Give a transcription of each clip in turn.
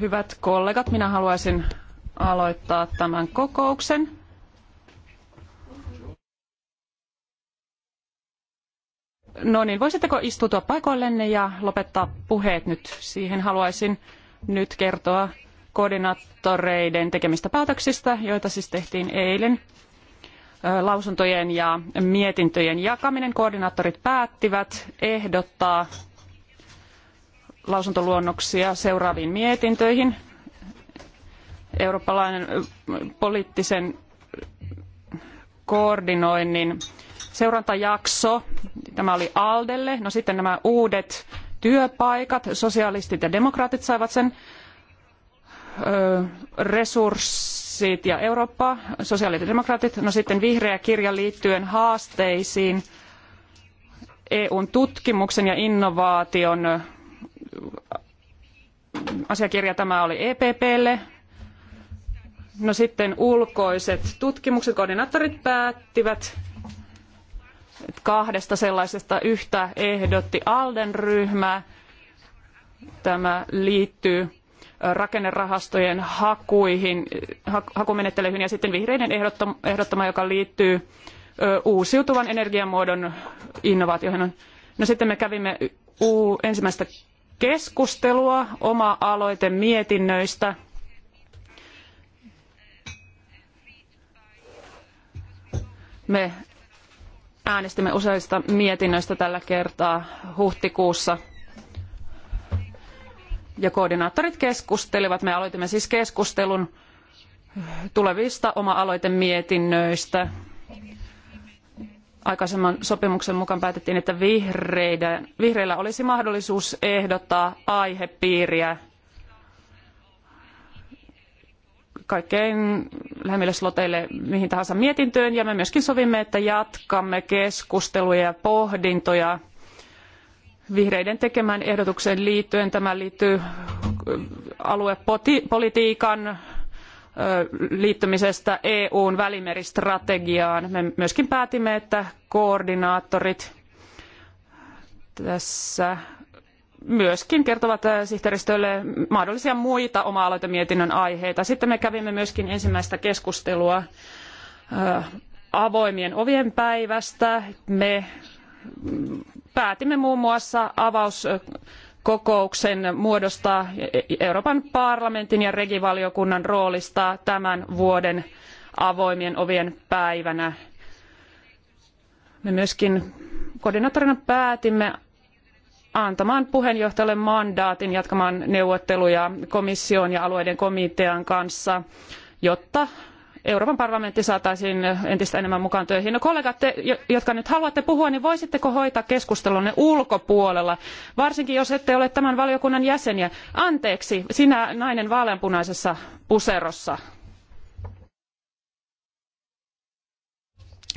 Hyvät kollegat, minä haluaisin aloittaa tämän kokouksen. No niin, voisitteko istutua paikoillenne ja lopettaa puheet nyt? Siihen haluaisin nyt kertoa koordinaattoreiden tekemistä päätöksistä, joita siis tehtiin eilen. Lausuntojen ja mietintöjen jakaminen koordinaattorit päättivät ehdottaa lausuntoluonnoksia seuraaviin mietintöihin. Eurooppalainen poliittisen koordinoinnin seurantajakso, tämä oli Aldelle, no sitten nämä uudet työpaikat, sosialistit ja demokraatit saivat sen, ö, resurssit ja Eurooppa, ja demokraatit. no sitten vihreä kirja liittyen haasteisiin, EUn tutkimuksen ja innovaation asiakirja tämä oli EPPlle. No sitten ulkoiset tutkimukset, koordinaattorit päättivät kahdesta sellaisesta yhtä ehdotti Alden ryhmä. Tämä liittyy rakennerahastojen hakuihin, hakumenettelyihin ja sitten vihreiden ehdottama, joka liittyy uusiutuvan energiamuodon innovaatioihin. No sitten me kävimme ensimmäistä keskustelua oma aloite mietinnöistä. Me äänestimme useista mietinnöistä tällä kertaa huhtikuussa ja koordinaattorit keskustelivat. Me aloitimme siis keskustelun tulevista oma-aloitemietinnöistä aikaisemman sopimuksen mukaan päätettiin, että vihreiden, vihreillä olisi mahdollisuus ehdottaa aihepiiriä kaikkein lähemmille sloteille mihin tahansa mietintöön. Ja me myöskin sovimme, että jatkamme keskusteluja ja pohdintoja vihreiden tekemään ehdotukseen liittyen. Tämä liittyy aluepolitiikan liittymisestä EUn välimeristrategiaan. Me myöskin päätimme, että koordinaattorit tässä myöskin kertovat sihteeristölle mahdollisia muita oma-aloitemietinnön aiheita. Sitten me kävimme myöskin ensimmäistä keskustelua avoimien ovien päivästä. Me päätimme muun muassa avaus kokouksen muodostaa Euroopan parlamentin ja regi-valiokunnan roolista tämän vuoden avoimien ovien päivänä. Me myöskin koordinaattorina päätimme antamaan puheenjohtajalle mandaatin jatkamaan neuvotteluja komission ja alueiden komitean kanssa, jotta Euroopan parlamentti saataisiin entistä enemmän mukaan töihin. No kollegat, te, jotka nyt haluatte puhua, niin voisitteko hoitaa keskustelunne ulkopuolella, varsinkin jos ette ole tämän valiokunnan jäseniä. Anteeksi, sinä nainen vaaleanpunaisessa puserossa.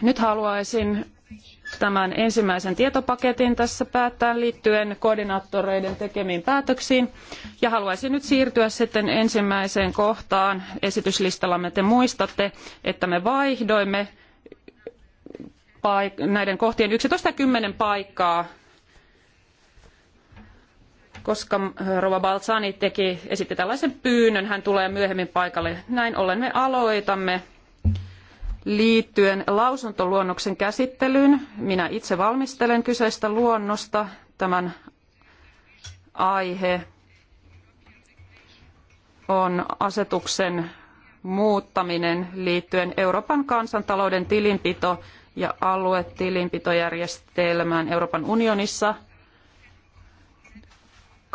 Nyt haluaisin tämän ensimmäisen tietopaketin tässä päättää liittyen koordinaattoreiden tekemiin päätöksiin. Ja haluaisin nyt siirtyä sitten ensimmäiseen kohtaan esityslistallamme. Te muistatte, että me vaihdoimme paik- näiden kohtien 11 ja 10 paikkaa koska Rova Balzani teki, esitti tällaisen pyynnön, hän tulee myöhemmin paikalle. Näin ollen me aloitamme liittyen lausuntoluonnoksen käsittelyyn. Minä itse valmistelen kyseistä luonnosta tämän aihe on asetuksen muuttaminen liittyen Euroopan kansantalouden tilinpito- ja aluetilinpitojärjestelmään Euroopan unionissa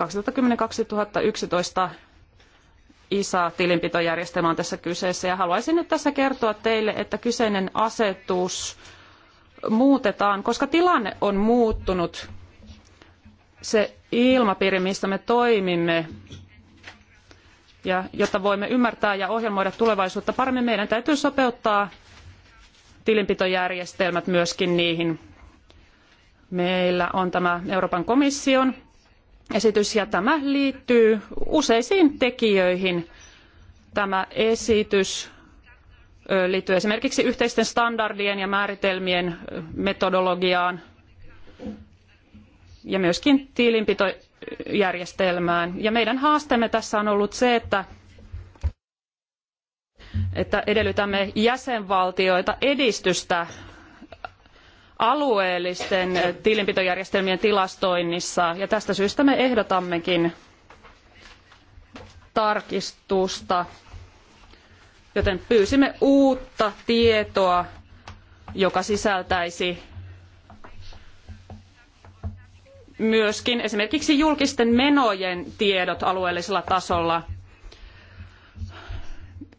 2010-2011 ISA-tilinpitojärjestelmä on tässä kyseessä. Ja haluaisin nyt tässä kertoa teille, että kyseinen asetus muutetaan, koska tilanne on muuttunut. Se ilmapiiri, missä me toimimme, ja jotta voimme ymmärtää ja ohjelmoida tulevaisuutta paremmin, meidän täytyy sopeuttaa tilinpitojärjestelmät myöskin niihin. Meillä on tämä Euroopan komission esitys ja tämä liittyy useisiin tekijöihin. Tämä esitys liittyy esimerkiksi yhteisten standardien ja määritelmien metodologiaan ja myöskin tilinpitojärjestelmään. Ja meidän haasteemme tässä on ollut se, että että edellytämme jäsenvaltioita edistystä alueellisten tilinpitojärjestelmien tilastoinnissa. Ja tästä syystä me ehdotammekin tarkistusta, joten pyysimme uutta tietoa, joka sisältäisi myöskin esimerkiksi julkisten menojen tiedot alueellisella tasolla.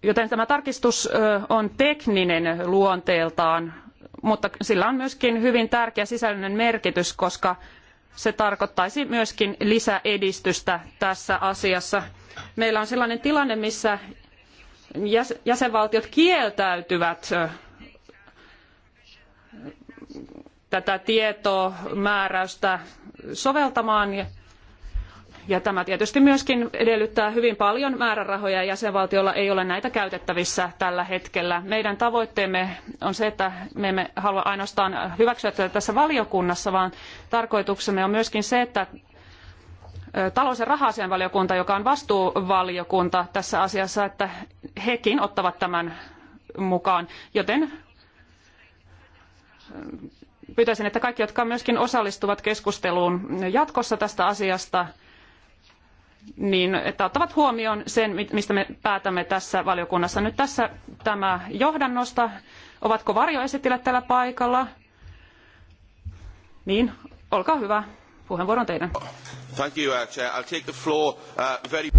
Joten tämä tarkistus on tekninen luonteeltaan, mutta sillä on myöskin hyvin tärkeä sisällöllinen merkitys, koska se tarkoittaisi myöskin lisäedistystä tässä asiassa. Meillä on sellainen tilanne, missä jäsenvaltiot kieltäytyvät tätä tietomääräystä soveltamaan ja tämä tietysti myöskin edellyttää hyvin paljon määrärahoja ja jäsenvaltiolla ei ole näitä käytettävissä tällä hetkellä. Meidän tavoitteemme on se, että me emme halua ainoastaan hyväksyä tätä tässä valiokunnassa, vaan tarkoituksemme on myöskin se, että talous- ja raha-asianvaliokunta, joka on vastuuvaliokunta tässä asiassa, että hekin ottavat tämän mukaan. Joten pyytäisin, että kaikki, jotka myöskin osallistuvat keskusteluun jatkossa tästä asiasta, niin että ottavat huomioon sen, mistä me päätämme tässä valiokunnassa. Nyt tässä tämä johdannosta. Ovatko varjoesittelijät tällä paikalla? Niin, olkaa hyvä. Puheenvuoro on teidän. Thank you, uh, Chair. I'll take the floor uh, very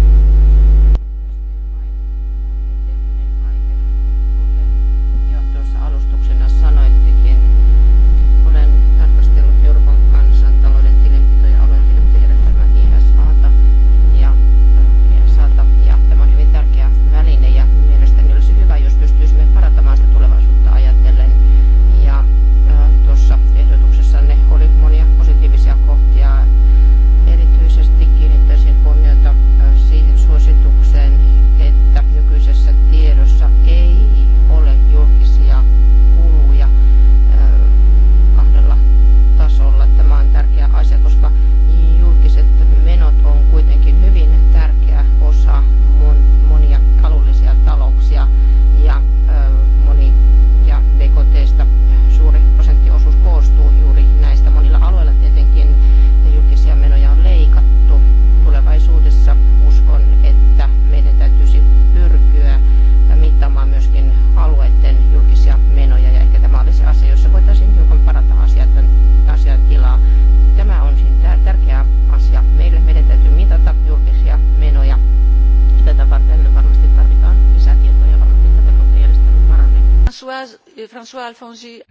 François Alfonsi.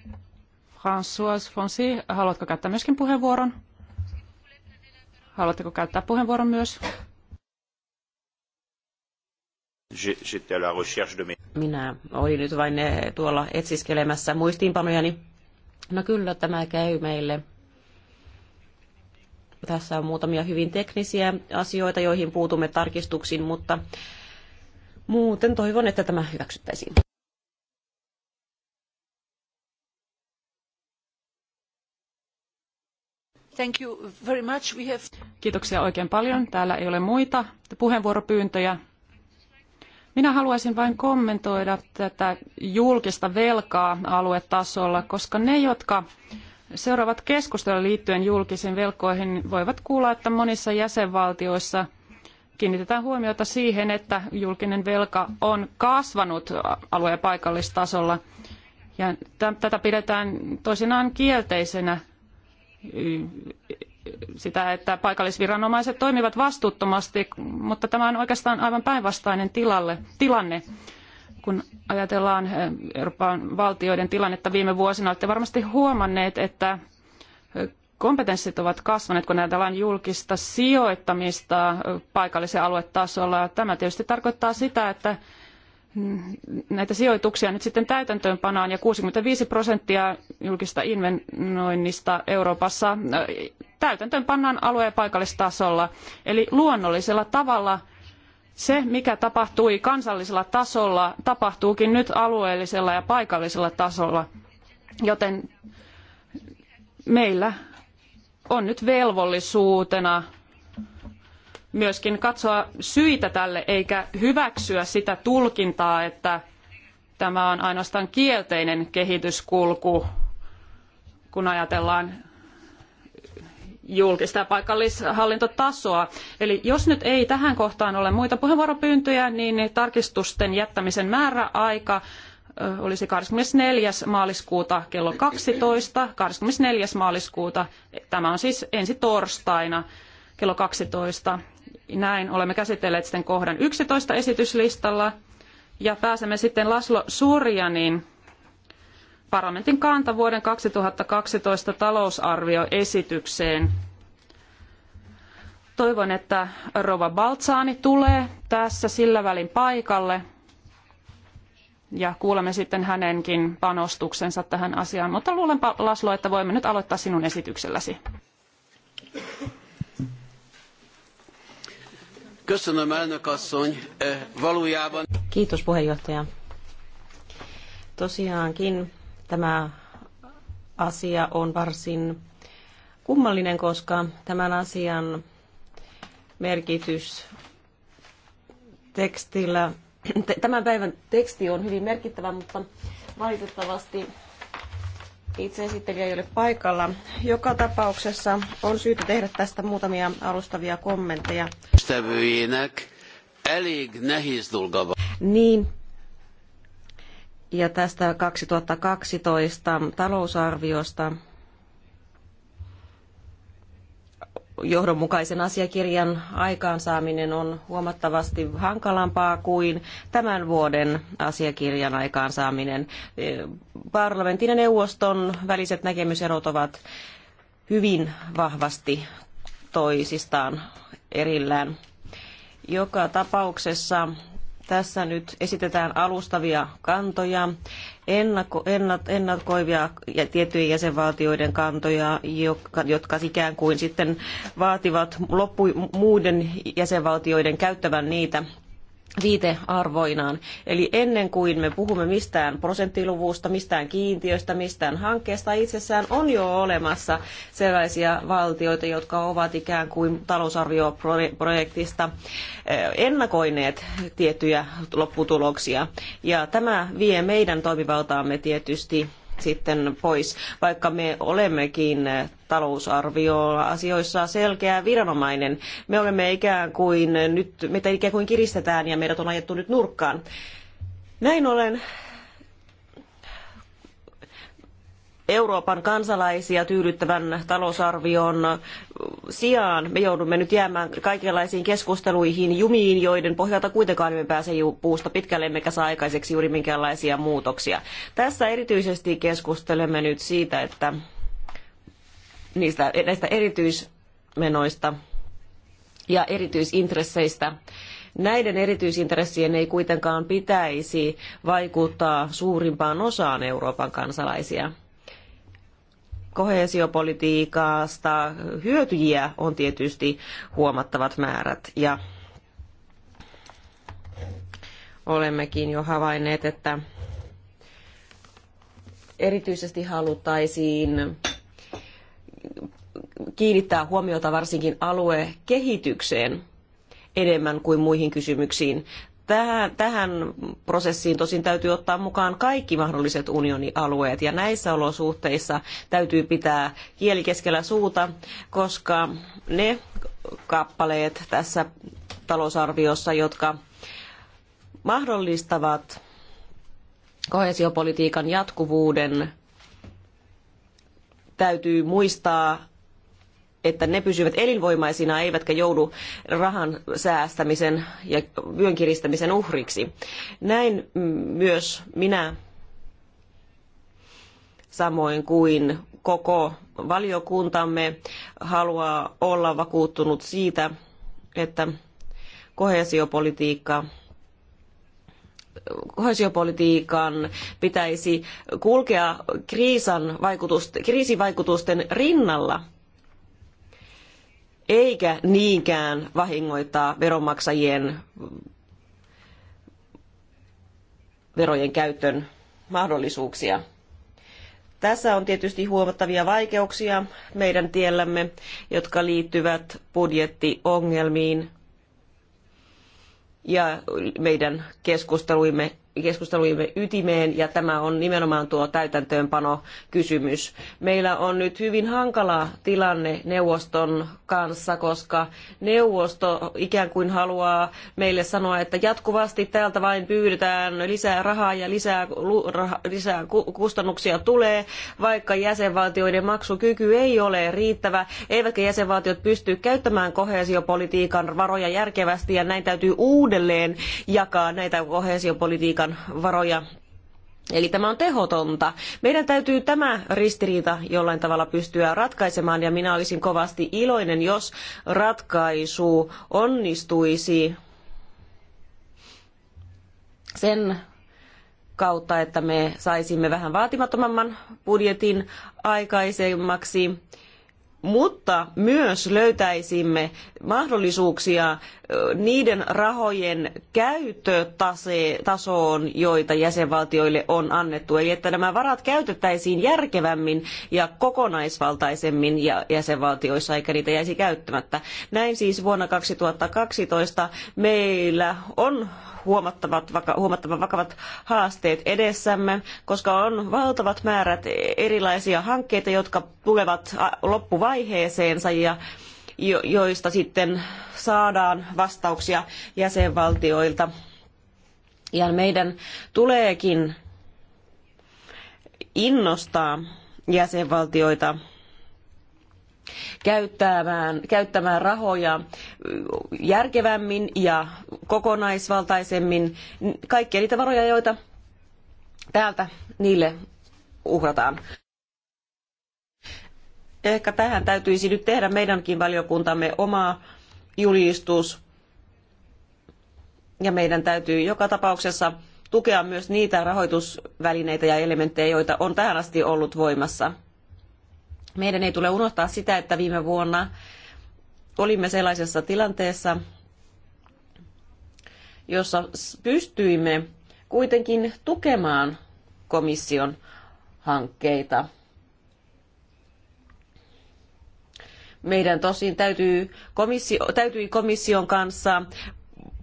François Alfonsi, haluatko käyttää myöskin puheenvuoron? Haluatteko käyttää puheenvuoron myös? Minä olin nyt vain eh, tuolla etsiskelemässä muistiinpanojani. No kyllä, tämä käy meille. Tässä on muutamia hyvin teknisiä asioita, joihin puutumme tarkistuksiin, mutta muuten toivon, että tämä hyväksyttäisiin. Thank you very much. We have... Kiitoksia oikein paljon. Täällä ei ole muita puheenvuoropyyntöjä. Minä haluaisin vain kommentoida tätä julkista velkaa aluetasolla, koska ne, jotka seuraavat keskustelua liittyen julkisiin velkoihin, voivat kuulla, että monissa jäsenvaltioissa kiinnitetään huomiota siihen, että julkinen velka on kasvanut alue- ja paikallistasolla. Ja tätä pidetään toisinaan kielteisenä sitä, että paikallisviranomaiset toimivat vastuuttomasti, mutta tämä on oikeastaan aivan päinvastainen tilalle, tilanne. Kun ajatellaan eh, Euroopan valtioiden tilannetta viime vuosina, olette varmasti huomanneet, että eh, kompetenssit ovat kasvaneet, kun ajatellaan julkista sijoittamista eh, paikallisen aluetasolla. Tämä tietysti tarkoittaa sitä, että Mm, näitä sijoituksia nyt sitten täytäntöönpanaan ja 65 prosenttia julkista invenoinnista Euroopassa täytäntöönpannaan alue- ja paikallistasolla. Eli luonnollisella tavalla se, mikä tapahtui kansallisella tasolla, tapahtuukin nyt alueellisella ja paikallisella tasolla. Joten meillä on nyt velvollisuutena myöskin katsoa syitä tälle, eikä hyväksyä sitä tulkintaa, että tämä on ainoastaan kielteinen kehityskulku, kun ajatellaan julkista ja paikallishallintotasoa. Eli jos nyt ei tähän kohtaan ole muita puheenvuoropyyntöjä, niin tarkistusten jättämisen määräaika olisi 24. maaliskuuta kello 12. 24. maaliskuuta, tämä on siis ensi torstaina kello 12. Näin olemme käsitelleet sitten kohdan 11 esityslistalla ja pääsemme sitten Laslo Surjanin parlamentin kanta vuoden 2012 talousarvioesitykseen. Toivon, että Rova Baltsaani tulee tässä sillä välin paikalle ja kuulemme sitten hänenkin panostuksensa tähän asiaan. Mutta luulenpa Laslo, että voimme nyt aloittaa sinun esitykselläsi. Köszönöm, elnök asszony. E, valójában... Kiitos puheenjohtaja. Tosiaankin tämä asia on varsin kummallinen, koska tämän asian merkitys tekstillä, tämän päivän teksti on hyvin merkittävä, mutta valitettavasti itse esittelijä ei ole paikalla. Joka tapauksessa on syytä tehdä tästä muutamia alustavia kommentteja. Niin, ja tästä 2012 talousarviosta johdonmukaisen asiakirjan aikaansaaminen on huomattavasti hankalampaa kuin tämän vuoden asiakirjan aikaansaaminen. Parlamentin ja neuvoston väliset näkemyserot ovat hyvin vahvasti toisistaan erillään. Joka tapauksessa tässä nyt esitetään alustavia kantoja ennako, ennat, ennakoivia ja tiettyjen jäsenvaltioiden kantoja, jotka, jotka ikään kuin sitten vaativat loppu, muiden jäsenvaltioiden käyttävän niitä viitearvoinaan. Eli ennen kuin me puhumme mistään prosenttiluvusta, mistään kiintiöstä, mistään hankkeesta, itsessään on jo olemassa sellaisia valtioita, jotka ovat ikään kuin talousarvioprojektista eh, ennakoineet tiettyjä lopputuloksia. Ja tämä vie meidän toimivaltaamme tietysti sitten pois, vaikka me olemmekin talousarvioasioissa selkeä viranomainen. Me olemme ikään kuin nyt, meitä ikään kuin kiristetään ja meidät on ajettu nyt nurkkaan. Näin ollen Euroopan kansalaisia tyydyttävän talousarvion sijaan me joudumme nyt jäämään kaikenlaisiin keskusteluihin jumiin, joiden pohjalta kuitenkaan emme pääse puusta pitkälle emmekä saa aikaiseksi juuri minkäänlaisia muutoksia. Tässä erityisesti keskustelemme nyt siitä, että niistä, näistä erityismenoista ja erityisintresseistä. Näiden erityisintressien ei kuitenkaan pitäisi vaikuttaa suurimpaan osaan Euroopan kansalaisia kohesiopolitiikasta hyötyjiä on tietysti huomattavat määrät ja olemmekin jo havainneet, että erityisesti haluttaisiin kiinnittää huomiota varsinkin aluekehitykseen enemmän kuin muihin kysymyksiin. Tähän, tähän prosessiin tosin täytyy ottaa mukaan kaikki mahdolliset unionialueet ja näissä olosuhteissa täytyy pitää kieli keskellä suuta, koska ne kappaleet tässä talousarviossa, jotka mahdollistavat koheesiopolitiikan jatkuvuuden, täytyy muistaa että ne pysyvät elinvoimaisina eivätkä joudu rahan säästämisen ja vyön kiristämisen uhriksi. Näin myös minä samoin kuin koko valiokuntamme haluaa olla vakuuttunut siitä, että kohesiopolitiikka kohesiopolitiikan pitäisi kulkea kriisan vaikutusten, kriisivaikutusten rinnalla – eikä niinkään vahingoittaa veronmaksajien verojen käytön mahdollisuuksia. Tässä on tietysti huomattavia vaikeuksia meidän tiellämme, jotka liittyvät budjettiongelmiin ja meidän keskusteluimme keskustelujemme ytimeen ja tämä on nimenomaan tuo täytäntöönpanokysymys. Meillä on nyt hyvin hankala tilanne neuvoston kanssa, koska neuvosto ikään kuin haluaa meille sanoa, että jatkuvasti täältä vain pyydetään lisää rahaa ja lisää, lisää kustannuksia tulee, vaikka jäsenvaltioiden maksukyky ei ole riittävä, eivätkä jäsenvaltiot pysty käyttämään koheesiopolitiikan varoja järkevästi ja näin täytyy uudelleen jakaa näitä koheesiopolitiikan politiikan varoja. Eli tämä on tehotonta. Meidän täytyy tämä ristiriita jollain tavalla pystyä ratkaisemaan ja minä olisin kovasti iloinen, jos ratkaisu onnistuisi sen kautta, että me saisimme vähän vaatimattomamman budjetin aikaisemmaksi mutta myös löytäisimme mahdollisuuksia niiden rahojen käyttötasoon, joita jäsenvaltioille on annettu. Eli että nämä varat käytettäisiin järkevämmin ja kokonaisvaltaisemmin jäsenvaltioissa, eikä niitä jäisi käyttämättä. Näin siis vuonna 2012 meillä on huomattavat, vaka, huomattavan vakavat haasteet edessämme, koska on valtavat määrät erilaisia hankkeita, jotka tulevat loppuvaiheeseensa ja joista sitten saadaan vastauksia jäsenvaltioilta. Ja meidän tuleekin innostaa jäsenvaltioita käyttämään, käyttämään rahoja järkevämmin ja kokonaisvaltaisemmin kaikkia niitä varoja, joita täältä niille uhrataan. Ehkä tähän täytyisi nyt tehdä meidänkin valiokuntamme oma julistus. Ja meidän täytyy joka tapauksessa tukea myös niitä rahoitusvälineitä ja elementtejä, joita on tähän asti ollut voimassa meidän ei tule unohtaa sitä, että viime vuonna olimme sellaisessa tilanteessa, jossa pystyimme kuitenkin tukemaan komission hankkeita. Meidän tosin täytyy komissio, täytyi komission kanssa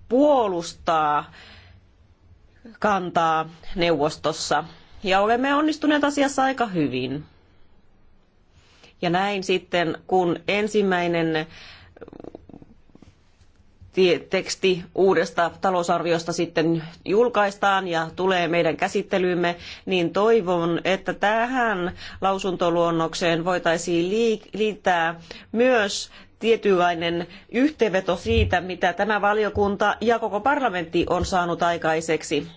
puolustaa kantaa neuvostossa ja olemme onnistuneet asiassa aika hyvin. Ja näin sitten, kun ensimmäinen teksti uudesta talousarviosta sitten julkaistaan ja tulee meidän käsittelyymme, niin toivon, että tähän lausuntoluonnokseen voitaisiin liittää myös tietynlainen yhteenveto siitä, mitä tämä valiokunta ja koko parlamentti on saanut aikaiseksi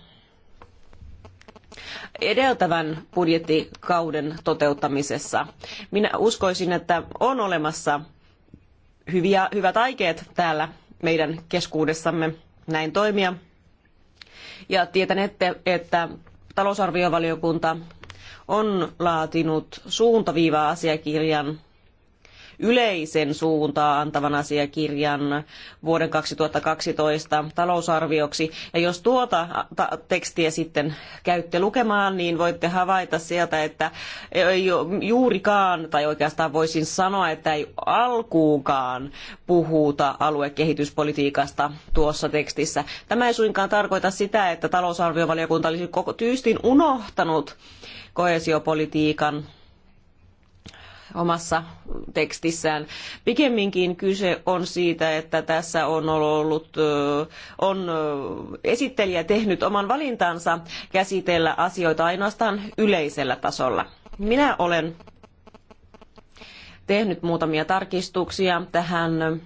edeltävän budjettikauden toteuttamisessa. Minä uskoisin, että on olemassa hyviä, hyvät aikeet täällä meidän keskuudessamme näin toimia. Ja tietänette, että talousarviovaliokunta on laatinut suuntaviiva-asiakirjan yleisen suuntaa antavan asiakirjan vuoden 2012 talousarvioksi. Ja jos tuota tekstiä sitten käytte lukemaan, niin voitte havaita sieltä, että ei juurikaan, tai oikeastaan voisin sanoa, että ei alkuunkaan puhuta aluekehityspolitiikasta tuossa tekstissä. Tämä ei suinkaan tarkoita sitä, että talousarviovaliokunta olisi koko tyystin unohtanut koesiopolitiikan omassa tekstissään. Pikemminkin kyse on siitä, että tässä on ollut, on esittelijä tehnyt oman valintansa käsitellä asioita ainoastaan yleisellä tasolla. Minä olen tehnyt muutamia tarkistuksia tähän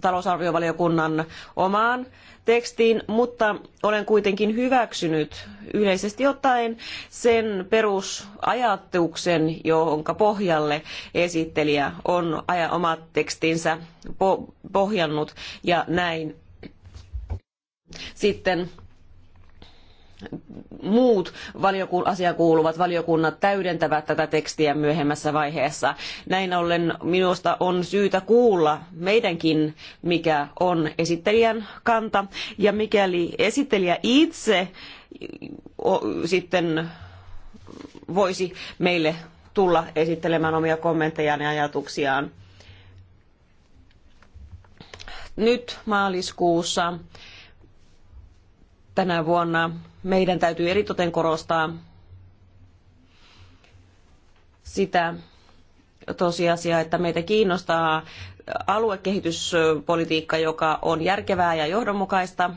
talousarviovaliokunnan omaan tekstiin, mutta olen kuitenkin hyväksynyt yleisesti ottaen sen perusajatuksen, jonka pohjalle esittelijä on omat tekstinsä pohjannut ja näin sitten muut asiaan kuuluvat valiokunnat täydentävät tätä tekstiä myöhemmässä vaiheessa. Näin ollen minusta on syytä kuulla meidänkin, mikä on esittelijän kanta. Ja mikäli esittelijä itse sitten voisi meille tulla esittelemään omia kommenttejaan ja ajatuksiaan. Nyt maaliskuussa tänä vuonna. Meidän täytyy eritoten korostaa sitä tosiasiaa, että meitä kiinnostaa aluekehityspolitiikka, joka on järkevää ja johdonmukaista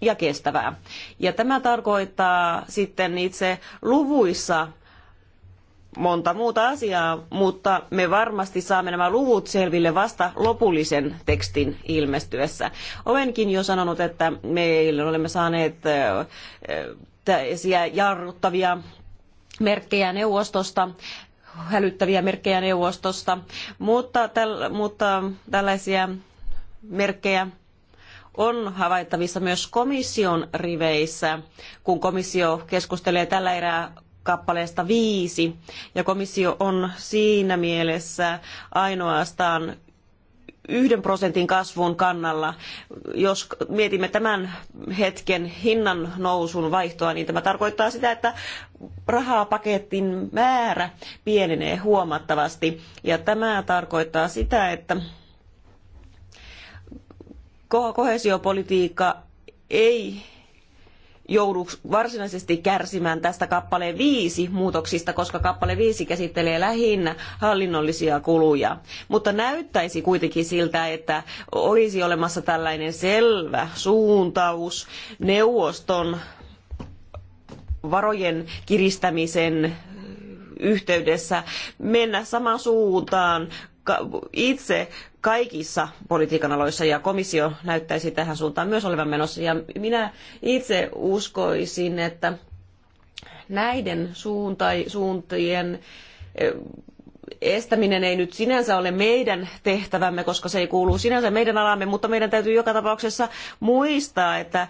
ja kestävää. Ja tämä tarkoittaa sitten itse luvuissa monta muuta asiaa, mutta me varmasti saamme nämä luvut selville vasta lopullisen tekstin ilmestyessä. Olenkin jo sanonut, että meillä olemme saaneet tällaisia jarruttavia merkkejä neuvostosta hälyttäviä merkkejä neuvostosta, mutta, täl, mutta tällaisia merkkejä on havaittavissa myös komission riveissä, kun komissio keskustelee tällä erää kappaleesta viisi, ja komissio on siinä mielessä ainoastaan yhden prosentin kasvun kannalla. Jos mietimme tämän hetken hinnan nousun vaihtoa, niin tämä tarkoittaa sitä, että rahapaketin määrä pienenee huomattavasti. Ja tämä tarkoittaa sitä, että kohesiopolitiikka ei joudu varsinaisesti kärsimään tästä kappaleen viisi muutoksista, koska kappale viisi käsittelee lähinnä hallinnollisia kuluja. Mutta näyttäisi kuitenkin siltä, että olisi olemassa tällainen selvä suuntaus neuvoston varojen kiristämisen yhteydessä mennä samaan suuntaan itse kaikissa politiikan aloissa ja komissio näyttäisi tähän suuntaan myös olevan menossa. Ja minä itse uskoisin, että näiden suuntien estäminen ei nyt sinänsä ole meidän tehtävämme, koska se ei kuulu sinänsä meidän alamme, mutta meidän täytyy joka tapauksessa muistaa, että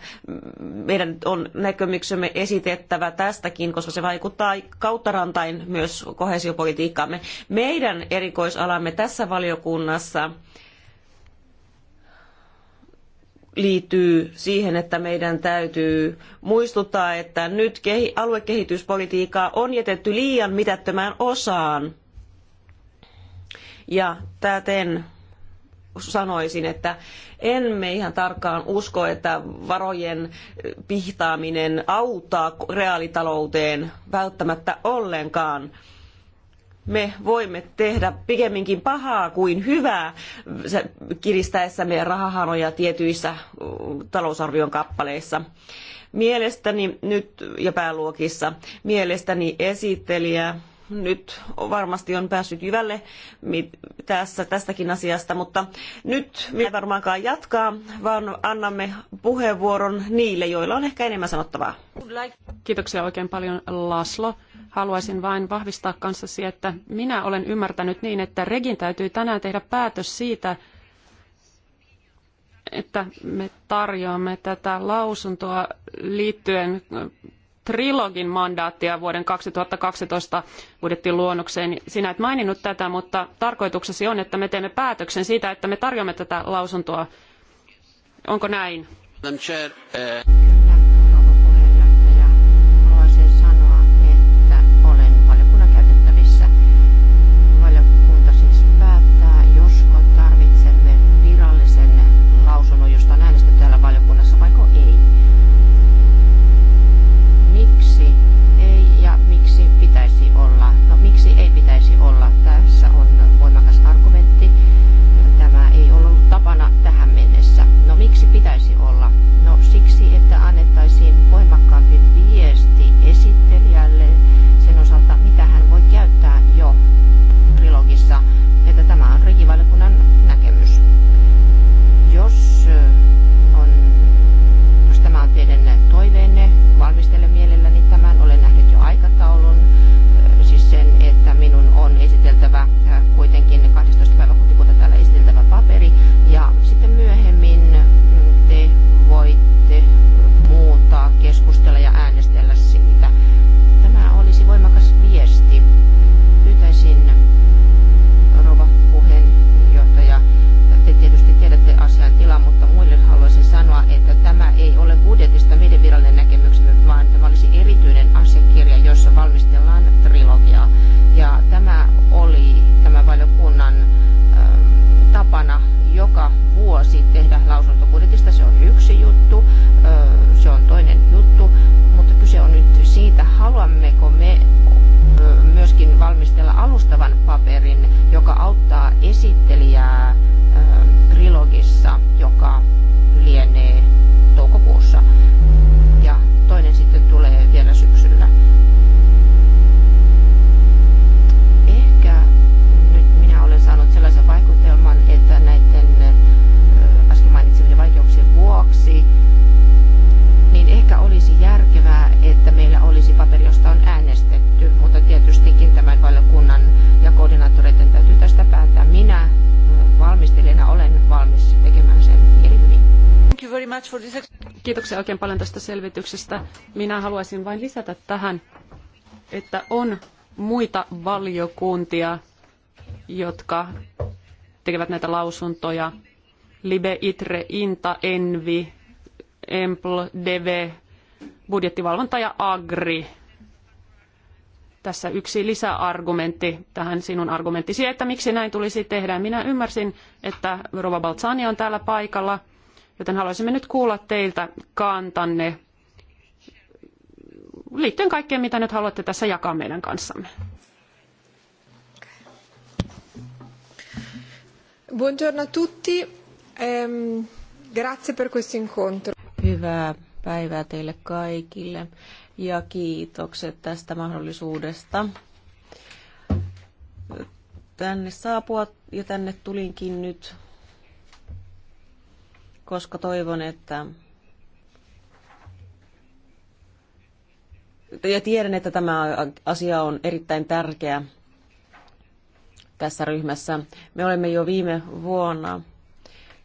meidän on näkemyksemme esitettävä tästäkin, koska se vaikuttaa kauttarantain myös kohesiopolitiikkaamme. Meidän erikoisalamme tässä valiokunnassa liittyy siihen, että meidän täytyy muistuttaa, että nyt aluekehityspolitiikkaa on jätetty liian mitättömään osaan ja täten sanoisin, että en me ihan tarkkaan usko, että varojen pihtaaminen auttaa reaalitalouteen välttämättä ollenkaan me voimme tehdä pikemminkin pahaa kuin hyvää kiristäessämme rahahanoja tietyissä talousarvion kappaleissa. Mielestäni nyt ja pääluokissa mielestäni esittelijä nyt varmasti on päässyt jyvälle tässä, tästäkin asiasta, mutta nyt me ei varmaankaan jatkaa, vaan annamme puheenvuoron niille, joilla on ehkä enemmän sanottavaa. Kiitoksia oikein paljon Laslo. Haluaisin vain vahvistaa kanssasi, että minä olen ymmärtänyt niin, että Regin täytyy tänään tehdä päätös siitä, että me tarjoamme tätä lausuntoa liittyen trilogin mandaattia vuoden 2012 budjettiluonnokseen. Sinä et maininnut tätä, mutta tarkoituksesi on, että me teemme päätöksen siitä, että me tarjoamme tätä lausuntoa. Onko näin? Madam Chair, eh, Kiitoksia oikein paljon tästä selvityksestä. Minä haluaisin vain lisätä tähän, että on muita valiokuntia, jotka tekevät näitä lausuntoja. Libe, Itre, Inta, Envi, Empl, Deve, budjettivalvonta ja Agri. Tässä yksi lisäargumentti tähän sinun argumenttisi, että miksi näin tulisi tehdä. Minä ymmärsin, että Rova Balzani on täällä paikalla – Joten haluaisimme nyt kuulla teiltä kantanne liittyen kaikkeen, mitä nyt haluatte tässä jakaa meidän kanssamme. Buongiorno a tutti. Ehm, grazie per questo incontro. Hyvää päivää teille kaikille ja kiitokset tästä mahdollisuudesta tänne saapua ja tänne tulinkin nyt koska toivon, että ja tiedän, että tämä asia on erittäin tärkeä tässä ryhmässä. Me olemme jo viime vuonna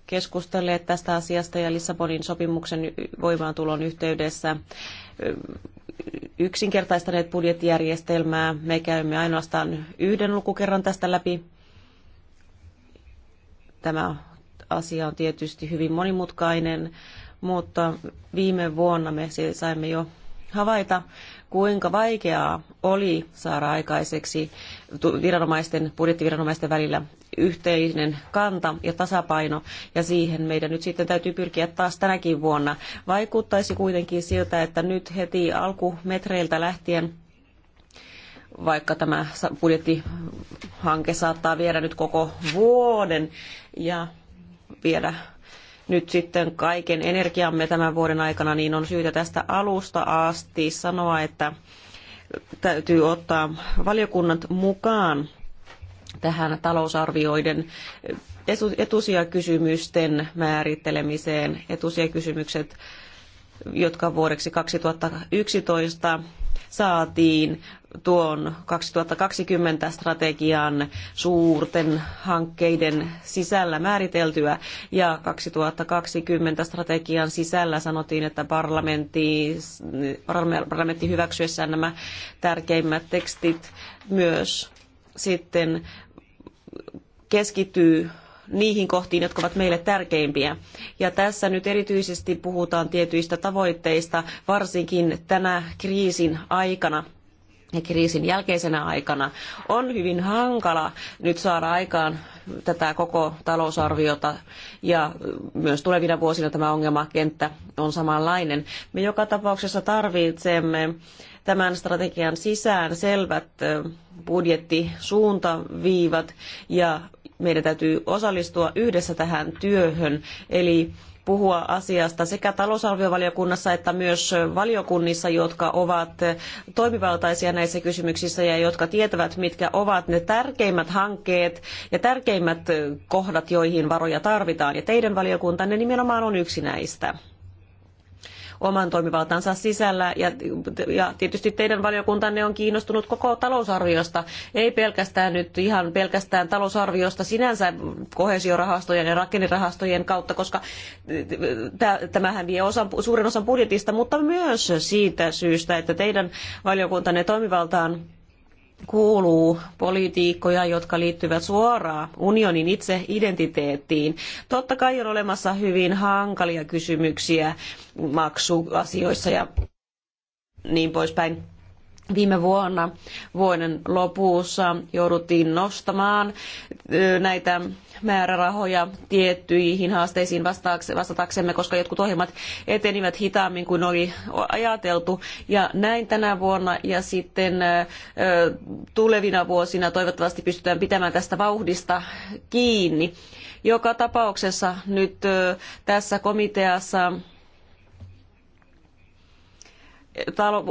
keskustelleet tästä asiasta ja Lissabonin sopimuksen voimaantulon yhteydessä yksinkertaistaneet budjettijärjestelmää. Me käymme ainoastaan yhden lukukerran tästä läpi. Tämä asia on tietysti hyvin monimutkainen, mutta viime vuonna me saimme jo havaita, kuinka vaikeaa oli saada aikaiseksi viranomaisten, budjettiviranomaisten välillä yhteinen kanta ja tasapaino, ja siihen meidän nyt sitten täytyy pyrkiä taas tänäkin vuonna. Vaikuttaisi kuitenkin siltä, että nyt heti alkumetreiltä lähtien vaikka tämä budjettihanke saattaa viedä nyt koko vuoden ja viedä nyt sitten kaiken energiamme tämän vuoden aikana, niin on syytä tästä alusta asti sanoa, että täytyy ottaa valiokunnat mukaan tähän talousarvioiden etusijakysymysten määrittelemiseen. Etusijakysymykset, jotka vuodeksi 2011 saatiin tuon 2020 strategian suurten hankkeiden sisällä määriteltyä ja 2020 strategian sisällä sanottiin, että parlamentti, parlamentti hyväksyessään nämä tärkeimmät tekstit myös sitten keskittyy niihin kohtiin, jotka ovat meille tärkeimpiä. Ja tässä nyt erityisesti puhutaan tietyistä tavoitteista, varsinkin tänä kriisin aikana ja kriisin jälkeisenä aikana on hyvin hankala nyt saada aikaan tätä koko talousarviota ja myös tulevina vuosina tämä ongelmakenttä on samanlainen. Me joka tapauksessa tarvitsemme tämän strategian sisään selvät budjettisuuntaviivat ja meidän täytyy osallistua yhdessä tähän työhön, eli puhua asiasta sekä talousarviovaliokunnassa että myös valiokunnissa, jotka ovat toimivaltaisia näissä kysymyksissä ja jotka tietävät, mitkä ovat ne tärkeimmät hankkeet ja tärkeimmät kohdat, joihin varoja tarvitaan. Ja teidän valiokuntanne nimenomaan on yksi näistä oman toimivaltansa sisällä. Ja, ja tietysti teidän valiokuntanne on kiinnostunut koko talousarviosta, ei pelkästään nyt ihan pelkästään talousarviosta sinänsä kohesiorahastojen ja rakennerahastojen kautta, koska tämähän vie osan, suuren osan budjetista, mutta myös siitä syystä, että teidän valiokuntanne toimivaltaan kuuluu politiikkoja, jotka liittyvät suoraan unionin itse identiteettiin. Totta kai on olemassa hyvin hankalia kysymyksiä maksuasioissa ja niin poispäin Viime vuonna vuoden lopussa jouduttiin nostamaan näitä määrärahoja tiettyihin haasteisiin vastataksemme, koska jotkut ohjelmat etenivät hitaammin kuin oli ajateltu. Ja näin tänä vuonna ja sitten tulevina vuosina toivottavasti pystytään pitämään tästä vauhdista kiinni. Joka tapauksessa nyt tässä komiteassa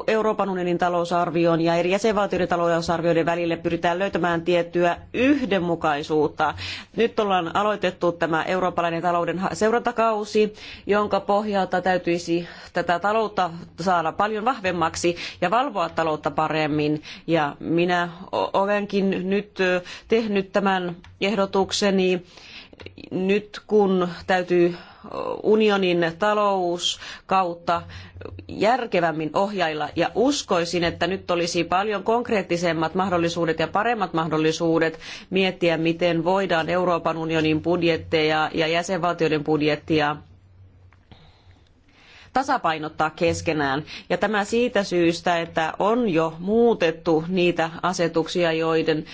Euroopan unionin talousarvion ja eri jäsenvaltioiden talousarvioiden välille pyritään löytämään tiettyä yhdenmukaisuutta. Nyt ollaan aloitettu tämä eurooppalainen talouden seurantakausi, jonka pohjalta täytyisi tätä taloutta saada paljon vahvemmaksi ja valvoa taloutta paremmin. Ja minä olenkin nyt tehnyt tämän ehdotukseni nyt kun täytyy unionin talous kautta järkevämmin ohjailla ja uskoisin, että nyt olisi paljon konkreettisemmat mahdollisuudet ja paremmat mahdollisuudet miettiä, miten voidaan Euroopan unionin budjetteja ja jäsenvaltioiden budjettia tasapainottaa keskenään. Ja tämä siitä syystä, että on jo muutettu niitä asetuksia, joiden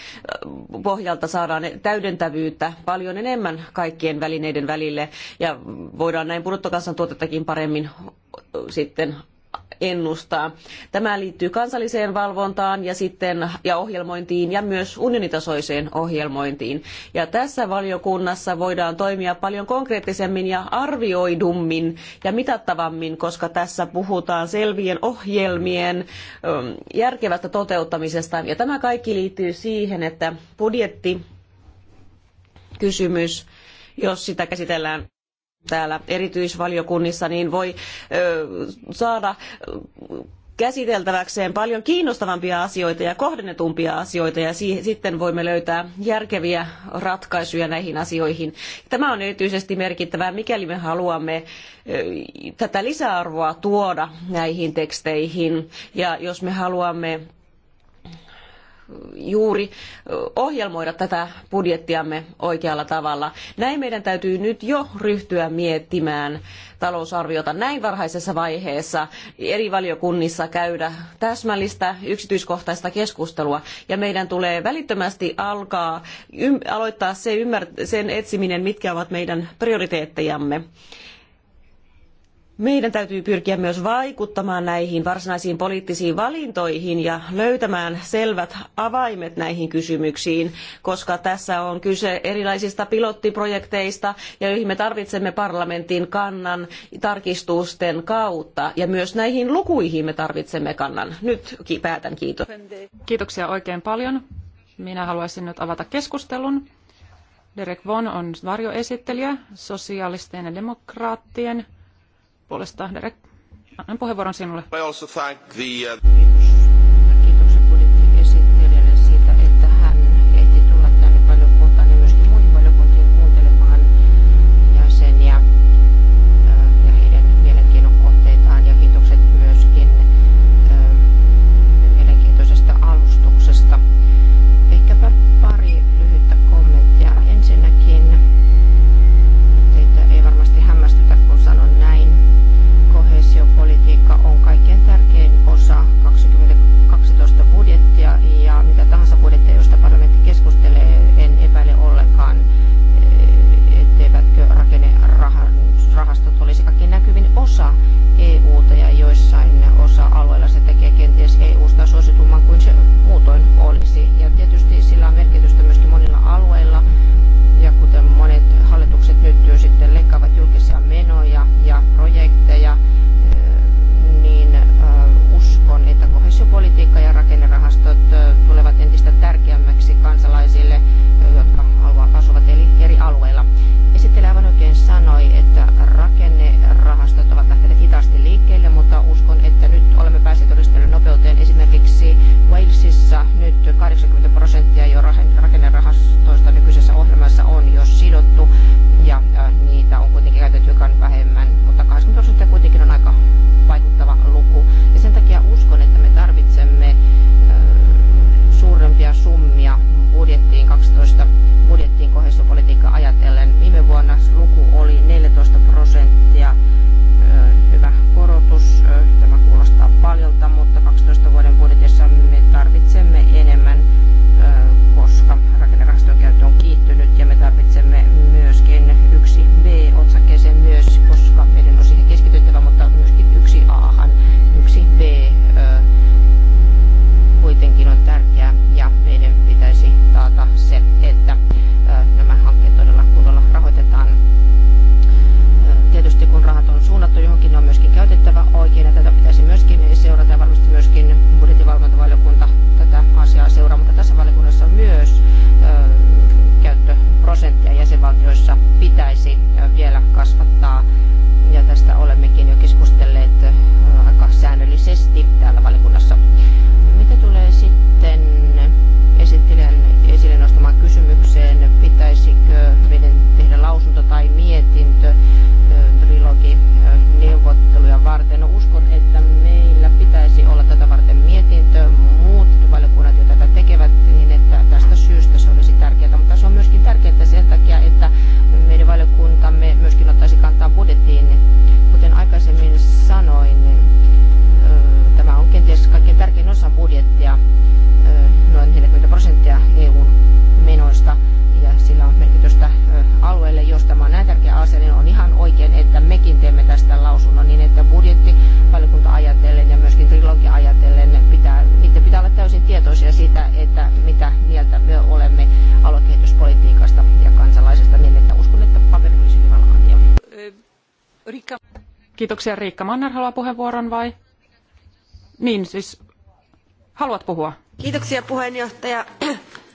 pohjalta saadaan täydentävyyttä paljon enemmän kaikkien välineiden välille ja voidaan näin bruttokansantuotettakin paremmin sitten ennustaa. Tämä liittyy kansalliseen valvontaan ja sitten ja ohjelmointiin ja myös unionitasoiseen ohjelmointiin. Ja tässä valiokunnassa voidaan toimia paljon konkreettisemmin ja arvioidummin ja mitattavammin, koska tässä puhutaan selvien ohjelmien ähm, järkevästä toteuttamisesta. Ja tämä kaikki liittyy siihen, että budjetti kysymys, jos sitä käsitellään täällä erityisvaliokunnissa, niin voi saada käsiteltäväkseen paljon kiinnostavampia asioita ja kohdennetumpia asioita ja sitten voimme löytää järkeviä ratkaisuja näihin asioihin. Tämä on erityisesti merkittävää, mikäli me haluamme tätä lisäarvoa tuoda näihin teksteihin ja jos me haluamme juuri ohjelmoida tätä budjettiamme oikealla tavalla. Näin meidän täytyy nyt jo ryhtyä miettimään talousarviota näin varhaisessa vaiheessa eri valiokunnissa käydä täsmällistä yksityiskohtaista keskustelua ja meidän tulee välittömästi alkaa aloittaa se sen etsiminen, mitkä ovat meidän prioriteettejamme meidän täytyy pyrkiä myös vaikuttamaan näihin varsinaisiin poliittisiin valintoihin ja löytämään selvät avaimet näihin kysymyksiin, koska tässä on kyse erilaisista pilottiprojekteista, joihin me tarvitsemme parlamentin kannan tarkistusten kautta. Ja myös näihin lukuihin me tarvitsemme kannan. Nyt päätän kiitos. Kiitoksia oikein paljon. Minä haluaisin nyt avata keskustelun. Derek Von on varjoesittelijä sosiaalisten ja demokraattien puolestaan. Derek, annan puheenvuoron sinulle. Uh, Kiitoksia Riikka. Manner haluaa puheenvuoron vai? Niin siis, haluat puhua? Kiitoksia puheenjohtaja.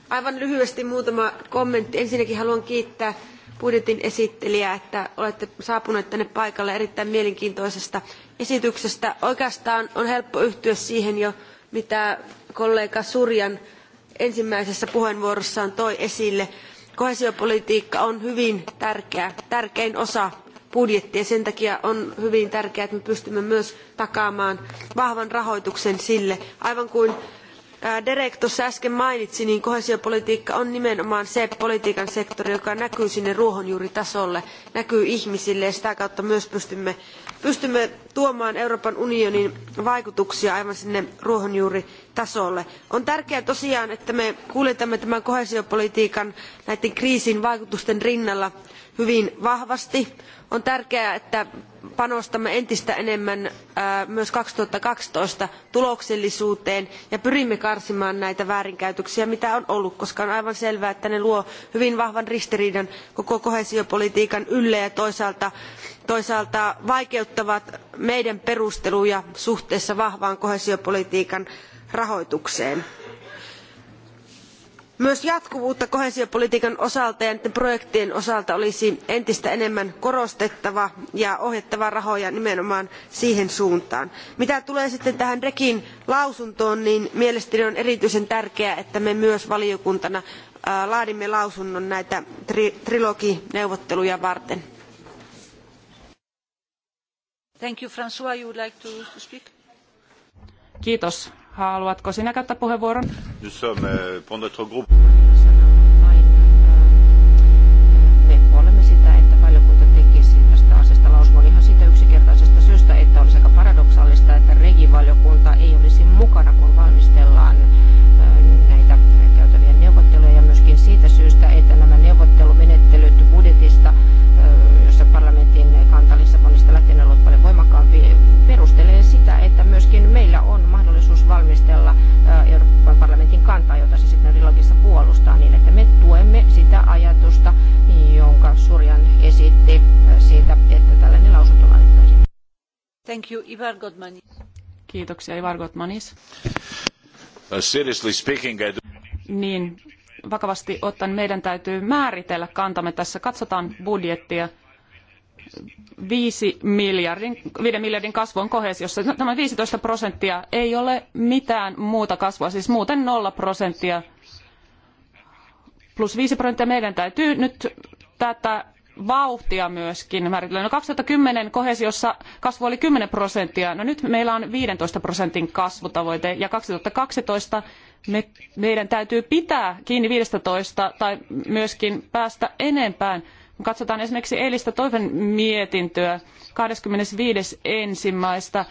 Aivan lyhyesti muutama kommentti. Ensinnäkin haluan kiittää budjetin esittelijää, että olette saapuneet tänne paikalle erittäin mielenkiintoisesta esityksestä. Oikeastaan on helppo yhtyä siihen jo, mitä kollega Surjan ensimmäisessä puheenvuorossaan toi esille. Koheesiopolitiikka on hyvin tärkeä, tärkein osa ja Sen takia on hyvin tärkeää, että me pystymme myös takaamaan vahvan rahoituksen sille. Aivan kuin Derek tuossa äsken mainitsi, niin koheesiopolitiikka on nimenomaan se politiikan sektori, joka näkyy sinne ruohonjuuritasolle, näkyy ihmisille ja sitä kautta myös pystymme, pystymme tuomaan Euroopan unionin vaikutuksia aivan sinne ruohonjuuritasolle tasolle. on tärkeää tosiaan että me kuljetamme tämän koheesiopolitiikan näiden kriisin vaikutusten rinnalla hyvin vahvasti. on tärkeää että panostamme entistä enemmän myös kaksituhatta kaksitoista tuloksellisuuteen ja pyrimme karsimaan näitä väärinkäytöksiä mitä on ollut koska on aivan selvää että ne luovat hyvin vahvan ristiriidan koko koheesiopolitiikan ylle ja toisaalta, toisaalta vaikeuttavat meidän perusteluja suhteessa vahvaan koheesiopolitiikan rahoitukseen. Myös jatkuvuutta koheesiopolitiikan osalta ja näiden projektien osalta olisi entistä enemmän korostettava ja ohjattava rahoja nimenomaan siihen suuntaan. Mitä tulee sitten tähän regin lausuntoon, niin mielestäni on erityisen tärkeää, että me myös valiokuntana laadimme lausunnon näitä trilogineuvotteluja varten. Thank you, François. You would like to speak? Kiitos. Haluatko sinä käyttää puheenvuoron? Nous sommes, euh, pour notre groupe... Kiitoksia, Ivar Godmanis. Uh, niin, vakavasti ottaen meidän täytyy määritellä kantamme tässä. Katsotaan budjettia. viiden miljardin, miljardin kasvu on koheesiossa. No, tämä viisitoista prosenttia ei ole mitään muuta kasvua, siis muuten nolla prosenttia plus viisi prosenttia. Meidän täytyy nyt tätä vauhtia myöskin määritellyt. No 2010 kohesiossa kasvu oli 10 prosenttia. No nyt meillä on 15 prosentin kasvutavoite ja 2012 me, meidän täytyy pitää kiinni 15 tai myöskin päästä enempään. Katsotaan esimerkiksi eilistä toiven mietintöä 25.1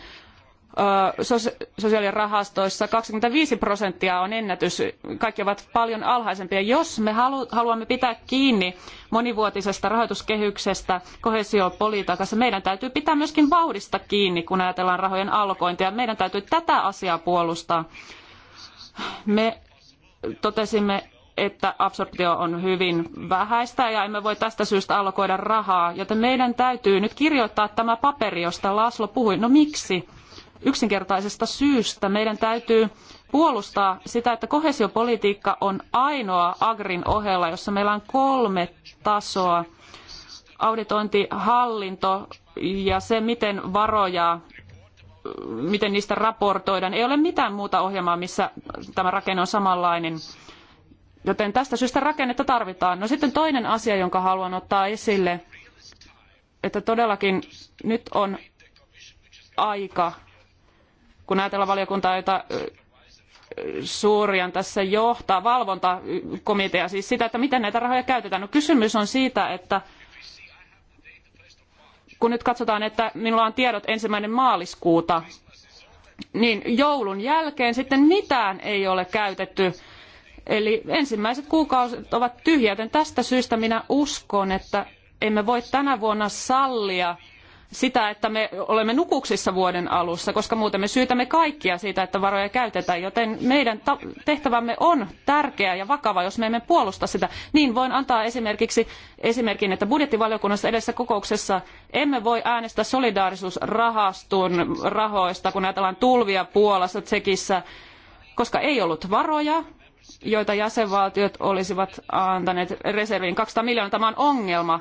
sosiaalirahastoissa 25 prosenttia on ennätys. Kaikki ovat paljon alhaisempia. Jos me haluamme pitää kiinni monivuotisesta rahoituskehyksestä kohesiopolitiikassa, meidän täytyy pitää myöskin vauhdista kiinni, kun ajatellaan rahojen alkointia. Meidän täytyy tätä asiaa puolustaa. Me totesimme, että absorptio on hyvin vähäistä ja emme voi tästä syystä allokoida rahaa, joten meidän täytyy nyt kirjoittaa tämä paperi, josta Laslo puhui. No miksi? yksinkertaisesta syystä. Meidän täytyy puolustaa sitä, että koheesiopolitiikka on ainoa Agrin ohella, jossa meillä on kolme tasoa. Auditointihallinto hallinto ja se, miten varoja miten niistä raportoidaan. Ei ole mitään muuta ohjelmaa, missä tämä rakenne on samanlainen. Joten tästä syystä rakennetta tarvitaan. No sitten toinen asia, jonka haluan ottaa esille, että todellakin nyt on aika kun ajatellaan valiokuntaa, jota Suurian tässä johtaa, valvontakomitea, siis sitä, että miten näitä rahoja käytetään. No kysymys on siitä, että kun nyt katsotaan, että minulla on tiedot ensimmäinen maaliskuuta, niin joulun jälkeen sitten mitään ei ole käytetty. Eli ensimmäiset kuukaudet ovat tyhjät, joten tästä syystä minä uskon, että emme voi tänä vuonna sallia sitä, että me olemme nukuksissa vuoden alussa, koska muuten me syytämme kaikkia siitä, että varoja käytetään, joten meidän tehtävämme on tärkeä ja vakava, jos me emme puolusta sitä. Niin voin antaa esimerkiksi esimerkin, että budjettivaliokunnassa edessä kokouksessa emme voi äänestää solidaarisuusrahaston rahoista, kun ajatellaan tulvia Puolassa, Tsekissä, koska ei ollut varoja, joita jäsenvaltiot olisivat antaneet reserviin 200 miljoonaa. Tämä on ongelma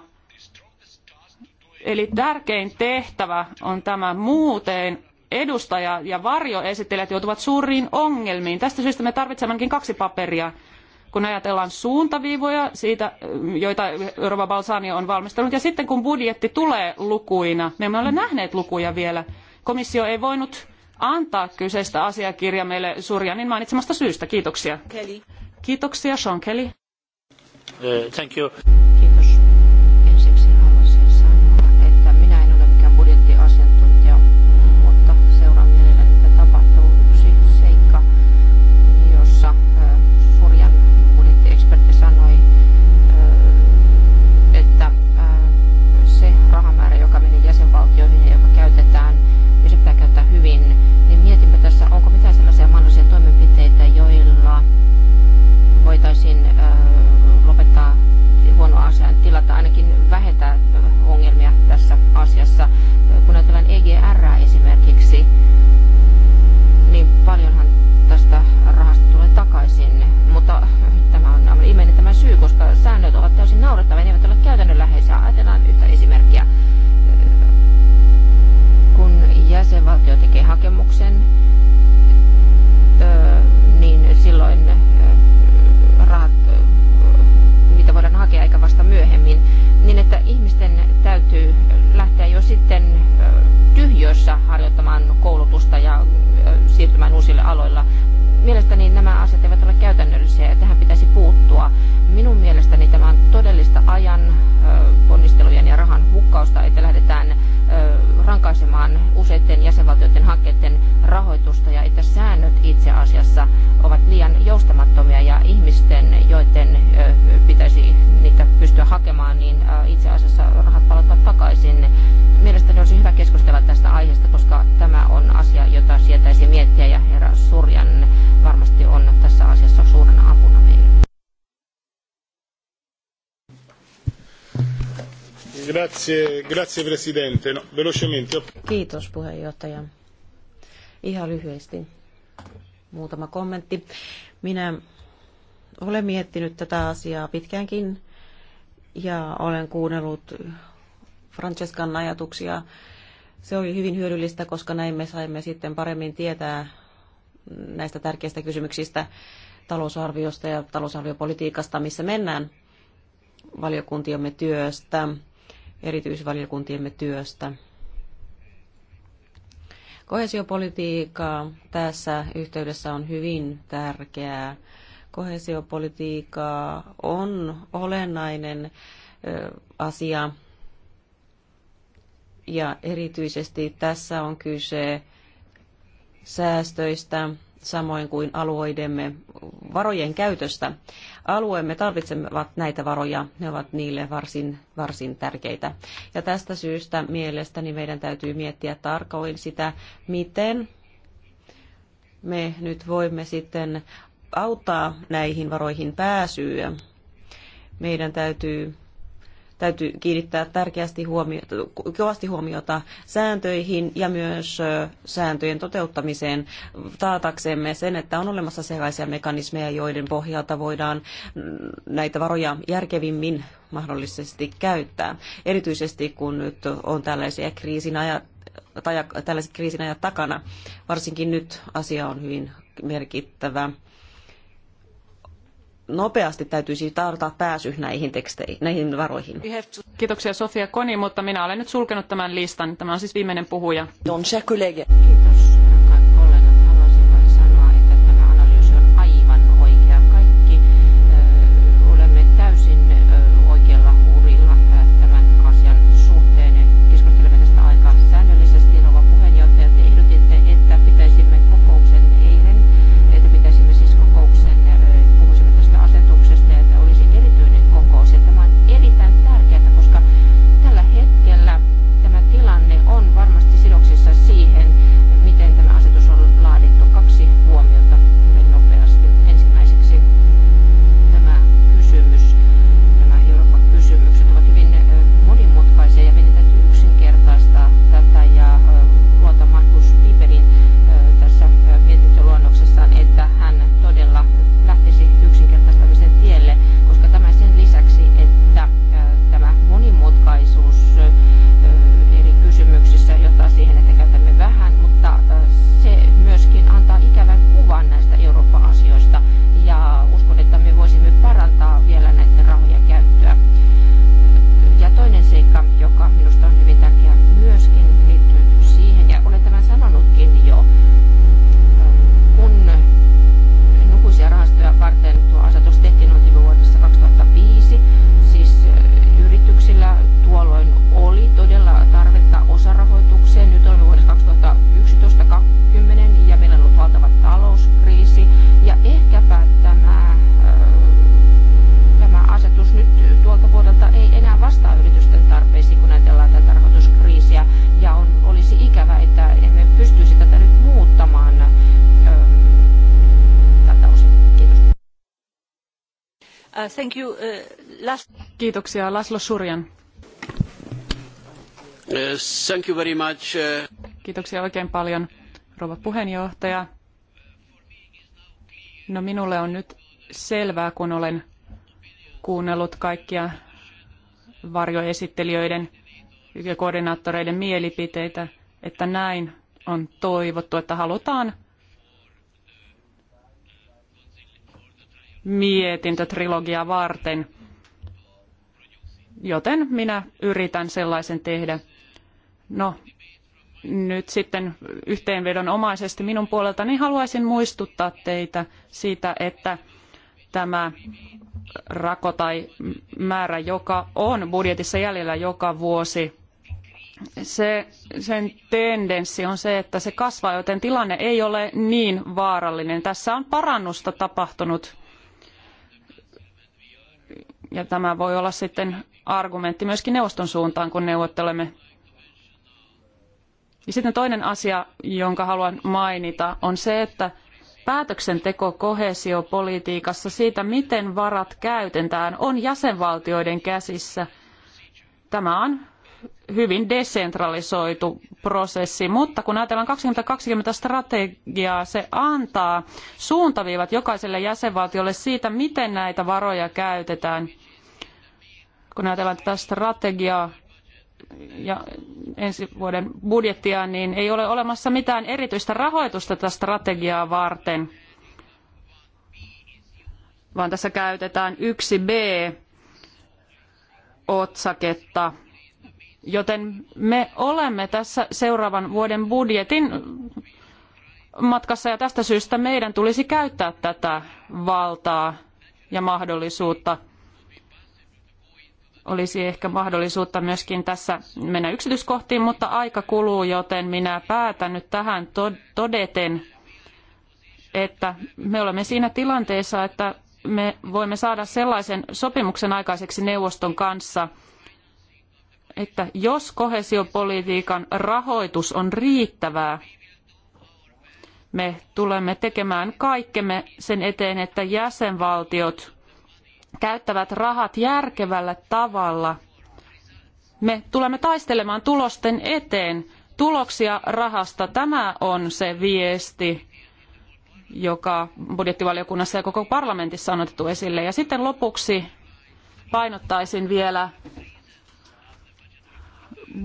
Eli tärkein tehtävä on tämä muuten edustaja ja varjoesittelijät joutuvat suuriin ongelmiin. Tästä syystä me tarvitsemmekin kaksi paperia. Kun ajatellaan suuntaviivoja, siitä, joita Rova Balsani on valmistellut, ja sitten kun budjetti tulee lukuina, me emme ole nähneet lukuja vielä. Komissio ei voinut antaa kyseistä asiakirjaa meille Surjanin mainitsemasta syystä. Kiitoksia. Kelly. Kiitoksia, Sean Kelly. Uh, thank you. Grazie, grazie presidente. No, velocemente. Kiitos puheenjohtaja. Ihan lyhyesti muutama kommentti. Minä olen miettinyt tätä asiaa pitkäänkin ja olen kuunnellut Francescan ajatuksia. Se oli hyvin hyödyllistä, koska näin me saimme sitten paremmin tietää näistä tärkeistä kysymyksistä talousarviosta ja talousarviopolitiikasta, missä mennään valiokuntiemme työstä erityisvaliokuntiemme työstä. Kohesiopolitiikka tässä yhteydessä on hyvin tärkeää. Kohesiopolitiikka on olennainen asia ja erityisesti tässä on kyse säästöistä samoin kuin alueidemme varojen käytöstä alueemme tarvitsevat näitä varoja. Ne ovat niille varsin, varsin tärkeitä. Ja tästä syystä mielestäni meidän täytyy miettiä tarkoin sitä, miten me nyt voimme sitten auttaa näihin varoihin pääsyä. Meidän täytyy täytyy kiinnittää tärkeästi huomiota, kovasti huomiota sääntöihin ja myös sääntöjen toteuttamiseen taataksemme sen, että on olemassa sellaisia mekanismeja, joiden pohjalta voidaan mm, näitä varoja järkevimmin mahdollisesti käyttää. Erityisesti kun nyt on tällaisia kriisin ajat, tai tällaiset kriisin ajat takana. Varsinkin nyt asia on hyvin merkittävä nopeasti täytyisi siis tarjota pääsy näihin, teksteihin, näihin varoihin. Kiitoksia Sofia Koni, mutta minä olen nyt sulkenut tämän listan. Tämä on siis viimeinen puhuja. Kiitos. Uh, uh, Kiitoksia. Laslo Surjan. Uh, thank you very much. Kiitoksia oikein paljon, rouva puheenjohtaja. No minulle on nyt selvää, kun olen kuunnellut kaikkia varjoesittelijöiden ja koordinaattoreiden mielipiteitä, että näin on toivottu, että halutaan mietintö trilogia varten. Joten minä yritän sellaisen tehdä. No, nyt sitten yhteenvedonomaisesti minun puoleltani niin haluaisin muistuttaa teitä siitä, että tämä rako tai määrä, joka on budjetissa jäljellä joka vuosi, se, sen tendenssi on se, että se kasvaa, joten tilanne ei ole niin vaarallinen. Tässä on parannusta tapahtunut ja tämä voi olla sitten argumentti myöskin neuvoston suuntaan, kun neuvottelemme. Ja sitten toinen asia, jonka haluan mainita, on se, että päätöksenteko koheesiopolitiikassa siitä, miten varat käytetään, on jäsenvaltioiden käsissä. Tämä on hyvin desentralisoitu prosessi, mutta kun ajatellaan 2020 strategiaa, se antaa suuntaviivat jokaiselle jäsenvaltiolle siitä, miten näitä varoja käytetään – kun ajatellaan tätä strategiaa ja ensi vuoden budjettia, niin ei ole olemassa mitään erityistä rahoitusta tätä strategiaa varten, vaan tässä käytetään yksi b otsaketta joten me olemme tässä seuraavan vuoden budjetin matkassa ja tästä syystä meidän tulisi käyttää tätä valtaa ja mahdollisuutta – olisi ehkä mahdollisuutta myöskin tässä mennä yksityiskohtiin, mutta aika kuluu, joten minä päätän nyt tähän todeten, että me olemme siinä tilanteessa, että me voimme saada sellaisen sopimuksen aikaiseksi neuvoston kanssa, että jos koheesiopolitiikan rahoitus on riittävää, me tulemme tekemään kaikkemme sen eteen, että jäsenvaltiot käyttävät rahat järkevällä tavalla, me tulemme taistelemaan tulosten eteen. Tuloksia rahasta, tämä on se viesti, joka budjettivaliokunnassa ja koko parlamentissa on otettu esille. Ja sitten lopuksi painottaisin vielä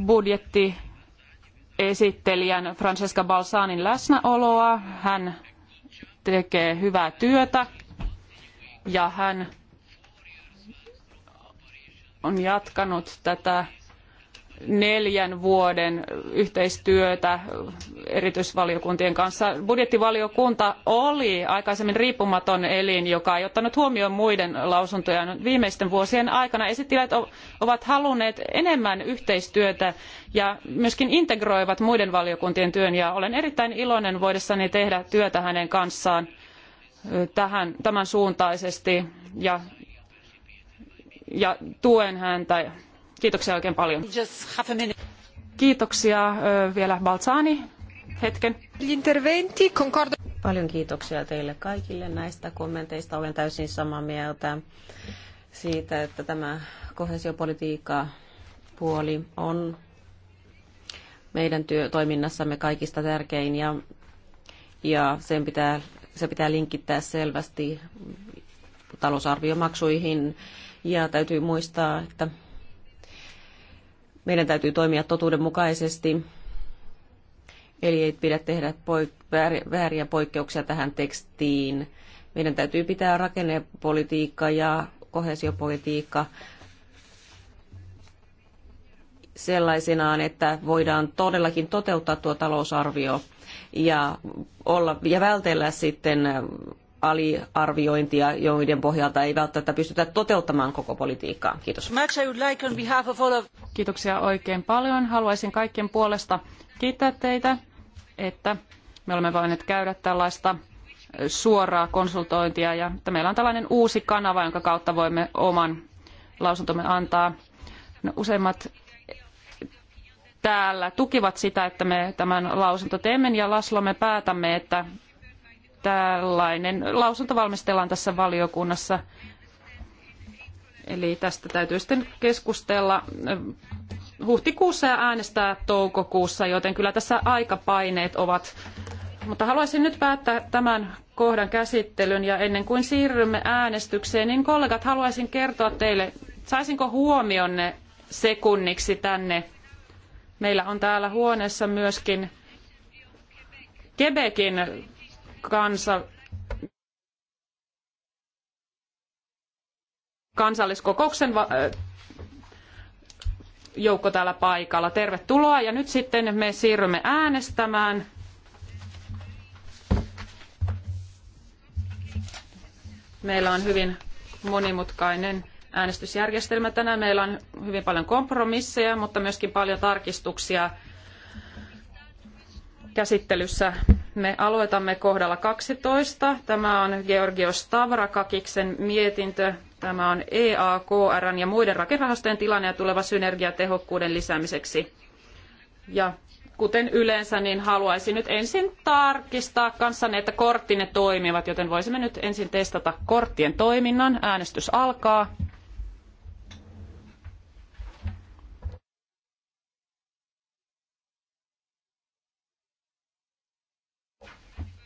budjettiesittelijän Francesca Balsanin läsnäoloa. Hän tekee hyvää työtä ja hän on jatkanut tätä neljän vuoden yhteistyötä erityisvaliokuntien kanssa. Budjettivaliokunta oli aikaisemmin riippumaton elin, joka ei ottanut huomioon muiden lausuntoja Viimeisten vuosien aikana esittelijät ovat halunneet enemmän yhteistyötä ja myöskin integroivat muiden valiokuntien työn ja olen erittäin iloinen voidessani tehdä työtä hänen kanssaan tähän, tämän suuntaisesti ja ja tuen häntä. Kiitoksia oikein paljon. Kiitoksia vielä Balzani hetken. Interventi, concordo. Paljon kiitoksia teille kaikille näistä kommenteista. Olen täysin samaa mieltä siitä, että tämä kohesiopolitiikka puoli on meidän työtoiminnassamme toiminnassamme kaikista tärkein ja, ja sen pitää, se pitää linkittää selvästi talousarviomaksuihin ja täytyy muistaa, että meidän täytyy toimia totuudenmukaisesti. Eli ei pidä tehdä poik- vääriä poikkeuksia tähän tekstiin. Meidän täytyy pitää rakennepolitiikka ja kohesiopolitiikka sellaisenaan, että voidaan todellakin toteuttaa tuo talousarvio ja, olla, ja vältellä sitten aliarviointia, joiden pohjalta ei välttämättä pystytä toteuttamaan koko politiikkaa. Kiitos. Kiitoksia oikein paljon. Haluaisin kaikkien puolesta kiittää teitä, että me olemme voineet käydä tällaista suoraa konsultointia ja että meillä on tällainen uusi kanava, jonka kautta voimme oman lausuntomme antaa. No, useimmat täällä tukivat sitä, että me tämän lausunto teemme ja Laslo me päätämme, että tällainen lausunto valmistellaan tässä valiokunnassa. Eli tästä täytyy sitten keskustella huhtikuussa ja äänestää toukokuussa, joten kyllä tässä aikapaineet ovat. Mutta haluaisin nyt päättää tämän kohdan käsittelyn ja ennen kuin siirrymme äänestykseen, niin kollegat haluaisin kertoa teille, saisinko huomionne sekunniksi tänne. Meillä on täällä huoneessa myöskin Quebecin kansa, kansalliskokouksen joukko täällä paikalla. Tervetuloa ja nyt sitten me siirrymme äänestämään. Meillä on hyvin monimutkainen äänestysjärjestelmä tänään. Meillä on hyvin paljon kompromisseja, mutta myöskin paljon tarkistuksia käsittelyssä. Me aloitamme kohdalla 12. Tämä on Georgios Stavrakakiksen mietintö. Tämä on EAKRn ja muiden rakennerahastojen tilanne ja tuleva synergia tehokkuuden lisäämiseksi. Ja kuten yleensä, niin haluaisin nyt ensin tarkistaa kanssanne, että korttinne toimivat, joten voisimme nyt ensin testata korttien toiminnan. Äänestys alkaa.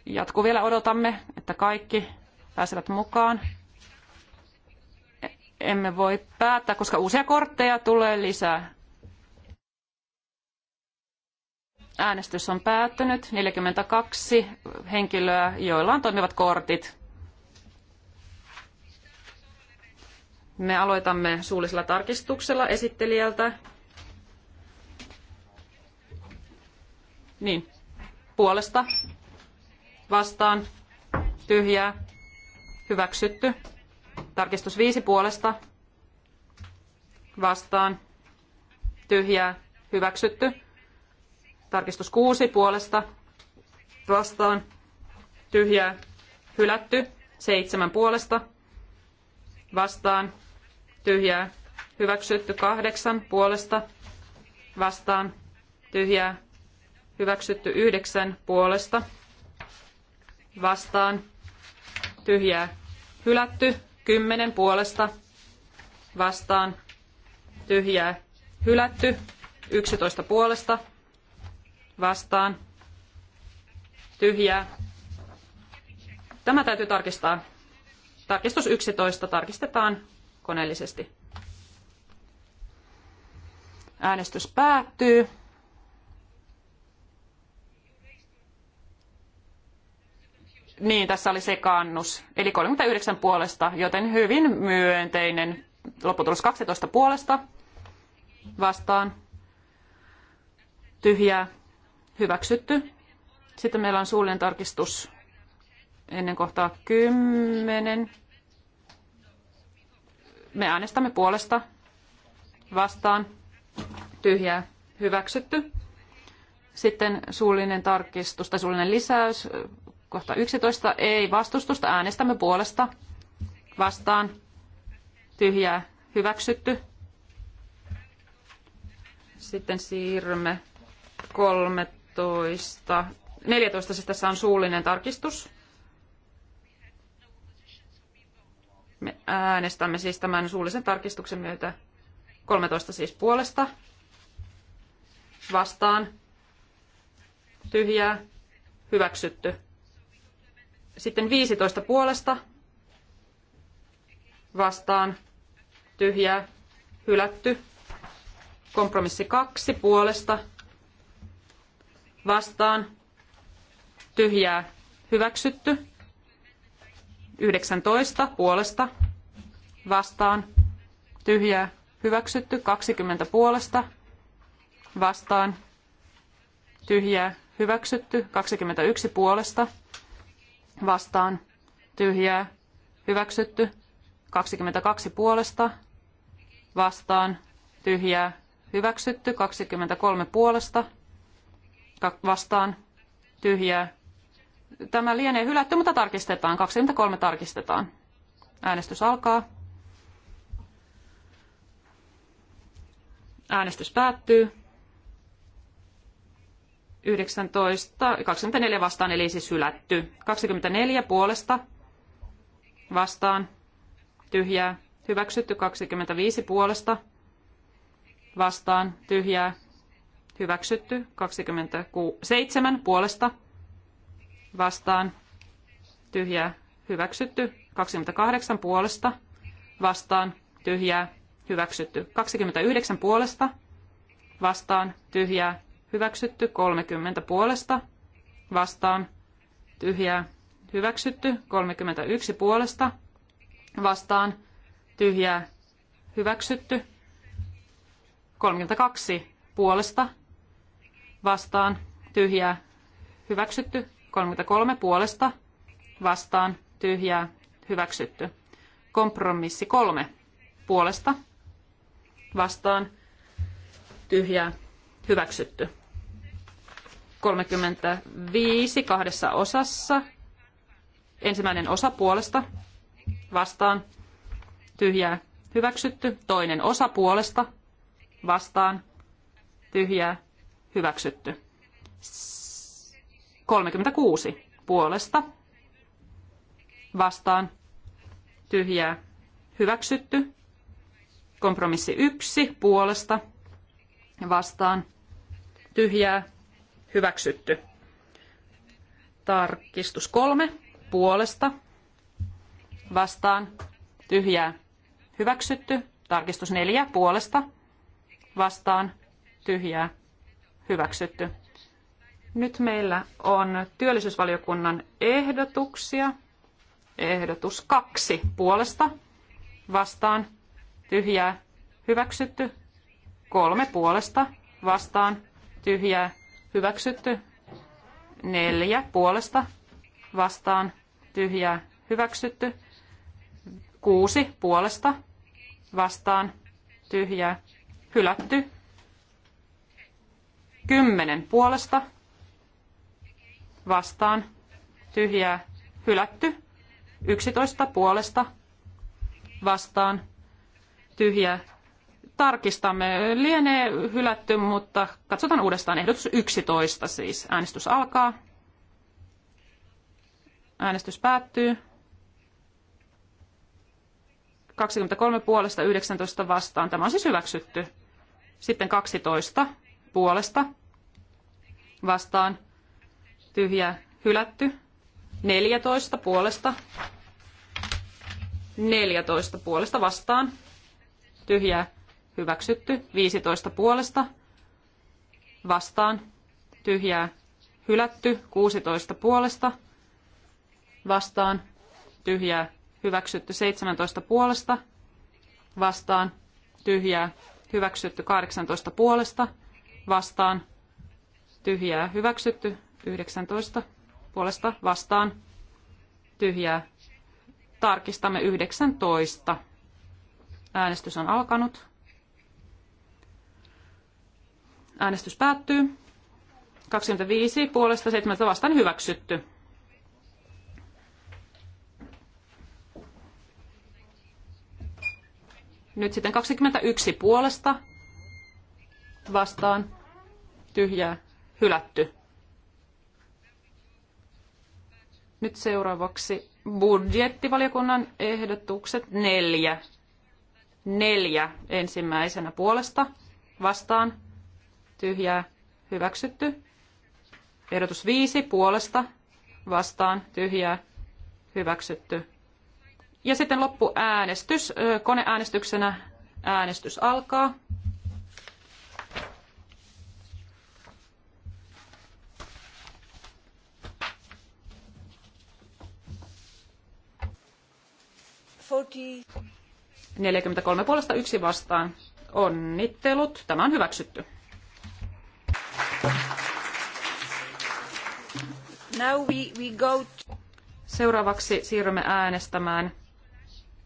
jatkuu vielä odotamme, että kaikki pääsevät mukaan. E- emme voi päättää, koska uusia kortteja tulee lisää. Äänestys on päättynyt. 42 henkilöä, joilla on toimivat kortit. Me aloitamme suullisella tarkistuksella esittelijältä. Niin, puolesta vastaan, tyhjää, hyväksytty. Tarkistus 5 puolesta, vastaan, tyhjää, hyväksytty. Tarkistus 6 puolesta, vastaan, tyhjää, hylätty. 7 puolesta, vastaan, tyhjää, hyväksytty. 8 puolesta, vastaan, tyhjää, hyväksytty. 9 puolesta, vastaan, tyhjää, hylätty, kymmenen puolesta, vastaan, tyhjää, hylätty, yksitoista puolesta, vastaan, tyhjää. Tämä täytyy tarkistaa. Tarkistus 11 tarkistetaan koneellisesti. Äänestys päättyy. Niin, tässä oli sekannus. Eli 39 puolesta, joten hyvin myönteinen lopputulos 12 puolesta vastaan. Tyhjää hyväksytty. Sitten meillä on suullinen tarkistus ennen kohtaa 10. Me äänestämme puolesta vastaan. Tyhjää hyväksytty. Sitten suullinen tarkistus tai suullinen lisäys Kohta 11 ei vastustusta. Äänestämme puolesta. Vastaan. Tyhjää. Hyväksytty. Sitten siirrymme 13. 14 siis tässä on suullinen tarkistus. Me äänestämme siis tämän suullisen tarkistuksen myötä 13 siis puolesta. Vastaan. Tyhjää. Hyväksytty. Sitten 15 puolesta vastaan tyhjää hylätty. Kompromissi 2 puolesta vastaan tyhjää hyväksytty. 19 puolesta vastaan tyhjää hyväksytty. 20 puolesta vastaan tyhjää hyväksytty. 21 puolesta vastaan tyhjää hyväksytty. 22 puolesta vastaan tyhjää hyväksytty. 23 puolesta vastaan tyhjää. Tämä lienee hylätty, mutta tarkistetaan. 23 tarkistetaan. Äänestys alkaa. Äänestys päättyy. 19, 24 vastaan, eli siis hylätty. 24 puolesta vastaan, tyhjää, hyväksytty. 25 puolesta vastaan, tyhjää, hyväksytty. 27 puolesta vastaan, tyhjää, hyväksytty. 28 puolesta vastaan, tyhjää, hyväksytty. 29 puolesta vastaan, tyhjää, hyväksytty 30 puolesta, vastaan tyhjää, hyväksytty 31 puolesta, vastaan tyhjää, hyväksytty 32 puolesta, vastaan tyhjää, hyväksytty 33 puolesta, vastaan tyhjää, hyväksytty. Kompromissi 3 puolesta, vastaan tyhjää, hyväksytty. 35 kahdessa osassa. Ensimmäinen osa puolesta vastaan tyhjää hyväksytty. Toinen osa puolesta vastaan tyhjää hyväksytty. 36 puolesta vastaan tyhjää hyväksytty. Kompromissi 1 puolesta vastaan tyhjää hyväksytty. Tarkistus kolme puolesta vastaan tyhjää hyväksytty. Tarkistus neljä puolesta vastaan tyhjää hyväksytty. Nyt meillä on työllisyysvaliokunnan ehdotuksia. Ehdotus kaksi puolesta vastaan tyhjää hyväksytty. Kolme puolesta vastaan tyhjää hyväksytty. Neljä puolesta vastaan tyhjää hyväksytty. Kuusi puolesta vastaan tyhjää hylätty. Kymmenen puolesta vastaan tyhjää hylätty. Yksitoista puolesta vastaan tyhjää tarkistamme. Lienee hylätty, mutta katsotaan uudestaan. Ehdotus 11 siis. Äänestys alkaa. Äänestys päättyy. 23 puolesta 19 vastaan. Tämä on siis hyväksytty. Sitten 12 puolesta vastaan. Tyhjä hylätty. 14 puolesta. 14 puolesta vastaan. Tyhjä hyväksytty. 15 puolesta vastaan tyhjää hylätty. 16 puolesta vastaan tyhjää hyväksytty. 17 puolesta vastaan tyhjää hyväksytty. 18 puolesta vastaan tyhjää hyväksytty. 19 puolesta vastaan tyhjää. Tarkistamme 19. Äänestys on alkanut. Äänestys päättyy. 25 puolesta 7 vastaan hyväksytty. Nyt sitten 21 puolesta vastaan tyhjää hylätty. Nyt seuraavaksi budjettivaliokunnan ehdotukset neljä. Neljä ensimmäisenä puolesta vastaan tyhjää, hyväksytty. Ehdotus 5 puolesta, vastaan, tyhjää, hyväksytty. Ja sitten loppuäänestys. Koneäänestyksenä äänestys alkaa. Neljäkymmentäkolme puolesta yksi vastaan. Onnittelut. Tämä on hyväksytty. Now we, we go Seuraavaksi siirrymme äänestämään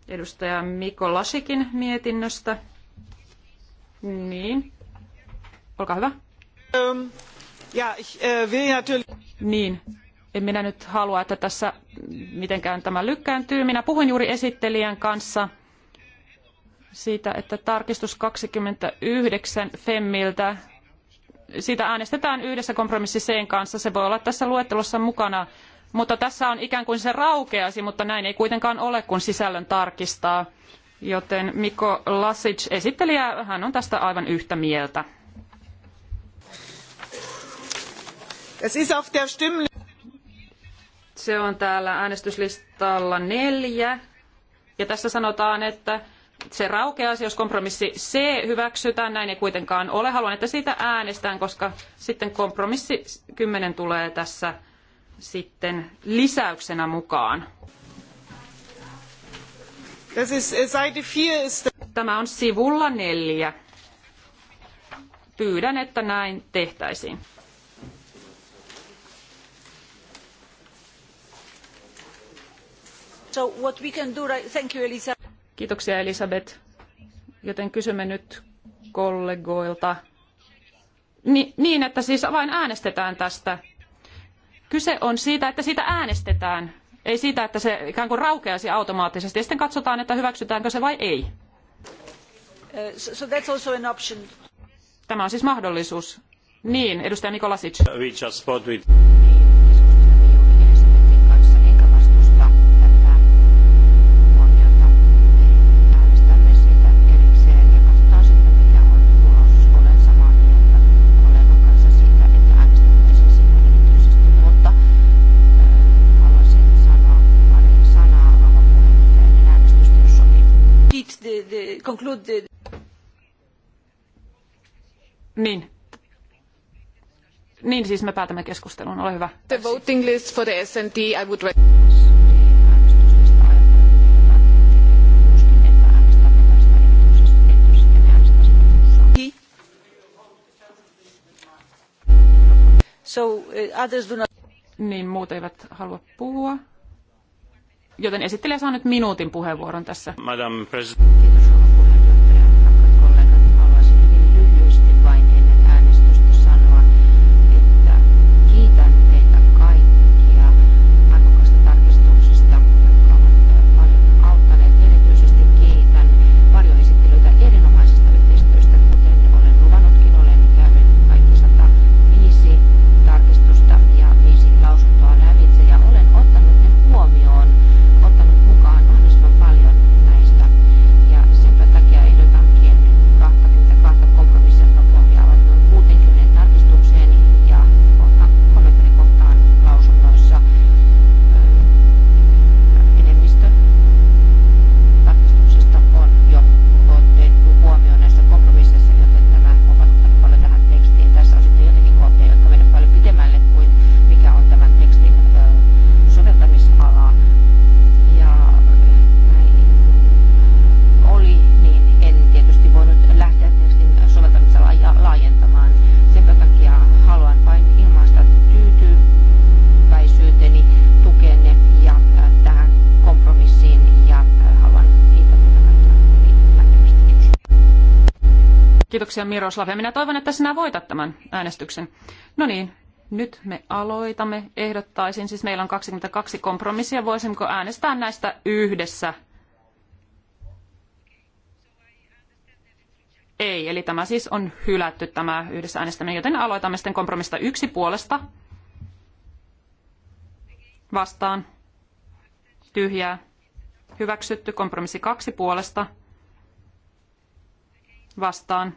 edustaja Miko Lasikin mietinnöstä. Niin. Olkaa hyvä. Um, ich, äh, will natürlich... Niin. En minä nyt halua, että tässä mitenkään tämä lykkääntyy. Minä puhuin juuri esittelijän kanssa siitä, että tarkistus 29 Femmiltä siitä äänestetään yhdessä kompromissi sen kanssa. Se voi olla tässä luettelossa mukana, mutta tässä on ikään kuin se raukeasi, mutta näin ei kuitenkaan ole, kun sisällön tarkistaa. Joten Mikko Lasic, esittelijä, hän on tästä aivan yhtä mieltä. Se on täällä äänestyslistalla neljä. Ja tässä sanotaan, että se raukeaisi, jos kompromissi C hyväksytään. Näin ei kuitenkaan ole. Haluan, että siitä äänestään, koska sitten kompromissi 10 tulee tässä sitten lisäyksenä mukaan. Äh, Tämä on sivulla neljä. Pyydän, että näin tehtäisiin. So what we can do, thank you Elisa. Kiitoksia Elisabeth. Joten kysymme nyt kollegoilta. Ni, niin, että siis vain äänestetään tästä. Kyse on siitä, että siitä äänestetään, ei siitä, että se ikään kuin raukeaisi automaattisesti. Ja sitten katsotaan, että hyväksytäänkö se vai ei. Uh, so that's also an option. Tämä on siis mahdollisuus. Niin, edustaja Nikolasic. conclude Niin. Niin siis me päätämme keskustelun. Ole hyvä. The voting list for the S&T, I would So, eh, others do not... Niin, muut eivät halua puhua. Joten esittelijä saa nyt minuutin puheenvuoron tässä. Madam President. Kiitoksia Miroslav. Ja minä toivon, että sinä voitat tämän äänestyksen. No niin, nyt me aloitamme. Ehdottaisin, siis meillä on 22 kompromissia. Voisimmeko äänestää näistä yhdessä? Ei, eli tämä siis on hylätty tämä yhdessä äänestäminen, joten aloitamme sitten kompromista yksi puolesta. Vastaan. Tyhjää. Hyväksytty kompromissi kaksi puolesta. Vastaan.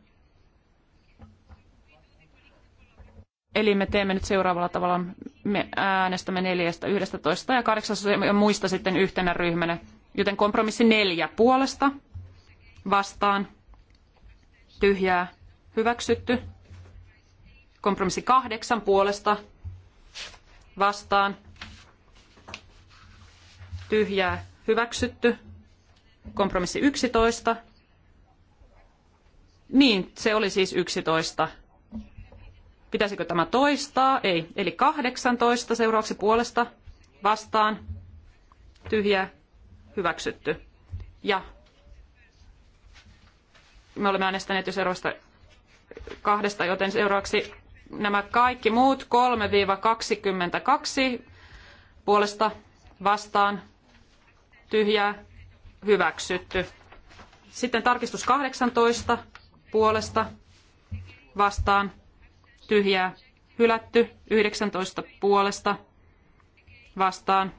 Eli me teemme nyt seuraavalla tavalla. Me äänestämme neljästä, yhdestä toista ja kahdeksasta ja muista sitten yhtenä ryhmänä. Joten kompromissi neljä puolesta vastaan tyhjää hyväksytty. Kompromissi kahdeksan puolesta vastaan tyhjää hyväksytty. Kompromissi yksitoista. Niin, se oli siis yksitoista. Pitäisikö tämä toistaa? Ei. Eli 18 seuraavaksi puolesta vastaan tyhjää hyväksytty. Ja me olemme äänestäneet jo seuraavasta kahdesta, joten seuraavaksi nämä kaikki muut 3-22 puolesta vastaan tyhjää hyväksytty. Sitten tarkistus 18 puolesta vastaan tyhjää, hylätty, 19 puolesta vastaan,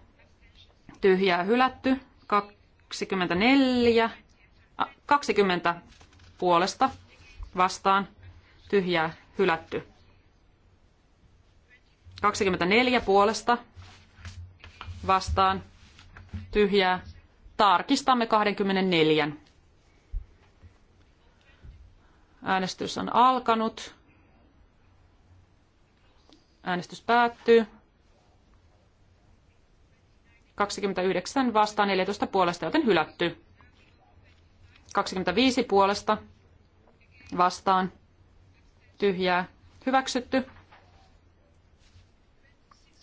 tyhjää, hylätty, 24, 20 puolesta vastaan, tyhjää, hylätty. 24 puolesta vastaan, tyhjää, tarkistamme 24. Äänestys on alkanut. Äänestys päättyy. 29 vastaan 14 puolesta, joten hylätty. 25 puolesta vastaan tyhjää hyväksytty.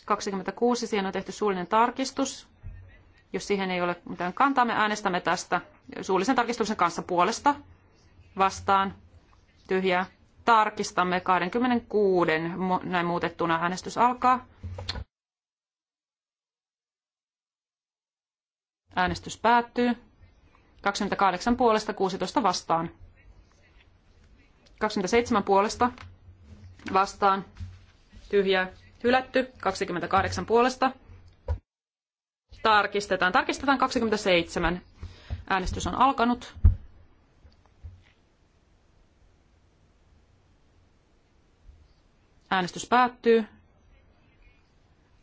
26, siihen on tehty suullinen tarkistus. Jos siihen ei ole mitään kantaa, me äänestämme tästä suullisen tarkistuksen kanssa puolesta vastaan tyhjää tarkistamme 26, näin muutettuna äänestys alkaa. Äänestys päättyy. 28 puolesta, 16 vastaan. 27 puolesta vastaan. Tyhjä. Hylätty. 28 puolesta. Tarkistetaan. Tarkistetaan 27. Äänestys on alkanut. Äänestys päättyy.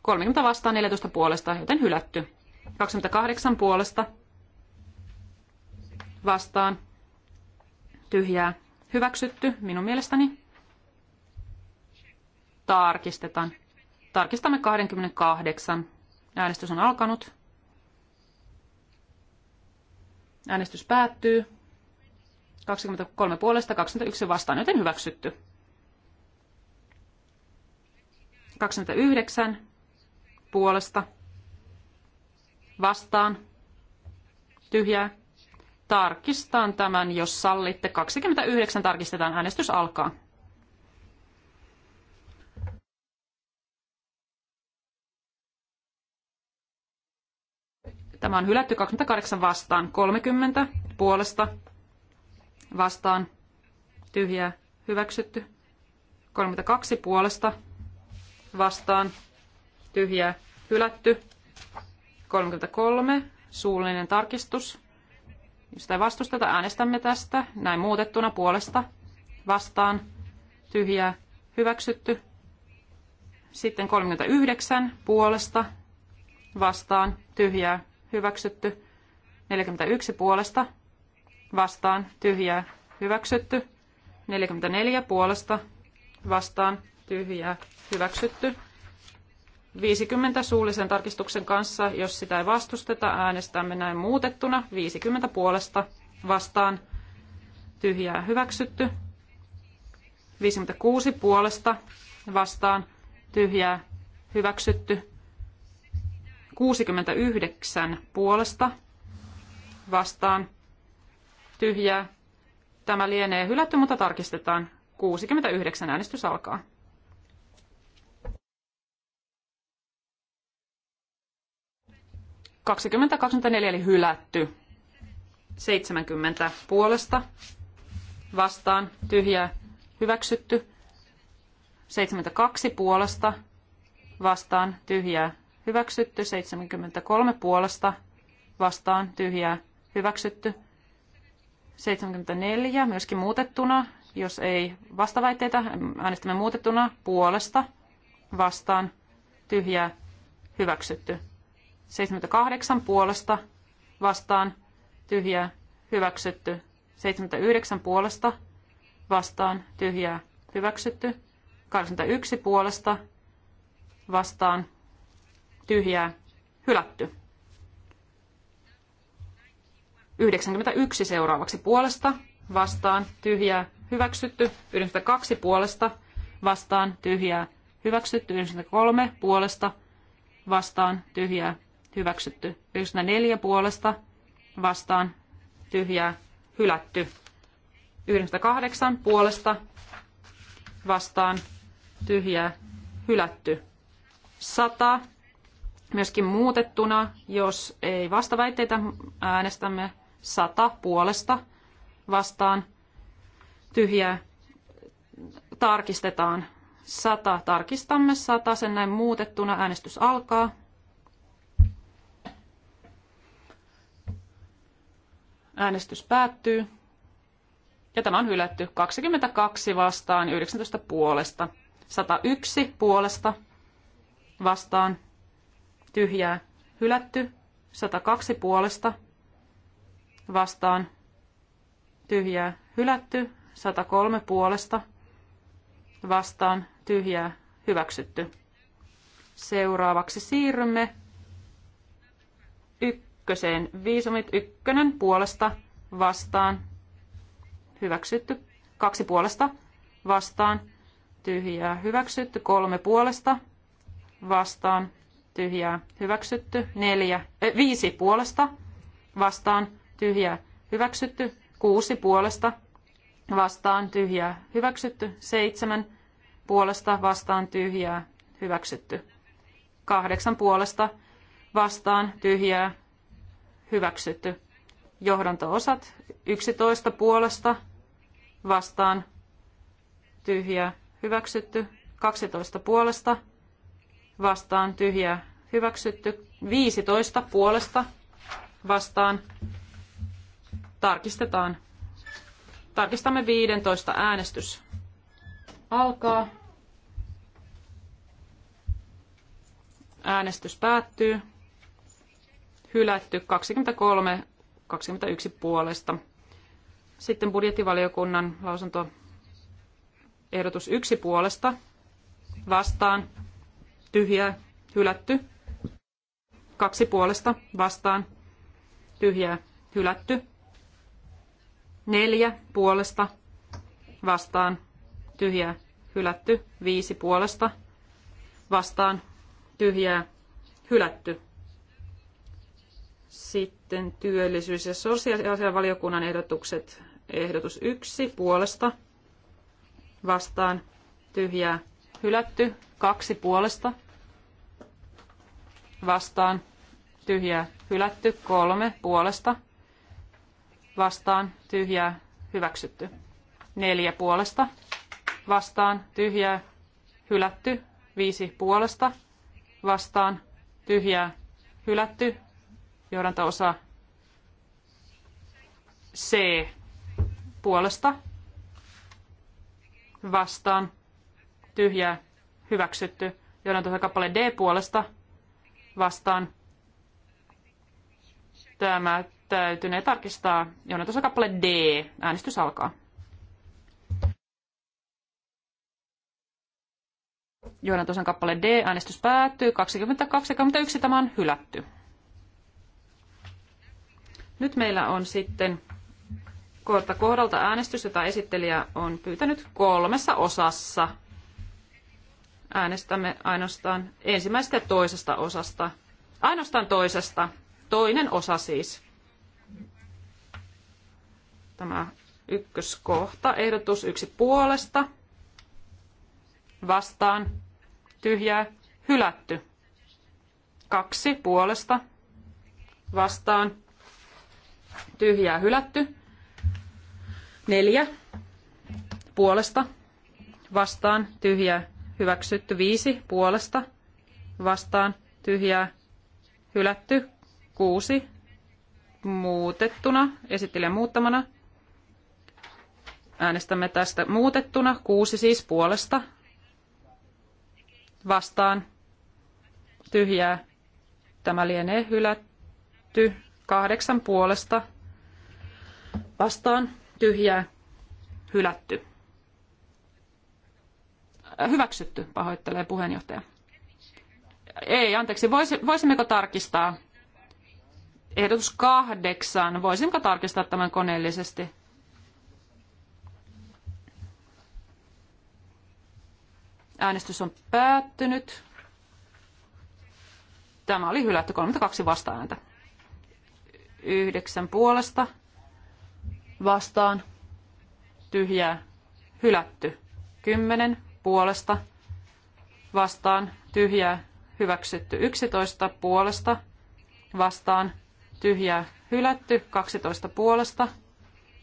30 vastaan 14 puolesta, joten hylätty. 28 puolesta vastaan. Tyhjää. Hyväksytty minun mielestäni. Tarkistetaan. Tarkistamme 28. Äänestys on alkanut. Äänestys päättyy. 23 puolesta, 21 vastaan, joten hyväksytty. 29 puolesta vastaan tyhjää. Tarkistan tämän, jos sallitte. 29 tarkistetaan. Äänestys alkaa. Tämä on hylätty 28 vastaan, 30 puolesta vastaan, tyhjää, hyväksytty, 32 puolesta vastaan tyhjää hylätty. 33 suullinen tarkistus. Jos ei vastusteta, äänestämme tästä. Näin muutettuna puolesta vastaan tyhjää hyväksytty. Sitten 39 puolesta vastaan tyhjää hyväksytty. 41 puolesta vastaan tyhjää hyväksytty. 44 puolesta vastaan tyhjä hyväksytty. 50 suullisen tarkistuksen kanssa, jos sitä ei vastusteta, äänestämme näin muutettuna. 50 puolesta vastaan tyhjää hyväksytty. 56 puolesta vastaan tyhjää hyväksytty. 69 puolesta vastaan tyhjää. Tämä lienee hylätty, mutta tarkistetaan. 69 äänestys alkaa. 2024 eli hylätty. 70 puolesta vastaan tyhjää hyväksytty. 72 puolesta vastaan tyhjää hyväksytty. 73 puolesta vastaan tyhjää hyväksytty. 74 myöskin muutettuna, jos ei vastaväitteitä, äänestämme muutettuna puolesta vastaan tyhjää hyväksytty. 78 puolesta vastaan tyhjää hyväksytty. 79 puolesta vastaan tyhjää hyväksytty. 81 puolesta vastaan tyhjää hylätty. 91 seuraavaksi puolesta vastaan tyhjää hyväksytty. 92 puolesta vastaan tyhjää hyväksytty. 93 puolesta vastaan tyhjää hyväksytty. neljä puolesta vastaan tyhjää hylätty. 98 puolesta vastaan tyhjää hylätty. 100 myöskin muutettuna, jos ei vastaväitteitä äänestämme 100 puolesta vastaan tyhjää tarkistetaan. 100 tarkistamme 100 sen näin muutettuna äänestys alkaa. Äänestys päättyy. Ja tämä on hylätty 22 vastaan, 19 puolesta, 101 puolesta vastaan, tyhjää, hylätty, 102 puolesta vastaan, tyhjää, hylätty, 103 puolesta vastaan, tyhjää, hyväksytty. Seuraavaksi siirrymme y- ykköseen viisumit ykkönen puolesta vastaan hyväksytty, kaksi puolesta vastaan tyhjää hyväksytty, kolme puolesta vastaan tyhjää hyväksytty, neljä, äh, viisi puolesta vastaan tyhjää hyväksytty, kuusi puolesta vastaan tyhjää hyväksytty, seitsemän puolesta vastaan tyhjää hyväksytty, kahdeksan puolesta vastaan tyhjää hyväksytty. Johdanto-osat 11 puolesta vastaan tyhjä. hyväksytty. 12 puolesta vastaan tyhjä. hyväksytty. 15 puolesta vastaan tarkistetaan. Tarkistamme 15 äänestys. Alkaa. Äänestys päättyy hylätty 23, 21 puolesta. Sitten budjettivaliokunnan lausunto ehdotus yksi puolesta vastaan tyhjä, hylätty. Kaksi puolesta vastaan tyhjä, hylätty. Neljä puolesta vastaan tyhjä, hylätty. Viisi puolesta vastaan tyhjää hylätty. Sitten työllisyys- ja sosiaalivaliokunnan ehdotukset. Ehdotus yksi puolesta vastaan tyhjää hylätty. Kaksi puolesta vastaan tyhjää hylätty. Kolme puolesta vastaan tyhjää hyväksytty. Neljä puolesta vastaan tyhjää hylätty. Viisi puolesta vastaan tyhjää hylätty johdanto-osa C puolesta vastaan tyhjää hyväksytty. Johdanto-osa kappale D puolesta vastaan tämä täytynee tarkistaa. Johdanto-osa kappale D. Äänestys alkaa. Johdantosan kappale D. Äänestys päättyy. 21, tämä on hylätty. Nyt meillä on sitten kohta kohdalta äänestys, jota esittelijä on pyytänyt kolmessa osassa. Äänestämme ainoastaan ensimmäisestä ja toisesta osasta. Ainoastaan toisesta. Toinen osa siis. Tämä ykköskohta, ehdotus yksi puolesta, vastaan, tyhjää, hylätty. Kaksi puolesta, vastaan, tyhjää hylätty. Neljä puolesta vastaan tyhjää hyväksytty. Viisi puolesta vastaan tyhjää hylätty. Kuusi muutettuna, esittelijän muuttamana. Äänestämme tästä muutettuna. Kuusi siis puolesta vastaan tyhjää. Tämä lienee hylätty. Kahdeksan puolesta vastaan tyhjää hylätty. Äh, hyväksytty, pahoittelee puheenjohtaja. Ei, anteeksi, voisimmeko tarkistaa? Ehdotus kahdeksan. Voisinko tarkistaa tämän koneellisesti? Äänestys on päättynyt. Tämä oli hylätty 32 vastaääntä yhdeksän puolesta vastaan tyhjää hylätty. Kymmenen puolesta vastaan tyhjää hyväksytty. Yksitoista puolesta vastaan tyhjää hylätty. Kaksitoista puolesta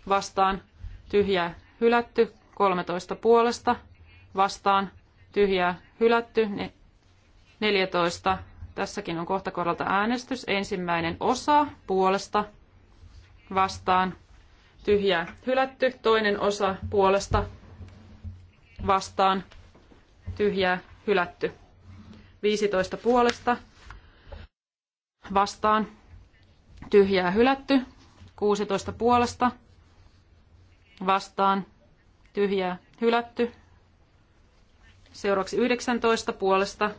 vastaan tyhjää hylätty. Kolmetoista puolesta vastaan tyhjää hylätty. Neljätoista Tässäkin on kohta kohdalta äänestys. Ensimmäinen osa puolesta vastaan tyhjää hylätty. Toinen osa puolesta vastaan tyhjää hylätty. 15 puolesta vastaan tyhjää hylätty. 16 puolesta vastaan tyhjää hylätty. Seuraavaksi 19 puolesta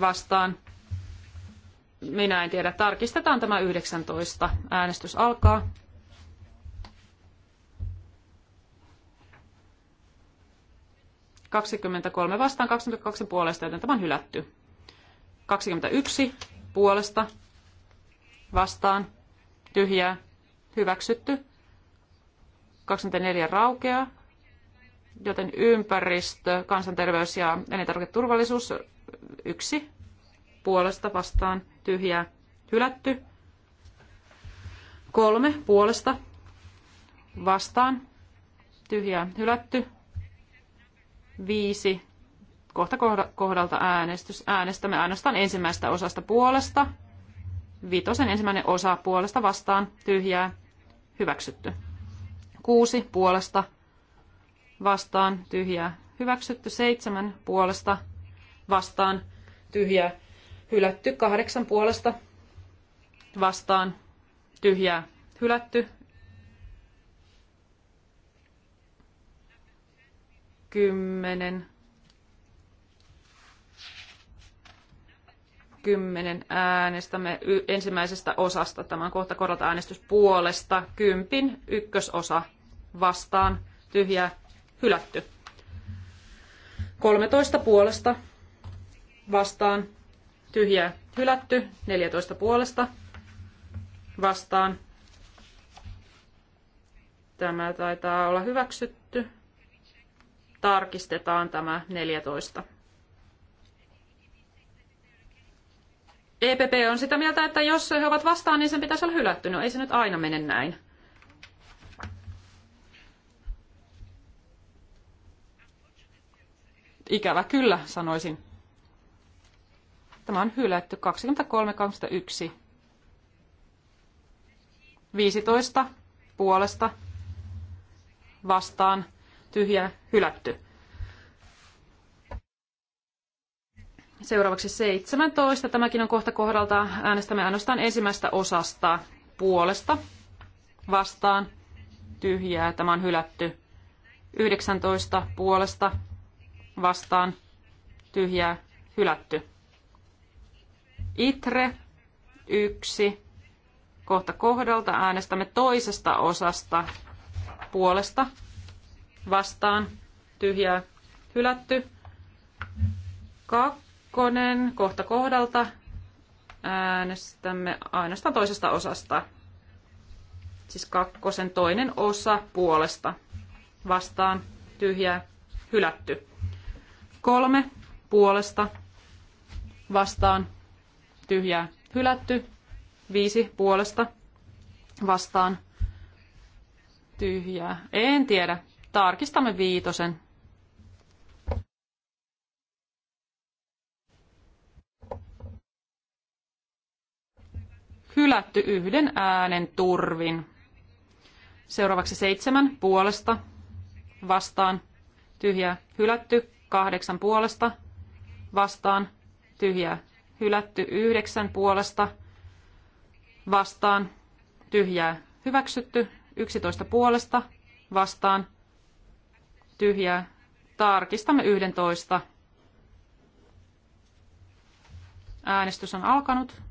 vastaan. Minä en tiedä. Tarkistetaan tämä 19. Äänestys alkaa. kolme vastaan, 22 puolesta, joten tämä on hylätty. 21 puolesta vastaan, tyhjää, hyväksytty. 24 raukeaa, joten ympäristö, kansanterveys ja elintarviketurvallisuus yksi puolesta vastaan tyhjää hylätty. Kolme puolesta vastaan tyhjää hylätty. Viisi kohta kohdalta äänestys. Äänestämme ainoastaan ensimmäistä osasta puolesta. Viitosen ensimmäinen osa puolesta vastaan tyhjää hyväksytty. Kuusi puolesta vastaan tyhjää hyväksytty, seitsemän puolesta vastaan tyhjää hylätty, kahdeksan puolesta vastaan tyhjää hylätty, kymmenen kymmenen äänestämme ensimmäisestä osasta. Tämä on kohta korrata äänestys puolesta. Kympin ykkösosa vastaan. Tyhjää hylätty. 13 puolesta vastaan tyhjää hylätty, 14 puolesta vastaan. Tämä taitaa olla hyväksytty. Tarkistetaan tämä 14. EPP on sitä mieltä, että jos he ovat vastaan, niin sen pitäisi olla hylätty. No ei se nyt aina mene näin. ikävä kyllä sanoisin. Tämä on hylätty 23.21. 15 puolesta vastaan tyhjä hylätty. Seuraavaksi 17. Tämäkin on kohta kohdalta. Äänestämme ainoastaan ensimmäistä osasta puolesta vastaan tyhjää. Tämä on hylätty. 19 puolesta vastaan tyhjää hylätty. Itre yksi kohta kohdalta äänestämme toisesta osasta puolesta vastaan tyhjää hylätty. Kakkonen kohta kohdalta äänestämme ainoastaan toisesta osasta. Siis kakkosen toinen osa puolesta vastaan tyhjää hylätty. Kolme puolesta vastaan tyhjää hylätty. Viisi puolesta vastaan tyhjää. En tiedä. Tarkistamme viitosen. Hylätty yhden äänen turvin. Seuraavaksi seitsemän puolesta vastaan tyhjää hylätty kahdeksan puolesta vastaan tyhjää hylätty yhdeksän puolesta vastaan tyhjää hyväksytty yksitoista puolesta vastaan tyhjää tarkistamme yhdentoista. äänestys on alkanut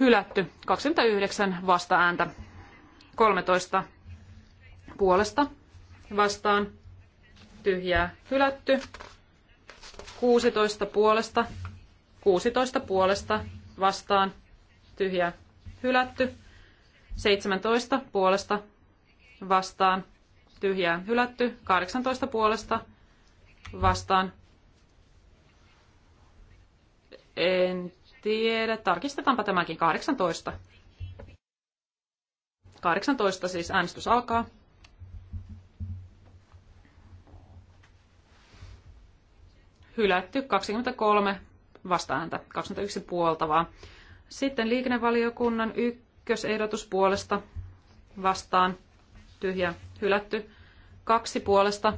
hylätty 29 vasta ääntä 13 puolesta vastaan tyhjää hylätty. 16 puolesta 16 puolesta vastaan tyhjää hylätty. 17 puolesta vastaan tyhjää hylätty. 18 puolesta vastaan en tiedä. Tarkistetaanpa tämäkin 18. 18 siis äänestys alkaa. hylätty 23 vastaääntä, 21 puoltavaa. Sitten liikennevaliokunnan ykkösehdotus puolesta vastaan tyhjä hylätty. Kaksi puolesta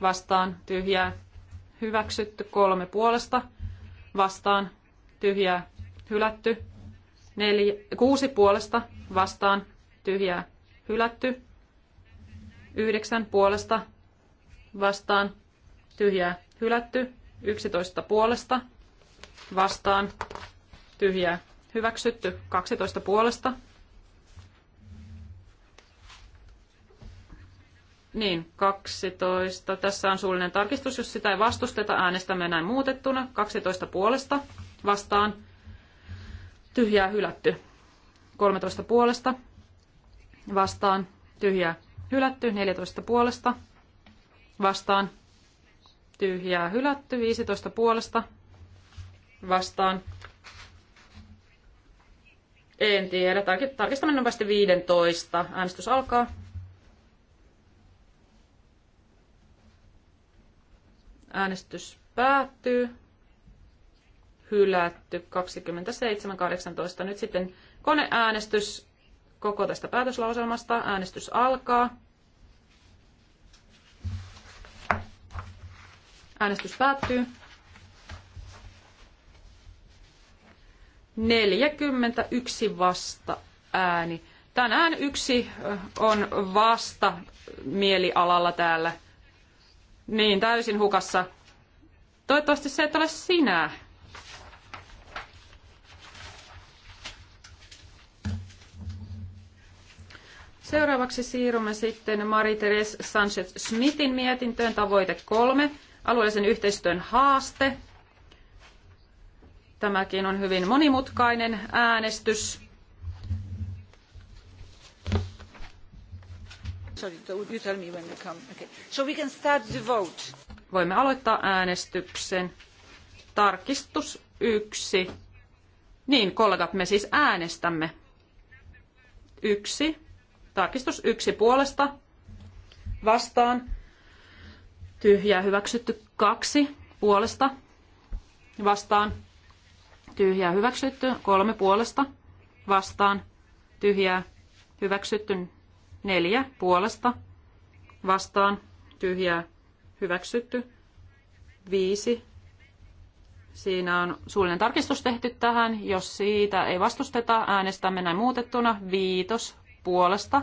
vastaan tyhjää hyväksytty. Kolme puolesta vastaan tyhjää hylätty. Neljä, kuusi puolesta vastaan tyhjää hylätty. Yhdeksän puolesta vastaan tyhjää hylätty, 11 puolesta, vastaan, tyhjää, hyväksytty, 12 puolesta. Niin, 12. Tässä on suullinen tarkistus, jos sitä ei vastusteta, äänestämme näin muutettuna, 12 puolesta, vastaan, tyhjää, hylätty, 13 puolesta, vastaan, tyhjää, hylätty, 14 puolesta, vastaan, tyhjää hylätty, 15 puolesta vastaan. En tiedä, tarkistamme nopeasti 15. Äänestys alkaa. Äänestys päättyy. Hylätty 27.18. Nyt sitten koneäänestys koko tästä päätöslauselmasta. Äänestys alkaa. Äänestys päättyy. 41 vasta ääni. Tänään yksi on vasta mielialalla täällä. Niin, täysin hukassa. Toivottavasti se et ole sinä. Seuraavaksi siirrymme sitten Marie-Therese Sanchez-Smithin mietintöön tavoite kolme alueellisen yhteistyön haaste. Tämäkin on hyvin monimutkainen äänestys. Voimme aloittaa äänestyksen. Tarkistus yksi. Niin, kollegat, me siis äänestämme. Yksi. Tarkistus yksi puolesta. Vastaan tyhjää hyväksytty kaksi puolesta vastaan tyhjää hyväksytty kolme puolesta vastaan tyhjää hyväksytty neljä puolesta vastaan tyhjää hyväksytty viisi Siinä on suullinen tarkistus tehty tähän. Jos siitä ei vastusteta, äänestämme näin muutettuna viitos puolesta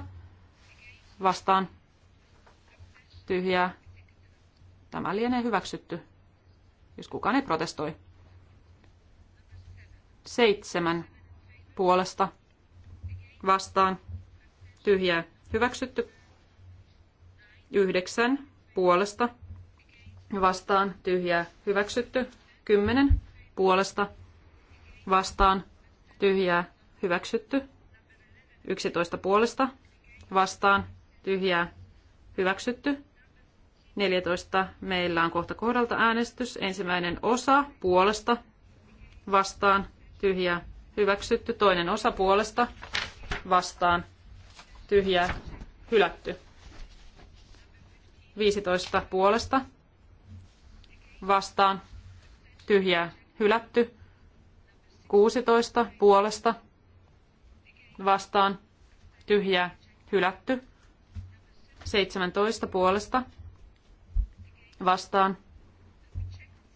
vastaan tyhjää Tämä lienee hyväksytty, jos kukaan ei protestoi. Seitsemän puolesta vastaan tyhjää hyväksytty. Yhdeksän puolesta vastaan tyhjää hyväksytty. Kymmenen puolesta vastaan tyhjää hyväksytty. Yksitoista puolesta vastaan tyhjää hyväksytty. 14 meillä on kohta kohdalta äänestys. Ensimmäinen osa puolesta vastaan tyhjää hyväksytty. Toinen osa puolesta vastaan tyhjää hylätty. 15 puolesta vastaan tyhjää hylätty. 16 puolesta vastaan tyhjää hylätty. 17 puolesta vastaan.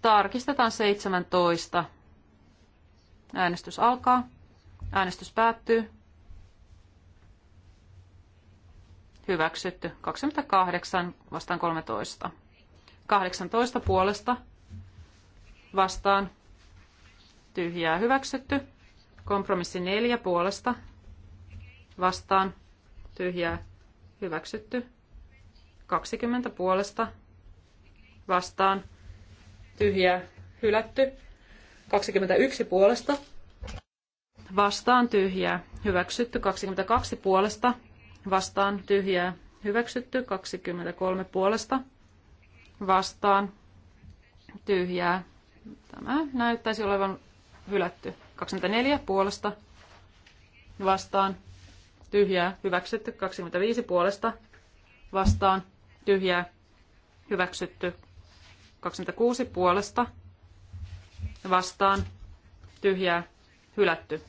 Tarkistetaan 17. Äänestys alkaa. Äänestys päättyy. Hyväksytty. 28 vastaan 13. 18 puolesta vastaan. Tyhjää hyväksytty. Kompromissi 4 puolesta vastaan. Tyhjää hyväksytty. 20 puolesta vastaan Tyhjä, hylätty. 21 puolesta vastaan tyhjä hyväksytty. 22 puolesta vastaan tyhjä hyväksytty. 23 puolesta vastaan tyhjää. Tämä näyttäisi olevan hylätty. 24 puolesta vastaan tyhjää hyväksytty. 25 puolesta vastaan tyhjää hyväksytty. 26 puolesta vastaan tyhjää hylätty.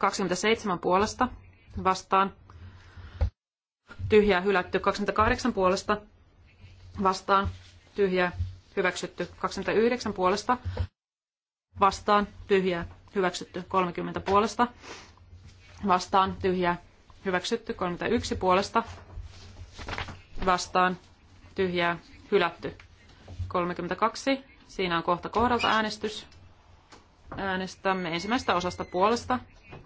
27 puolesta vastaan. Tyhjää hylätty 28 puolesta vastaan. Tyhjää hyväksytty 29 puolesta vastaan. Tyhjää hyväksytty 30 puolesta vastaan. Tyhjää hyväksytty 31 puolesta vastaan. Tyhjää hylätty 32. Siinä on kohta kohdalta äänestys. Äänestämme ensimmäistä osasta puolesta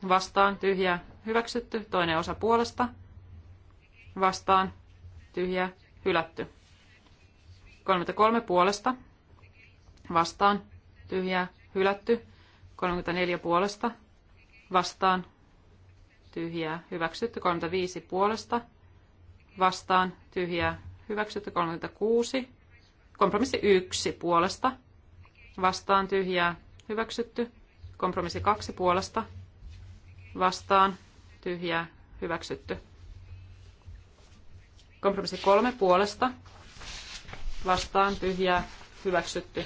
vastaan tyhjä hyväksytty, toinen osa puolesta vastaan tyhjä hylätty. 33 puolesta vastaan tyhjä hylätty, 34 puolesta vastaan tyhjä hyväksytty, 35 puolesta vastaan tyhjä hyväksytty, 36 kompromissi 1 puolesta vastaan tyhjä hyväksytty, kompromissi 2 puolesta vastaan tyhjää hyväksytty. Kompromissi kolme puolesta vastaan tyhjää hyväksytty.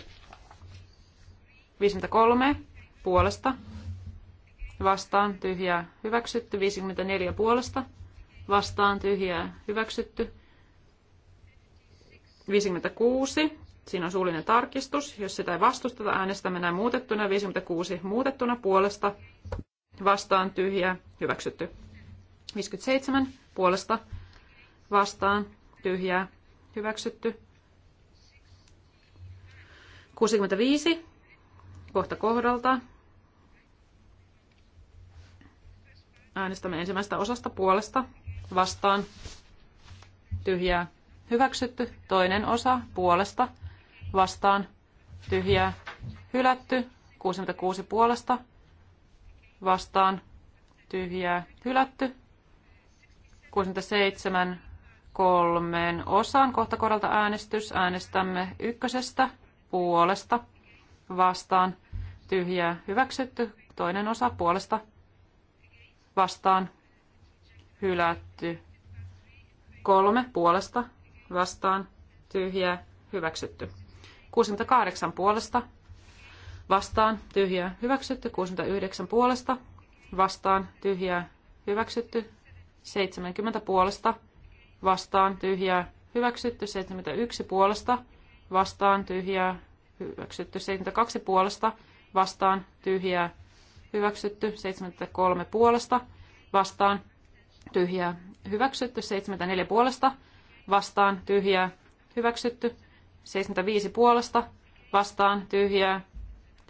53 puolesta vastaan tyhjää hyväksytty. 54 puolesta vastaan tyhjää hyväksytty. 56. Siinä on suullinen tarkistus. Jos sitä ei vastusteta, äänestämme näin muutettuna. 56 muutettuna puolesta vastaan tyhjää hyväksytty. 57 puolesta vastaan tyhjää hyväksytty. 65 kohta kohdalta. Äänestämme ensimmäistä osasta puolesta vastaan tyhjää hyväksytty. Toinen osa puolesta vastaan tyhjää hylätty. 66 puolesta vastaan tyhjää hylätty. 67 kolmeen osaan kohta kohdalta äänestys. Äänestämme ykkösestä puolesta vastaan tyhjää hyväksytty. Toinen osa puolesta vastaan hylätty. Kolme puolesta vastaan tyhjää hyväksytty. 68 puolesta vastaan tyhjää hyväksytty, 69 puolesta vastaan tyhjää hyväksytty, 70 puolesta vastaan tyhjää hyväksytty, 71 puolesta vastaan tyhjää hyväksytty, 72 puolesta vastaan tyhjää hyväksytty, 73 puolesta vastaan tyhjää hyväksytty, 74 puolesta vastaan tyhjää hyväksytty, 75 puolesta vastaan tyhjää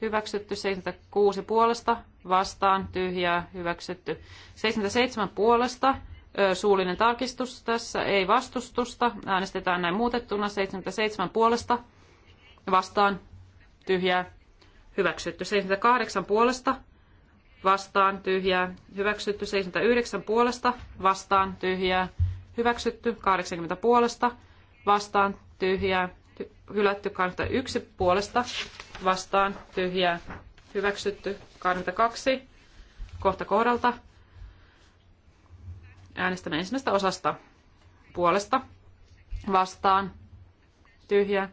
hyväksytty, 76 puolesta, vastaan, tyhjää, hyväksytty. 77 puolesta, suullinen tarkistus tässä, ei vastustusta, äänestetään näin muutettuna, 77 puolesta, vastaan, tyhjää, hyväksytty. 78 puolesta, vastaan, tyhjää, hyväksytty. 79 puolesta, vastaan, tyhjää, hyväksytty. 80 puolesta, vastaan, tyhjää, hylätty yksi puolesta vastaan tyhjää hyväksytty kaksi kohta kohdalta. Äänestämme ensimmäistä osasta puolesta vastaan tyhjä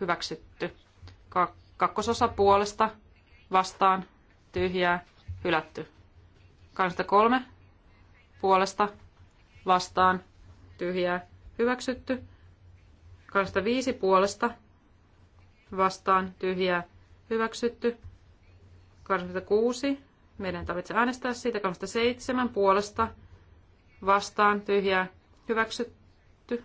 hyväksytty. Ka- kakkososa puolesta vastaan tyhjää hylätty. kolme puolesta vastaan tyhjää hyväksytty. 205 puolesta vastaan tyhjää hyväksytty. 26. Meidän tarvitsee äänestää siitä. 27 puolesta vastaan tyhjää hyväksytty.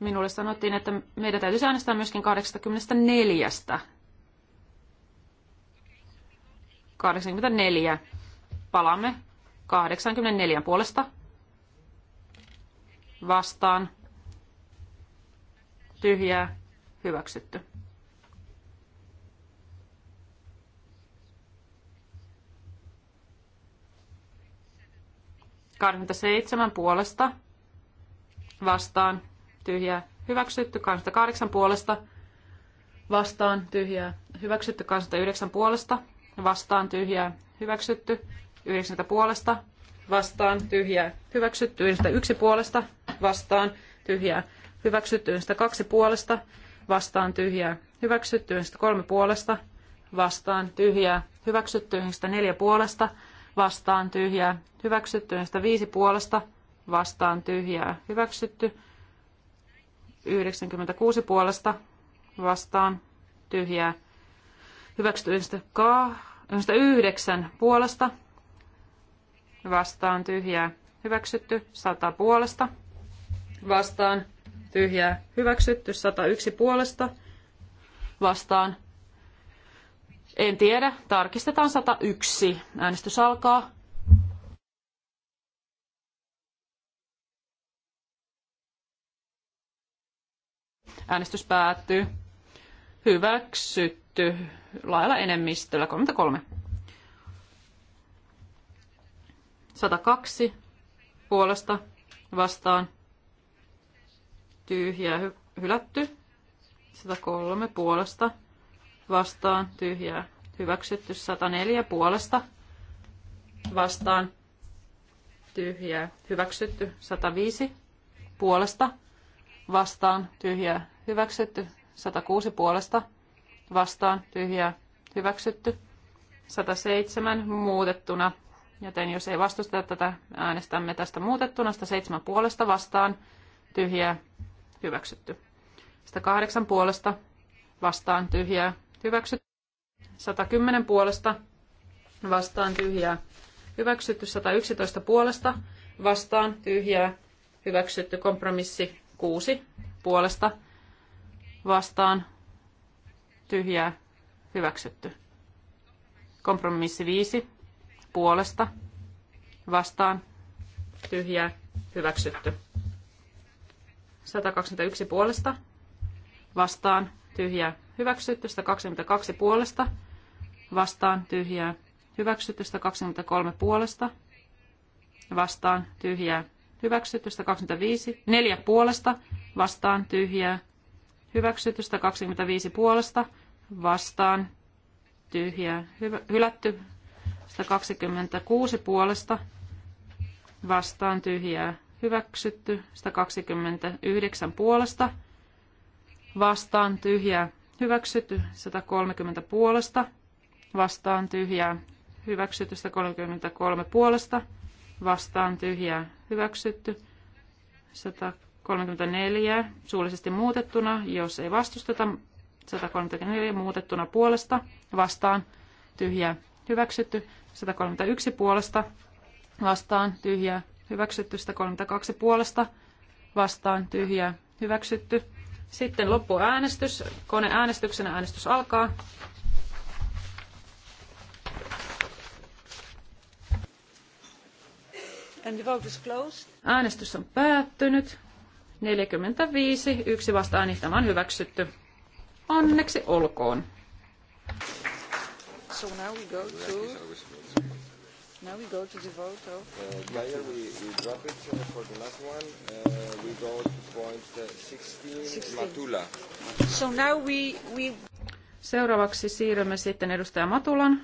Minulle sanottiin, että meidän täytyisi äänestää myöskin 84. 84. Palaamme 84 puolesta vastaan tyhjää hyväksytty. seitsemän puolesta vastaan tyhjää hyväksytty. kahdeksan puolesta vastaan tyhjää hyväksytty. yhdeksän puolesta vastaan tyhjää hyväksytty. 90 puolesta vastaan tyhjä hyväksytty, yksi puolesta vastaan tyhjä hyväksytty, kaksi puolesta vastaan tyhjä hyväksytty, kolme puolesta vastaan tyhjä hyväksytty, neljä puolesta vastaan tyhjä hyväksytty, viisi puolesta vastaan tyhjää hyväksytty, 96 puolesta vastaan tyhjää hyväksytty, 99 puolesta vastaan tyhjää hyväksytty 100 puolesta, vastaan tyhjää hyväksytty 101 puolesta, vastaan en tiedä, tarkistetaan 101. Äänestys alkaa. Äänestys päättyy. Hyväksytty lailla enemmistöllä 33. 102 puolesta vastaan tyhjää hy- hylätty. 103 puolesta vastaan tyhjää hyväksytty. 104 puolesta vastaan tyhjää hyväksytty. 105 puolesta vastaan tyhjää hyväksytty. 106 puolesta vastaan tyhjää hyväksytty. 107 muutettuna joten jos ei vastusta tätä, äänestämme tästä muutettuna. seitsemän puolesta vastaan, tyhjää, hyväksytty. kahdeksan puolesta vastaan, tyhjää, hyväksytty. 110 puolesta vastaan, tyhjää, hyväksytty. 111 puolesta vastaan, tyhjää, hyväksytty. Kompromissi 6 puolesta vastaan, tyhjää, hyväksytty. Kompromissi 5 puolesta vastaan tyhjää hyväksytty. 121 puolesta vastaan tyhjää hyväksytty. 122 puolesta vastaan tyhjää hyväksytty. 123 puolesta vastaan tyhjää hyväksytty. 125 4 puolesta vastaan tyhjää hyväksytty. 125 puolesta vastaan tyhjää hylätty. 126 puolesta vastaan tyhjää hyväksytty. 129 puolesta vastaan tyhjää hyväksytty. 130 puolesta vastaan tyhjää hyväksytty. 133 puolesta vastaan tyhjää hyväksytty. 134 suullisesti muutettuna, jos ei vastusteta 134 muutettuna puolesta vastaan tyhjää hyväksytty 131 puolesta, vastaan tyhjää, hyväksytty 132 puolesta, vastaan tyhjää, hyväksytty. Sitten loppuäänestys, äänestyksenä äänestys alkaa. And the vote is closed. Äänestys on päättynyt. 45, yksi vasta ääni, tämä on hyväksytty. Onneksi olkoon. So now we go to... Now we go to the vote of... Uh, we, drop it uh, for the last one. Uh, we go to point 16, 16, Matula. So now we, we... Seuraavaksi siirrymme sitten edustaja Matulan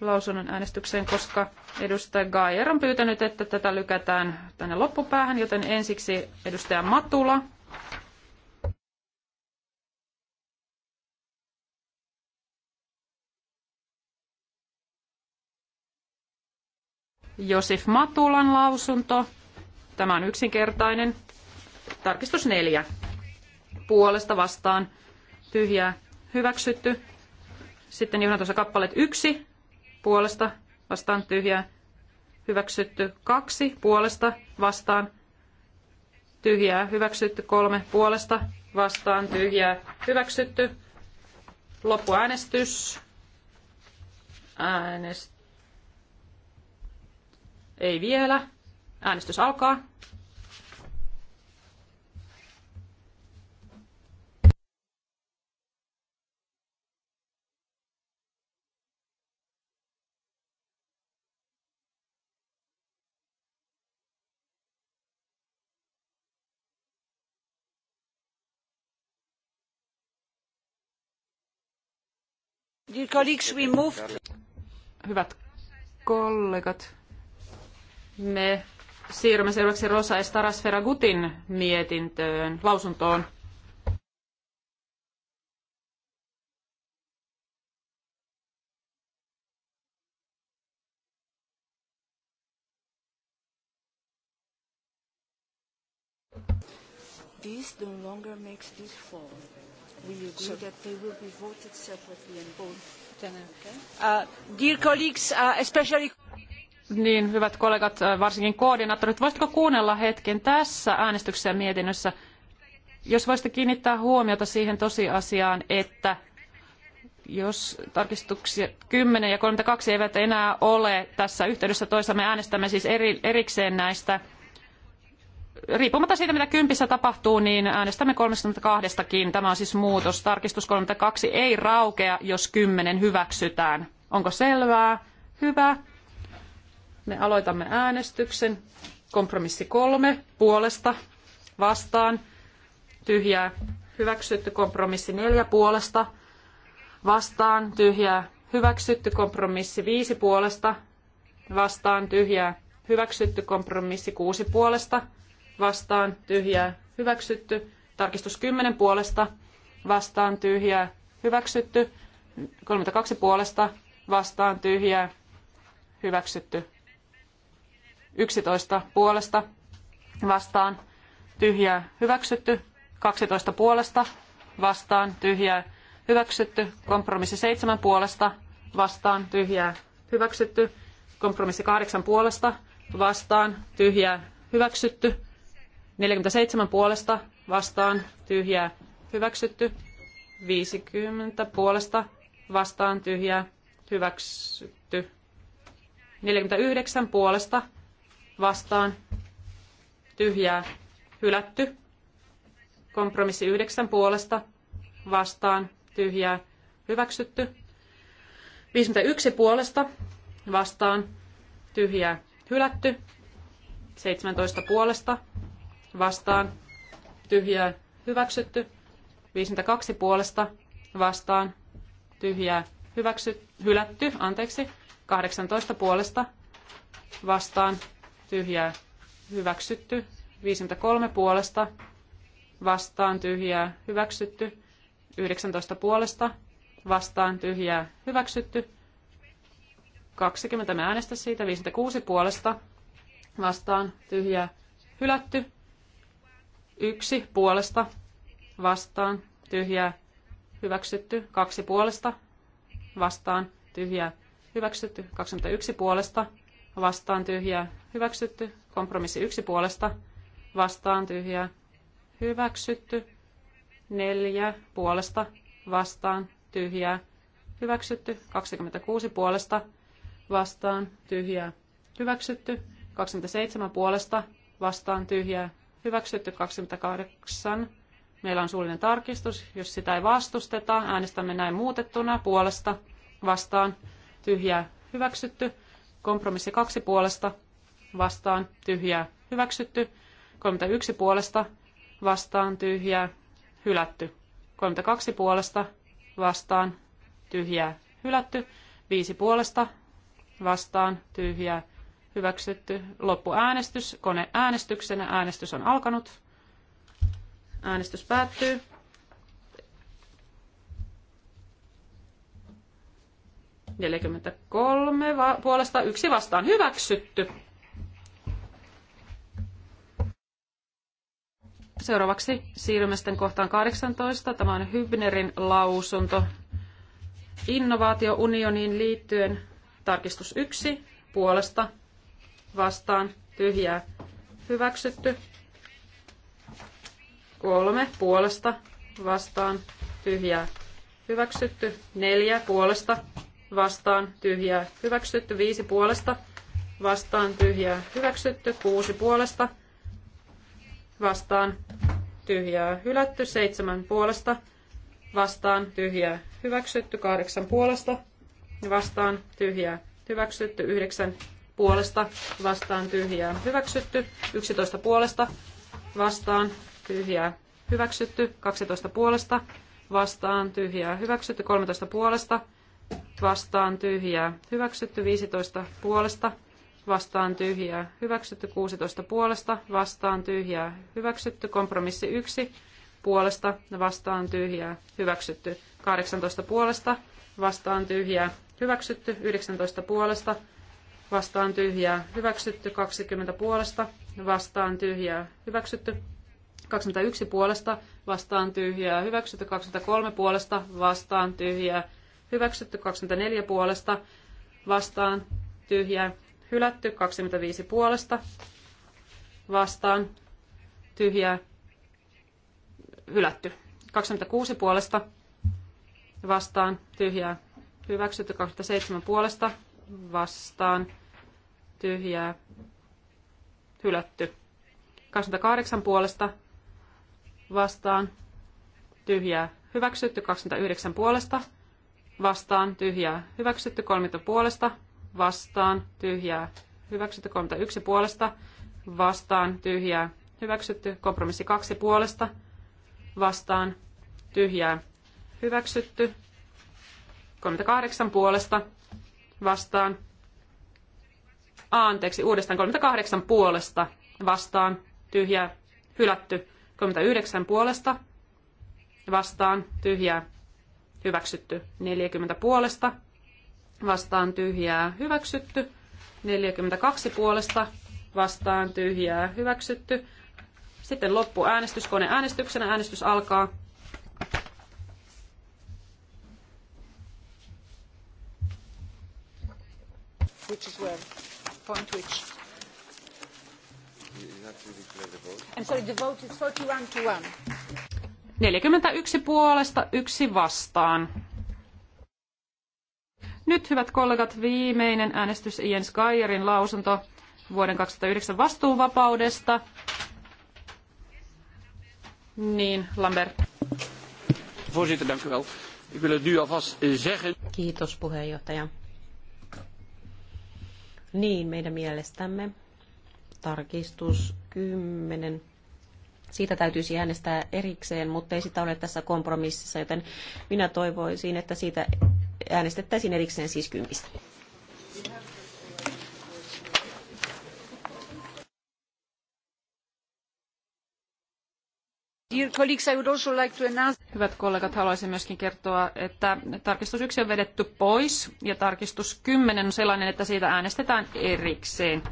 lausunnon äänestykseen, koska edustaja Gaier on pyytänyt, että tätä lykätään tänne loppupäähän, joten ensiksi edustaja Matula Josif Matulan lausunto. Tämä on yksinkertainen. Tarkistus neljä. Puolesta vastaan tyhjää hyväksytty. Sitten tuossa kappaleet yksi. Puolesta vastaan tyhjää hyväksytty. Kaksi. Puolesta vastaan tyhjää hyväksytty. Kolme. Puolesta vastaan tyhjää hyväksytty. Loppuäänestys. Äänestys ei vielä. Äänestys alkaa. Hyvät kollegat, me siirrymme seuraavaksi Rosa Estaras Feragutin mietintöön, lausuntoon. This no longer makes this fall. We agree so, that they will be voted separately and both. Uh, okay? uh, dear colleagues, uh, especially niin, hyvät kollegat, äh, varsinkin koordinaattorit, voisitko kuunnella hetken tässä äänestyksessä ja mietinnössä, jos voisitte kiinnittää huomiota siihen tosiasiaan, että jos tarkistuksia 10 ja 32 eivät enää ole tässä yhteydessä toissa, me äänestämme siis eri, erikseen näistä. Riippumatta siitä, mitä kympissä tapahtuu, niin äänestämme 32kin. Tämä on siis muutos. Tarkistus 32 ei raukea, jos 10 hyväksytään. Onko selvää? Hyvä. Me aloitamme äänestyksen. Kompromissi kolme puolesta vastaan tyhjää hyväksytty. Kompromissi neljä puolesta vastaan tyhjää hyväksytty. Kompromissi viisi puolesta vastaan tyhjää hyväksytty. Kompromissi kuusi puolesta vastaan tyhjää hyväksytty. Tarkistus kymmenen puolesta vastaan tyhjää hyväksytty. 32 puolesta vastaan tyhjää hyväksytty. 11 puolesta vastaan tyhjää hyväksytty, 12 puolesta vastaan tyhjää hyväksytty, kompromissi 7 puolesta vastaan tyhjää hyväksytty, kompromissi 8 puolesta vastaan tyhjää hyväksytty, 47 puolesta vastaan tyhjää hyväksytty, 50 puolesta vastaan tyhjää hyväksytty, 49 puolesta vastaan tyhjää hylätty. Kompromissi yhdeksän puolesta vastaan tyhjää hyväksytty. 51 puolesta vastaan tyhjää hylätty. 17 puolesta vastaan tyhjää hyväksytty. 52 puolesta vastaan tyhjää hyväksy, hylätty, anteeksi, 18 puolesta vastaan tyhjää hyväksytty. 53 puolesta vastaan tyhjää hyväksytty. 19 puolesta vastaan tyhjää hyväksytty. 20 me äänestä siitä, 56 puolesta vastaan tyhjää hylätty. 1 puolesta vastaan tyhjää hyväksytty. 2 puolesta vastaan tyhjää hyväksytty. 21 puolesta vastaan tyhjää, hyväksytty. Kompromissi yksi puolesta, vastaan tyhjää, hyväksytty. Neljä puolesta, vastaan tyhjää, hyväksytty. 26 puolesta, vastaan tyhjää, hyväksytty. 27 puolesta, vastaan tyhjää, hyväksytty. 28 Meillä on suullinen tarkistus. Jos sitä ei vastusteta, äänestämme näin muutettuna puolesta vastaan tyhjää hyväksytty. Kompromissi kaksi puolesta vastaan tyhjää hyväksytty. 31 puolesta vastaan tyhjää hylätty. 32 puolesta vastaan tyhjää hylätty. 5 puolesta vastaan tyhjää hyväksytty. Loppuäänestys koneäänestyksenä. Äänestys on alkanut. Äänestys päättyy. 43 va- puolesta yksi vastaan hyväksytty. Seuraavaksi siirrymme sitten kohtaan 18. Tämä on Hybnerin lausunto innovaatiounioniin liittyen. Tarkistus 1 puolesta vastaan tyhjää hyväksytty. Kolme puolesta vastaan tyhjää hyväksytty. Neljä puolesta vastaan tyhjää hyväksytty, viisi puolesta vastaan tyhjää hyväksytty, kuusi puolesta vastaan tyhjää hylätty, seitsemän puolesta vastaan tyhjää hyväksytty, kahdeksan puolesta vastaan tyhjää hyväksytty, yhdeksän puolesta vastaan tyhjää hyväksytty, yksitoista puolesta vastaan tyhjää hyväksytty, kaksitoista puolesta vastaan tyhjää hyväksytty, kolmetoista puolesta vastaan tyhjää, hyväksytty 15 puolesta, vastaan tyhjää, hyväksytty 16 puolesta, vastaan tyhjää, hyväksytty kompromissi 1 puolesta, vastaan tyhjää, hyväksytty 18 puolesta, vastaan tyhjää, hyväksytty 19 puolesta, vastaan tyhjää, hyväksytty 20 puolesta, vastaan tyhjää, hyväksytty 21 puolesta, vastaan tyhjää, hyväksytty 23 puolesta, vastaan tyhjää, hyväksytty 24 puolesta, vastaan tyhjää, hylätty 25 puolesta, vastaan tyhjää, hylätty 26 puolesta, vastaan tyhjää, hyväksytty 27 puolesta, vastaan tyhjää, hylätty 28 puolesta, vastaan tyhjää, hyväksytty 29 puolesta, vastaan tyhjää hyväksytty 30 puolesta, vastaan tyhjää hyväksytty 31 puolesta, vastaan tyhjää hyväksytty kompromissi 2 puolesta, vastaan tyhjää hyväksytty 38 puolesta, vastaan anteeksi, uudestaan 38 puolesta vastaan, tyhjää, hylätty. 39 puolesta vastaan, tyhjää, hyväksytty. 40 puolesta vastaan tyhjää hyväksytty. 42 puolesta vastaan tyhjää hyväksytty. Sitten loppu äänestyskone äänestyksenä. Äänestys alkaa. Which is where? Point which? I'm sorry, the vote is 41 to 1. 41 puolesta, yksi vastaan. Nyt, hyvät kollegat, viimeinen äänestys Jens Geierin lausunto vuoden 2009 vastuuvapaudesta. Niin, Lambert. Voorzitter, dank u wel. Ik wil het nu alvast eh, zeggen. Kiitos, puheenjohtaja. Niin, meidän mielestämme tarkistus 10 siitä täytyisi äänestää erikseen, mutta ei sitä ole tässä kompromississa, joten minä toivoisin, että siitä äänestettäisiin erikseen siis kympistä. Hyvät kollegat, haluaisin myöskin kertoa, että tarkistus 1 on vedetty pois ja tarkistus kymmenen on sellainen, että siitä äänestetään erikseen.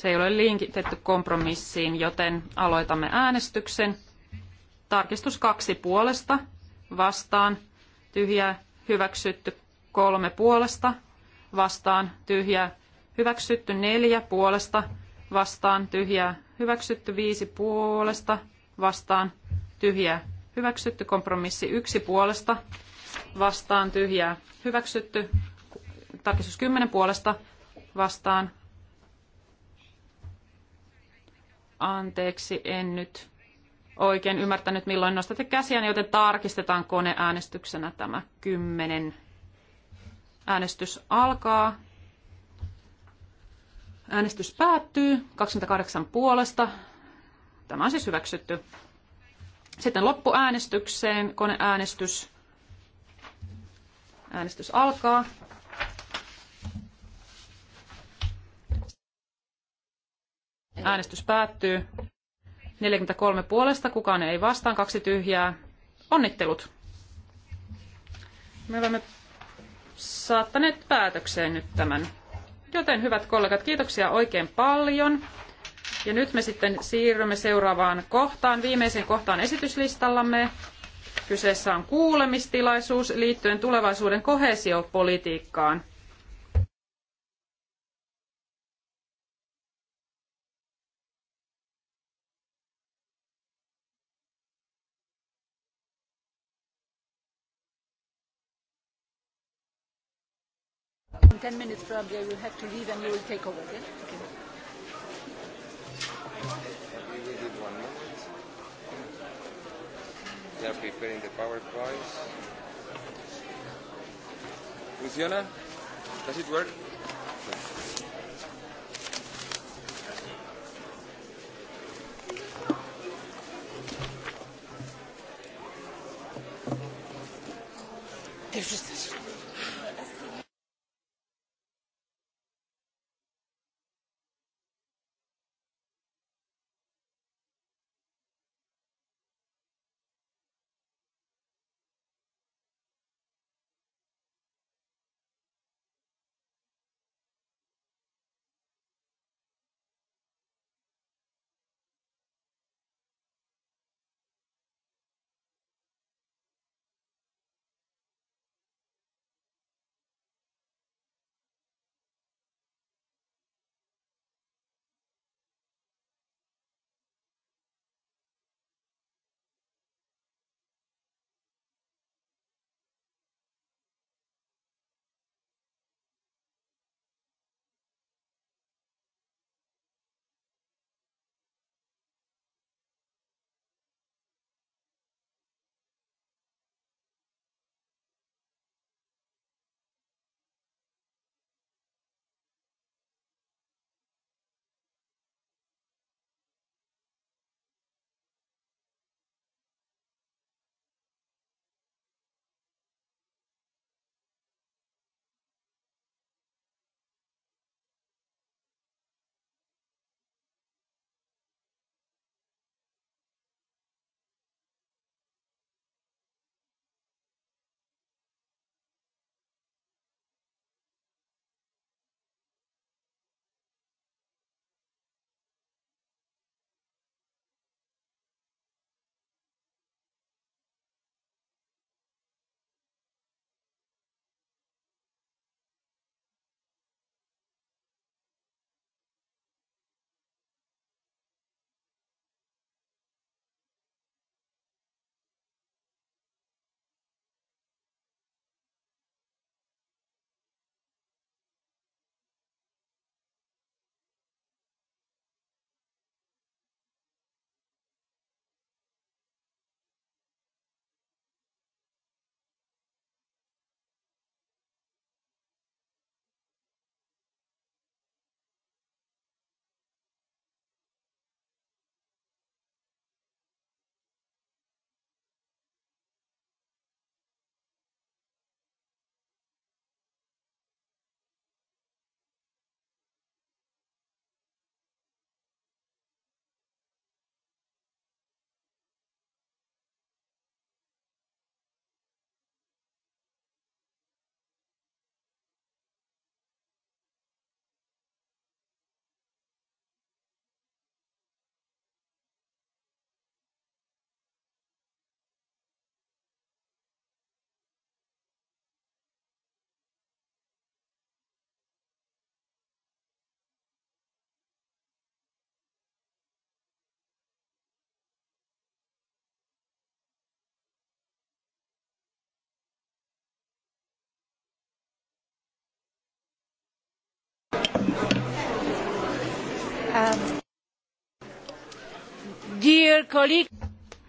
Se ei ole linkitetty kompromissiin, joten aloitamme äänestyksen. Tarkistus kaksi puolesta, vastaan, tyhjää, hyväksytty kolme puolesta, vastaan, tyhjää, hyväksytty neljä puolesta, vastaan, tyhjää, hyväksytty viisi puolesta, vastaan, tyhjää, hyväksytty kompromissi yksi puolesta, vastaan, tyhjää, hyväksytty tarkistus kymmenen puolesta, vastaan, Anteeksi, en nyt oikein ymmärtänyt, milloin nostatte käsiä, joten tarkistetaan koneäänestyksenä tämä kymmenen Äänestys alkaa. Äänestys päättyy 28 puolesta. Tämä on siis hyväksytty. Sitten loppuäänestykseen koneäänestys. Äänestys alkaa. Äänestys päättyy. 43 puolesta, kukaan ei vastaan, kaksi tyhjää. Onnittelut. Me olemme saattaneet päätökseen nyt tämän. Joten hyvät kollegat, kiitoksia oikein paljon. Ja nyt me sitten siirrymme seuraavaan kohtaan, viimeiseen kohtaan esityslistallamme. Kyseessä on kuulemistilaisuus liittyen tulevaisuuden kohesiopolitiikkaan. 10 minutes probably I will have to leave and you will take over. Yeah? Okay. They are preparing the power PowerPoints. Funciona? Does it work? There's just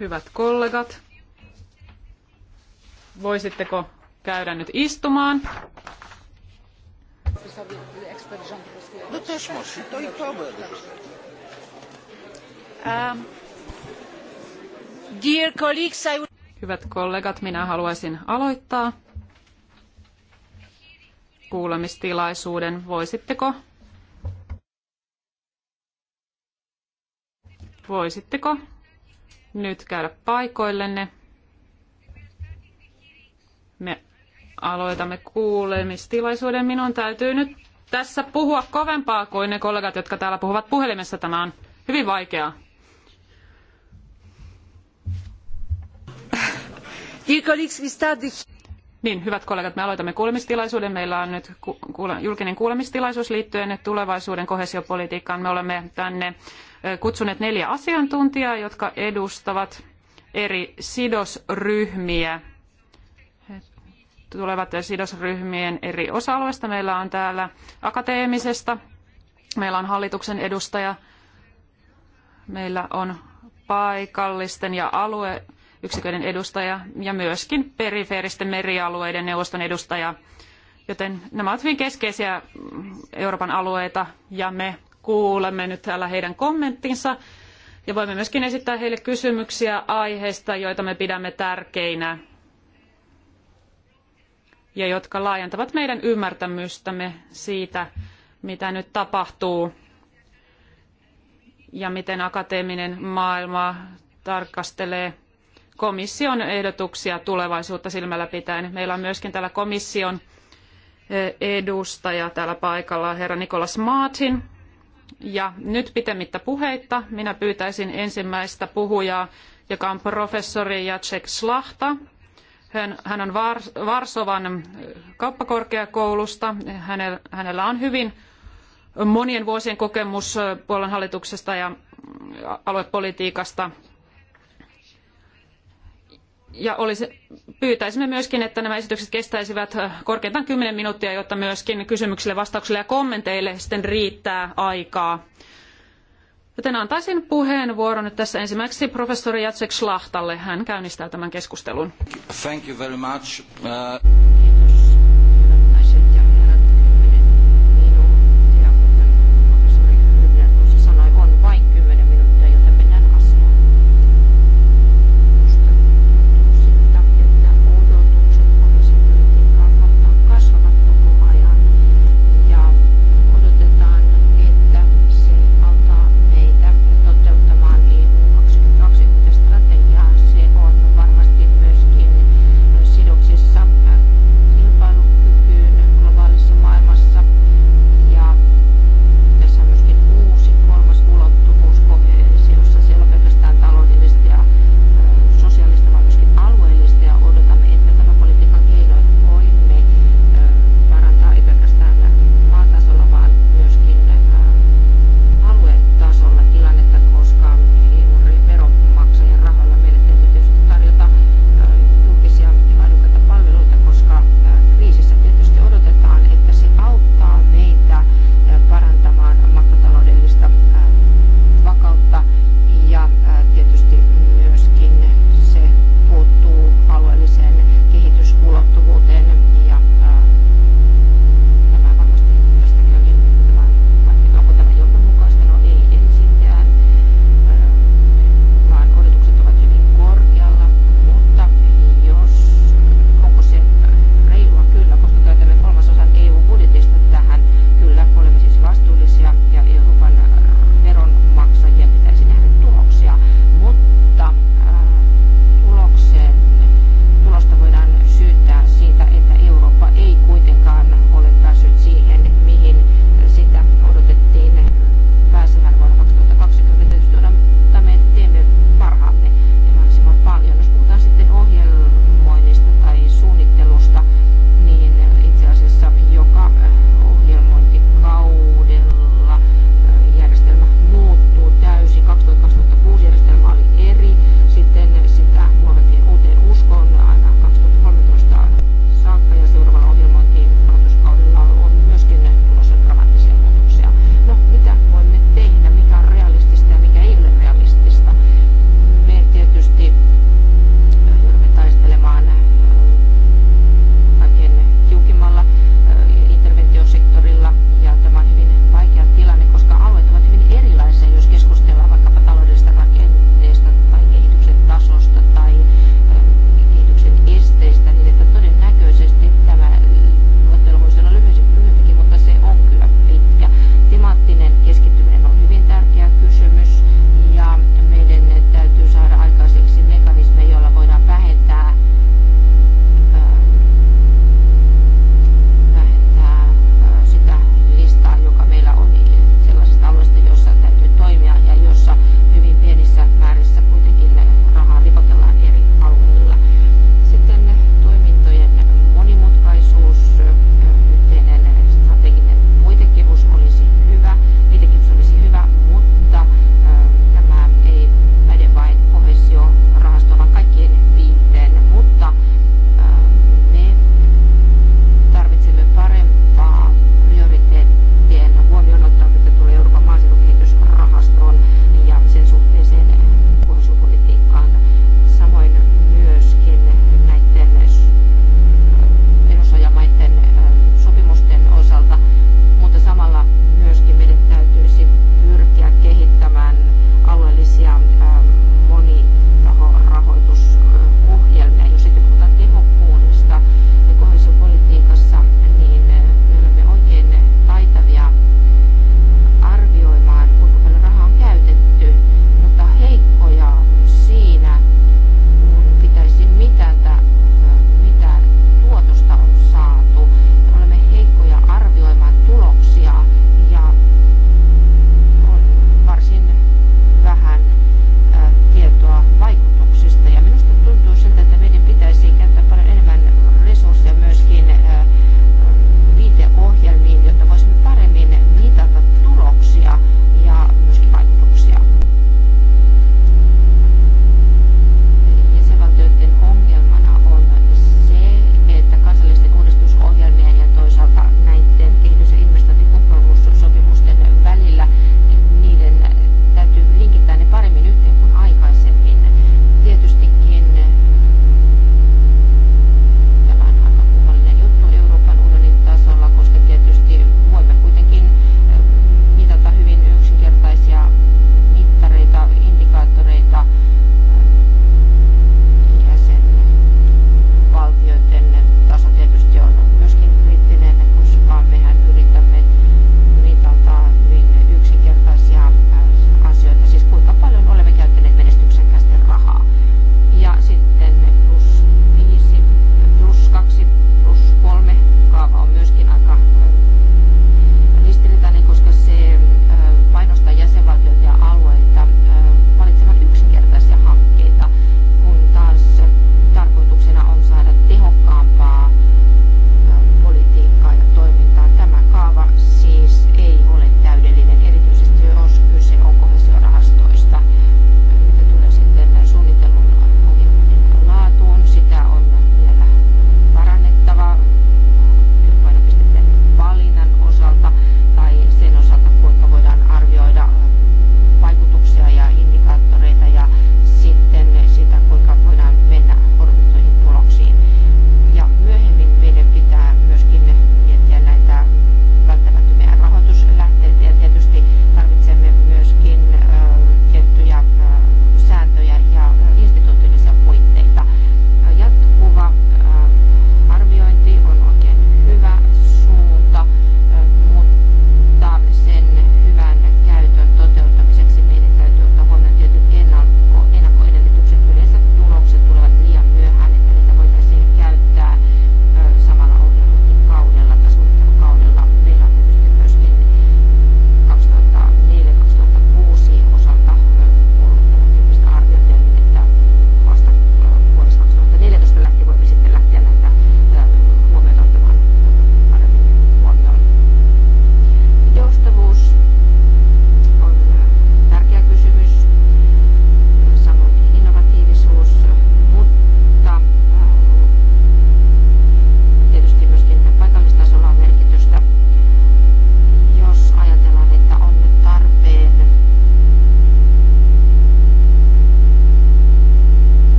Hyvät kollegat, voisitteko käydä nyt istumaan? No um, dear Hyvät kollegat, minä haluaisin aloittaa kuulemistilaisuuden. Voisitteko voisitteko nyt käydä paikoillenne. Me aloitamme kuulemistilaisuuden. Minun täytyy nyt tässä puhua kovempaa kuin ne kollegat, jotka täällä puhuvat puhelimessa. Tämä on hyvin vaikeaa. Dear colleagues, we niin, hyvät kollegat, me aloitamme kuulemistilaisuuden. Meillä on nyt julkinen kuulemistilaisuus liittyen tulevaisuuden kohesiopolitiikkaan. Me olemme tänne kutsuneet neljä asiantuntijaa, jotka edustavat eri sidosryhmiä. He tulevat sidosryhmien eri osa-alueista. Meillä on täällä akateemisesta, meillä on hallituksen edustaja, meillä on paikallisten ja alue, yksiköiden edustaja ja myöskin perifeeristen merialueiden neuvoston edustaja. Joten nämä ovat hyvin keskeisiä mm, Euroopan alueita ja me kuulemme nyt täällä heidän kommenttinsa ja voimme myöskin esittää heille kysymyksiä aiheista, joita me pidämme tärkeinä ja jotka laajentavat meidän ymmärtämystämme siitä, mitä nyt tapahtuu ja miten akateeminen maailma tarkastelee komission ehdotuksia tulevaisuutta silmällä pitäen. Meillä on myöskin täällä komission eh, edustaja täällä paikalla, herra Nikolas Martin. Ja nyt pitemmittä puheitta minä pyytäisin ensimmäistä puhujaa, joka on professori Jacek Slahta. Hän, on Varsovan eh, kauppakorkeakoulusta. hänellä on hyvin monien vuosien kokemus eh, Puolan hallituksesta ja mm, aluepolitiikasta – ja olisi, pyytäisimme myöskin, että nämä esitykset kestäisivät äh, korkeintaan kymmenen minuuttia, jotta myöskin kysymyksille, vastauksille ja kommenteille sitten riittää aikaa. Joten antaisin puheenvuoron nyt tässä ensimmäiseksi professori Jacek Slahtalle. Hän käynnistää tämän keskustelun. Thank you very much. Uh...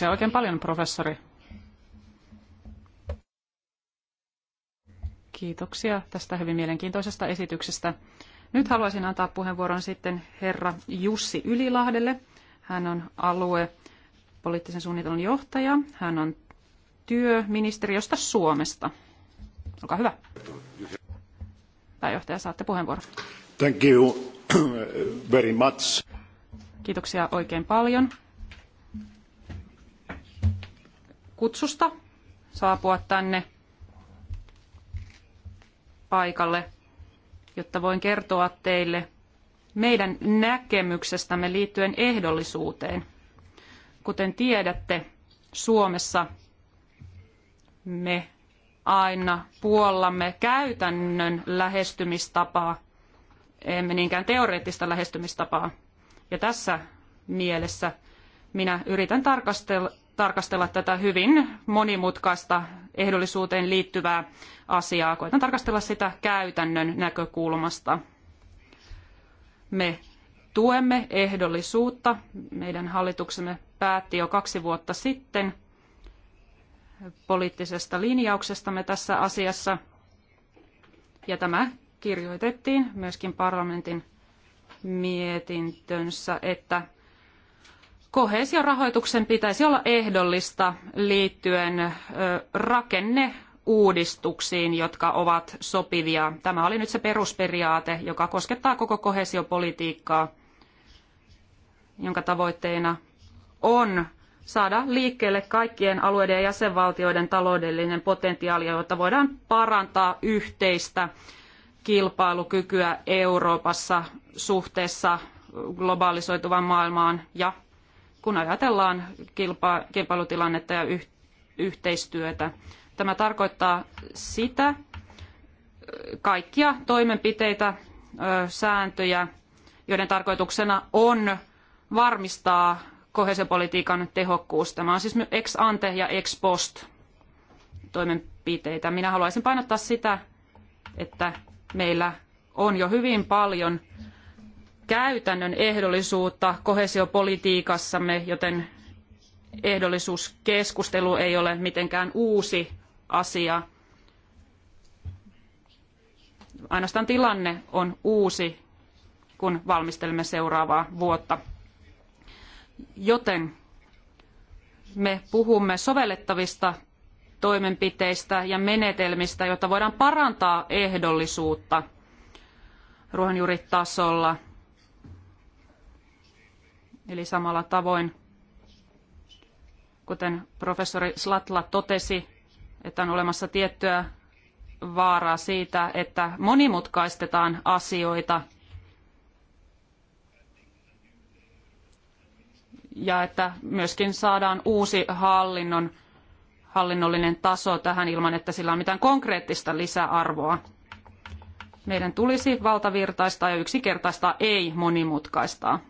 Kiitoksia oikein paljon, professori. Kiitoksia tästä hyvin mielenkiintoisesta esityksestä. Nyt haluaisin antaa puheenvuoron sitten herra Jussi Ylilahdelle. Hän on alue poliittisen suunnitelman johtaja. Hän on työministeriöstä Suomesta. Olkaa hyvä. Pääjohtaja, saatte puheenvuoron. Thank you very much. Kiitoksia oikein paljon. kutsusta saapua tänne paikalle, jotta voin kertoa teille meidän näkemyksestämme liittyen ehdollisuuteen. Kuten tiedätte, Suomessa me aina puollamme käytännön lähestymistapaa, emme niinkään teoreettista lähestymistapaa. Ja tässä mielessä minä yritän tarkastella, tarkastella tätä hyvin monimutkaista ehdollisuuteen liittyvää asiaa. Koitan tarkastella sitä käytännön näkökulmasta. Me tuemme ehdollisuutta. Meidän hallituksemme päätti jo kaksi vuotta sitten poliittisesta linjauksestamme tässä asiassa. Ja tämä kirjoitettiin myöskin parlamentin mietintönsä, että Koheesiorahoituksen pitäisi olla ehdollista liittyen rakenneuudistuksiin, jotka ovat sopivia. Tämä oli nyt se perusperiaate, joka koskettaa koko kohesiopolitiikkaa, jonka tavoitteena on saada liikkeelle kaikkien alueiden ja jäsenvaltioiden taloudellinen potentiaali, jotta voidaan parantaa yhteistä kilpailukykyä Euroopassa suhteessa globaalisoituvaan maailmaan ja kun ajatellaan kilpa- kilpailutilannetta ja yh- yhteistyötä. Tämä tarkoittaa sitä kaikkia toimenpiteitä, sääntöjä, joiden tarkoituksena on varmistaa kohesiopolitiikan tehokkuus. Tämä on siis ex ante ja ex post toimenpiteitä. Minä haluaisin painottaa sitä, että meillä on jo hyvin paljon käytännön ehdollisuutta koheesiopolitiikassamme, joten ehdollisuuskeskustelu ei ole mitenkään uusi asia. Ainoastaan tilanne on uusi, kun valmistelemme seuraavaa vuotta. Joten me puhumme sovellettavista toimenpiteistä ja menetelmistä, jotta voidaan parantaa ehdollisuutta ruohonjuuritasolla – Eli samalla tavoin, kuten professori Slatla totesi, että on olemassa tiettyä vaaraa siitä, että monimutkaistetaan asioita ja että myöskin saadaan uusi hallinnon, hallinnollinen taso tähän ilman, että sillä on mitään konkreettista lisäarvoa. Meidän tulisi valtavirtaistaa ja yksinkertaistaa, ei monimutkaistaa.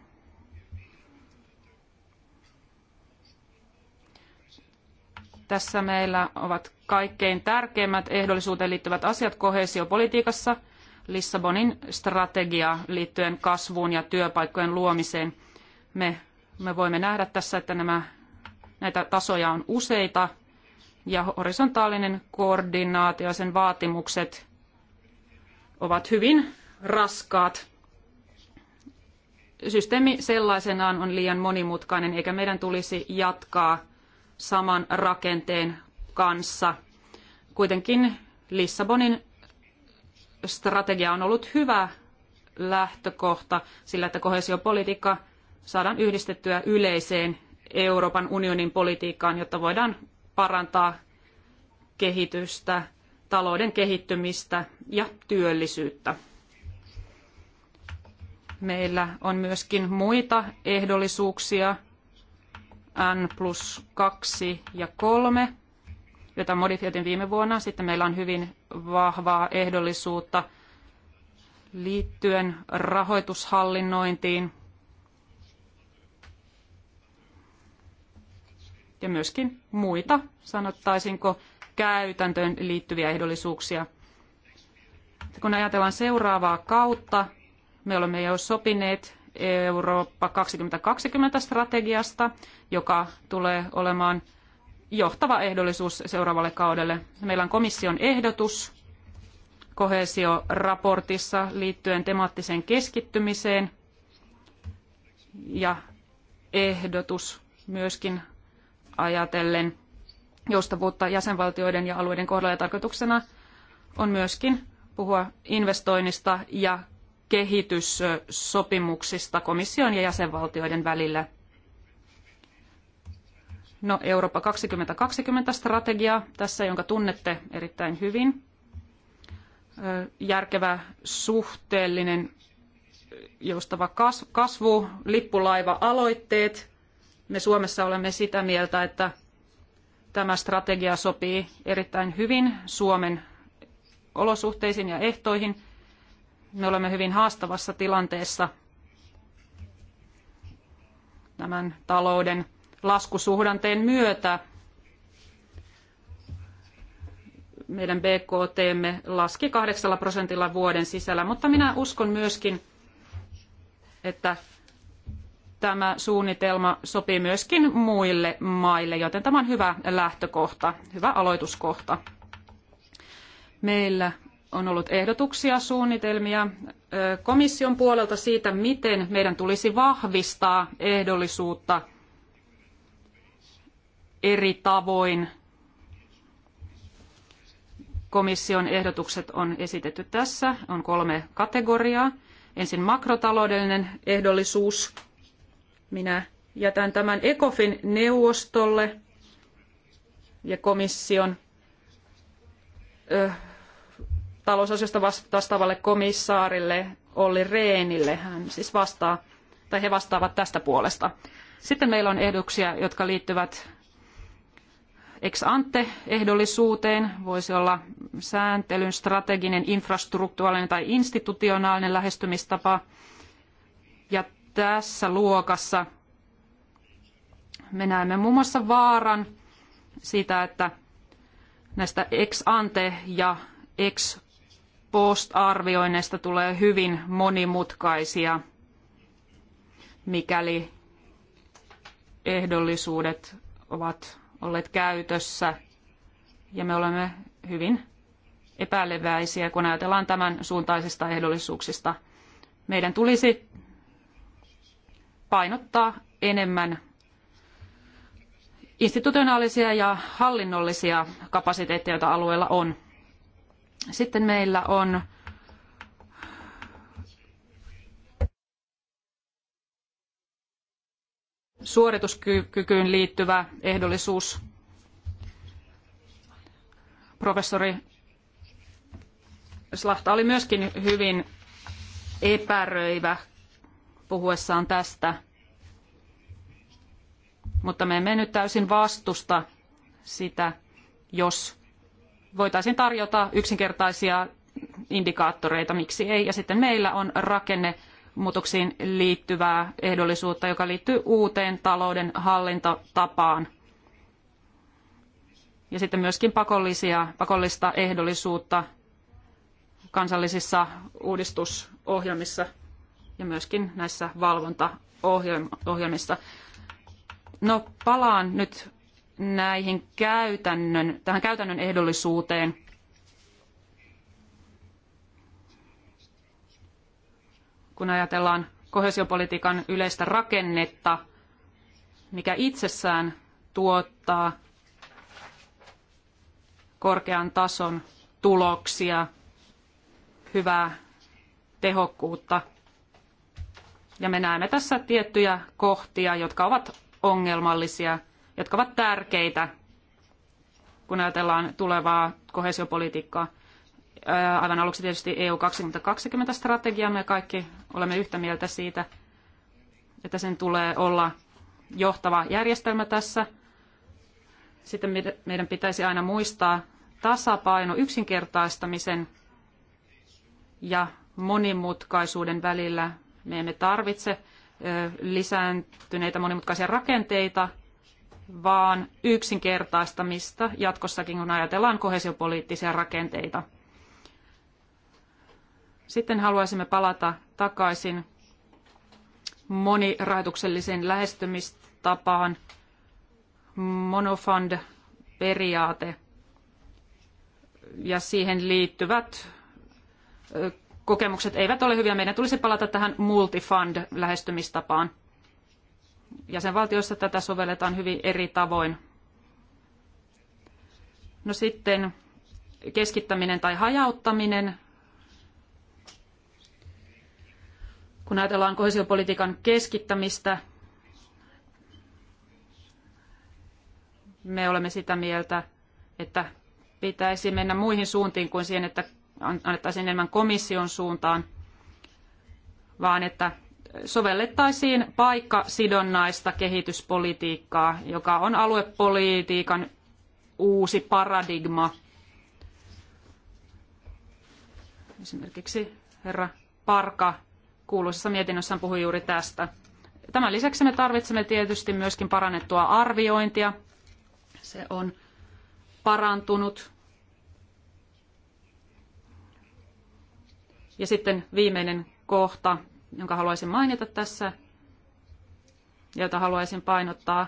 Tässä meillä ovat kaikkein tärkeimmät ehdollisuuteen liittyvät asiat koheesiopolitiikassa Lissabonin strategia liittyen kasvuun ja työpaikkojen luomiseen. Me, me voimme nähdä tässä, että nämä, näitä tasoja on useita ja horisontaalinen koordinaatio ja sen vaatimukset ovat hyvin raskaat. Systeemi sellaisenaan on liian monimutkainen, eikä meidän tulisi jatkaa saman rakenteen kanssa. Kuitenkin Lissabonin strategia on ollut hyvä lähtökohta sillä, että koheesiopolitiikka saadaan yhdistettyä yleiseen Euroopan unionin politiikkaan, jotta voidaan parantaa kehitystä, talouden kehittymistä ja työllisyyttä. Meillä on myöskin muita ehdollisuuksia – N plus 2 ja 3, jota modifioitiin viime vuonna. Sitten meillä on hyvin vahvaa ehdollisuutta liittyen rahoitushallinnointiin ja myöskin muita, sanottaisinko, käytäntöön liittyviä ehdollisuuksia. Kun ajatellaan seuraavaa kautta, me olemme jo sopineet Eurooppa 2020-strategiasta, joka tulee olemaan johtava ehdollisuus seuraavalle kaudelle. Meillä on komission ehdotus koheesioraportissa liittyen temaattiseen keskittymiseen ja ehdotus myöskin ajatellen joustavuutta jäsenvaltioiden ja alueiden kohdalla. Ja tarkoituksena on myöskin puhua investoinnista ja kehityssopimuksista komission ja jäsenvaltioiden välillä. No, Eurooppa 2020 strategia tässä, jonka tunnette erittäin hyvin. Järkevä, suhteellinen, joustava kasvu, lippulaiva, aloitteet. Me Suomessa olemme sitä mieltä, että tämä strategia sopii erittäin hyvin Suomen olosuhteisiin ja ehtoihin – me olemme hyvin haastavassa tilanteessa tämän talouden laskusuhdanteen myötä. Meidän BKTmme laski kahdeksalla prosentilla vuoden sisällä, mutta minä uskon myöskin, että tämä suunnitelma sopii myöskin muille maille, joten tämä on hyvä lähtökohta, hyvä aloituskohta. Meillä on ollut ehdotuksia, suunnitelmia komission puolelta siitä, miten meidän tulisi vahvistaa ehdollisuutta eri tavoin. Komission ehdotukset on esitetty tässä. On kolme kategoriaa. Ensin makrotaloudellinen ehdollisuus. Minä jätän tämän ECOFIN neuvostolle ja komission talousasioista vastaavalle komissaarille Olli Rehnille. Hän siis vastaa, tai he vastaavat tästä puolesta. Sitten meillä on ehdotuksia, jotka liittyvät ex ante ehdollisuuteen. Voisi olla sääntelyn strateginen, infrastruktuaalinen tai institutionaalinen lähestymistapa. Ja tässä luokassa me näemme muun muassa vaaran siitä, että näistä ex ante ja ex post-arvioinneista tulee hyvin monimutkaisia, mikäli ehdollisuudet ovat olleet käytössä. Ja me olemme hyvin epäileväisiä, kun ajatellaan tämän suuntaisista ehdollisuuksista. Meidän tulisi painottaa enemmän institutionaalisia ja hallinnollisia kapasiteetteja, joita alueella on. Sitten meillä on suorituskykyyn liittyvä ehdollisuus. Professori Slahta oli myöskin hyvin epäröivä puhuessaan tästä, mutta me emme nyt täysin vastusta sitä, jos voitaisiin tarjota yksinkertaisia indikaattoreita, miksi ei. Ja sitten meillä on rakennemuutoksiin liittyvää ehdollisuutta, joka liittyy uuteen talouden hallintatapaan. Ja sitten myöskin pakollisia, pakollista ehdollisuutta kansallisissa uudistusohjelmissa ja myöskin näissä valvontaohjelmissa. No palaan nyt näihin käytännön, tähän käytännön ehdollisuuteen. Kun ajatellaan kohesiopolitiikan yleistä rakennetta, mikä itsessään tuottaa korkean tason tuloksia, hyvää tehokkuutta. Ja me näemme tässä tiettyjä kohtia, jotka ovat ongelmallisia – jotka ovat tärkeitä, kun ajatellaan tulevaa kohesiopolitiikkaa. Aivan aluksi tietysti EU 2020-strategia. Me kaikki olemme yhtä mieltä siitä, että sen tulee olla johtava järjestelmä tässä. Sitten meidän pitäisi aina muistaa tasapaino yksinkertaistamisen ja monimutkaisuuden välillä. Me emme tarvitse lisääntyneitä monimutkaisia rakenteita, vaan yksinkertaistamista jatkossakin, kun ajatellaan kohesiopoliittisia rakenteita. Sitten haluaisimme palata takaisin monirahoitukselliseen lähestymistapaan, monofund-periaate ja siihen liittyvät kokemukset eivät ole hyviä. Meidän tulisi palata tähän multifund-lähestymistapaan jäsenvaltioissa tätä sovelletaan hyvin eri tavoin. No sitten keskittäminen tai hajauttaminen. Kun ajatellaan kohesiopolitiikan keskittämistä, me olemme sitä mieltä, että pitäisi mennä muihin suuntiin kuin siihen, että annettaisiin enemmän komission suuntaan, vaan että sovellettaisiin paikkasidonnaista kehityspolitiikkaa, joka on aluepolitiikan uusi paradigma. Esimerkiksi herra Parka kuuluisessa mietinnössään puhui juuri tästä. Tämän lisäksi me tarvitsemme tietysti myöskin parannettua arviointia. Se on parantunut. Ja sitten viimeinen kohta jonka haluaisin mainita tässä ja jota haluaisin painottaa,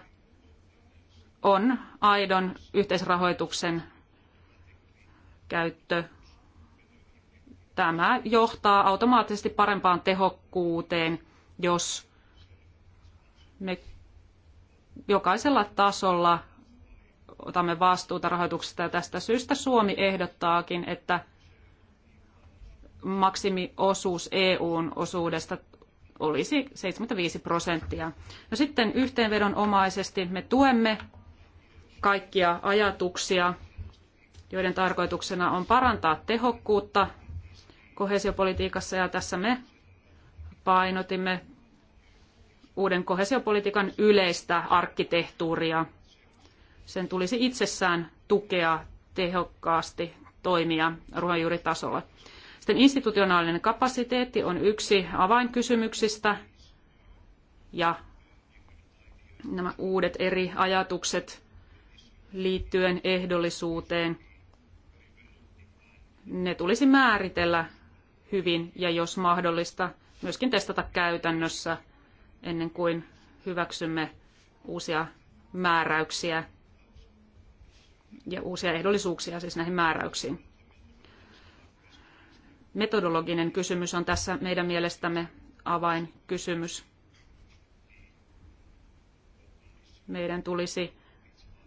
on aidon yhteisrahoituksen käyttö. Tämä johtaa automaattisesti parempaan tehokkuuteen, jos me jokaisella tasolla otamme vastuuta rahoituksesta ja tästä syystä Suomi ehdottaakin, että maksimiosuus EUn osuudesta olisi 75 prosenttia. No sitten yhteenvedonomaisesti me tuemme kaikkia ajatuksia, joiden tarkoituksena on parantaa tehokkuutta kohesiopolitiikassa ja tässä me painotimme uuden kohesiopolitiikan yleistä arkkitehtuuria. Sen tulisi itsessään tukea tehokkaasti toimia ruohonjuuritasolla. Sitten institutionaalinen kapasiteetti on yksi avainkysymyksistä ja nämä uudet eri ajatukset liittyen ehdollisuuteen, ne tulisi määritellä hyvin ja jos mahdollista myöskin testata käytännössä ennen kuin hyväksymme uusia määräyksiä ja uusia ehdollisuuksia siis näihin määräyksiin metodologinen kysymys on tässä meidän mielestämme avainkysymys. Meidän tulisi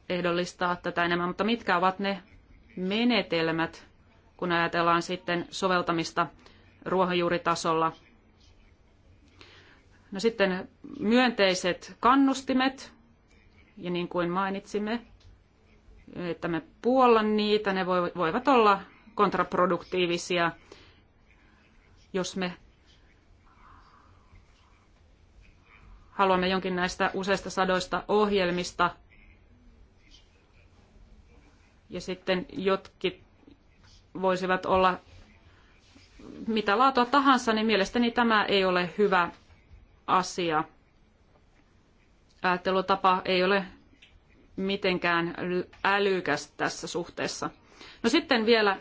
ehdollistaa tätä enemmän, mutta mitkä ovat ne menetelmät, kun ajatellaan sitten soveltamista ruohonjuuritasolla. No sitten myönteiset kannustimet, ja niin kuin mainitsimme, että me puollan niitä, ne voivat olla kontraproduktiivisia – jos me haluamme jonkin näistä useista sadoista ohjelmista ja sitten jotkin voisivat olla mitä laatua tahansa, niin mielestäni tämä ei ole hyvä asia. Ajattelutapa ei ole mitenkään älykäs tässä suhteessa. No sitten vielä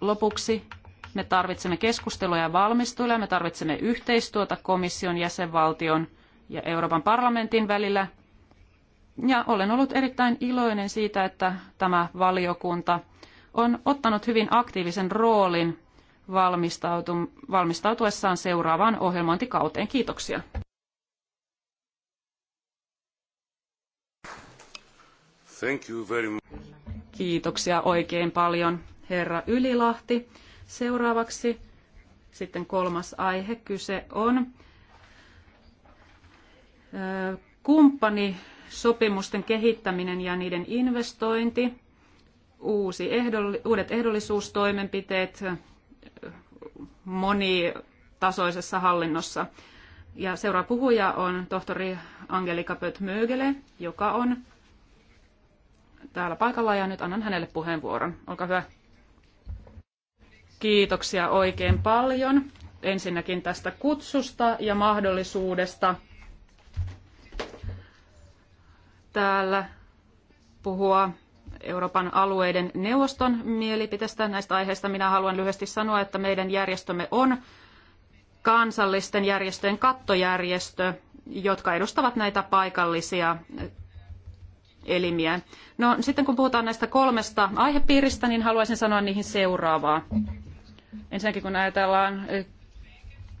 lopuksi me tarvitsemme keskusteluja ja valmisteluja, me tarvitsemme yhteistyötä komission, jäsenvaltion ja Euroopan parlamentin välillä. Ja olen ollut erittäin iloinen siitä, että tämä valiokunta on ottanut hyvin aktiivisen roolin valmistautuessaan seuraavaan ohjelmointikauteen. Kiitoksia. Kiitoksia oikein paljon, herra Ylilahti. Seuraavaksi sitten kolmas aihe. Kyse on sopimusten kehittäminen ja niiden investointi, uusi ehdoll, uudet ehdollisuustoimenpiteet monitasoisessa hallinnossa. Ja seuraava puhuja on tohtori Angelika Pötmögele, joka on täällä paikalla ja nyt annan hänelle puheenvuoron. Olkaa hyvä kiitoksia oikein paljon ensinnäkin tästä kutsusta ja mahdollisuudesta täällä puhua Euroopan alueiden neuvoston mielipiteestä näistä aiheista. Minä haluan lyhyesti sanoa, että meidän järjestömme on kansallisten järjestöjen kattojärjestö, jotka edustavat näitä paikallisia elimiä. No sitten kun puhutaan näistä kolmesta aihepiiristä, niin haluaisin sanoa niihin seuraavaa. Ensinnäkin kun ajatellaan eh,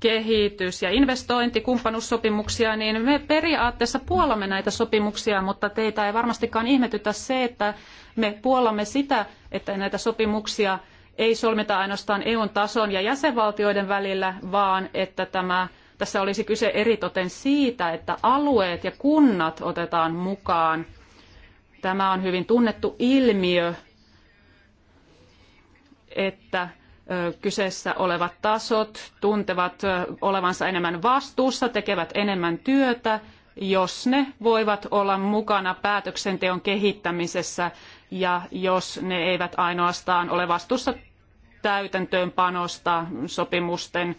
kehitys- ja investointikumppanuussopimuksia, niin me periaatteessa puolamme näitä sopimuksia, mutta teitä ei varmastikaan ihmetytä se, että me puolamme sitä, että näitä sopimuksia ei solmita ainoastaan EUn tason ja jäsenvaltioiden välillä, vaan että tämä, tässä olisi kyse eritoten siitä, että alueet ja kunnat otetaan mukaan. Tämä on hyvin tunnettu ilmiö, että kyseessä olevat tasot tuntevat olevansa enemmän vastuussa, tekevät enemmän työtä, jos ne voivat olla mukana päätöksenteon kehittämisessä ja jos ne eivät ainoastaan ole vastuussa täytäntöönpanosta sopimusten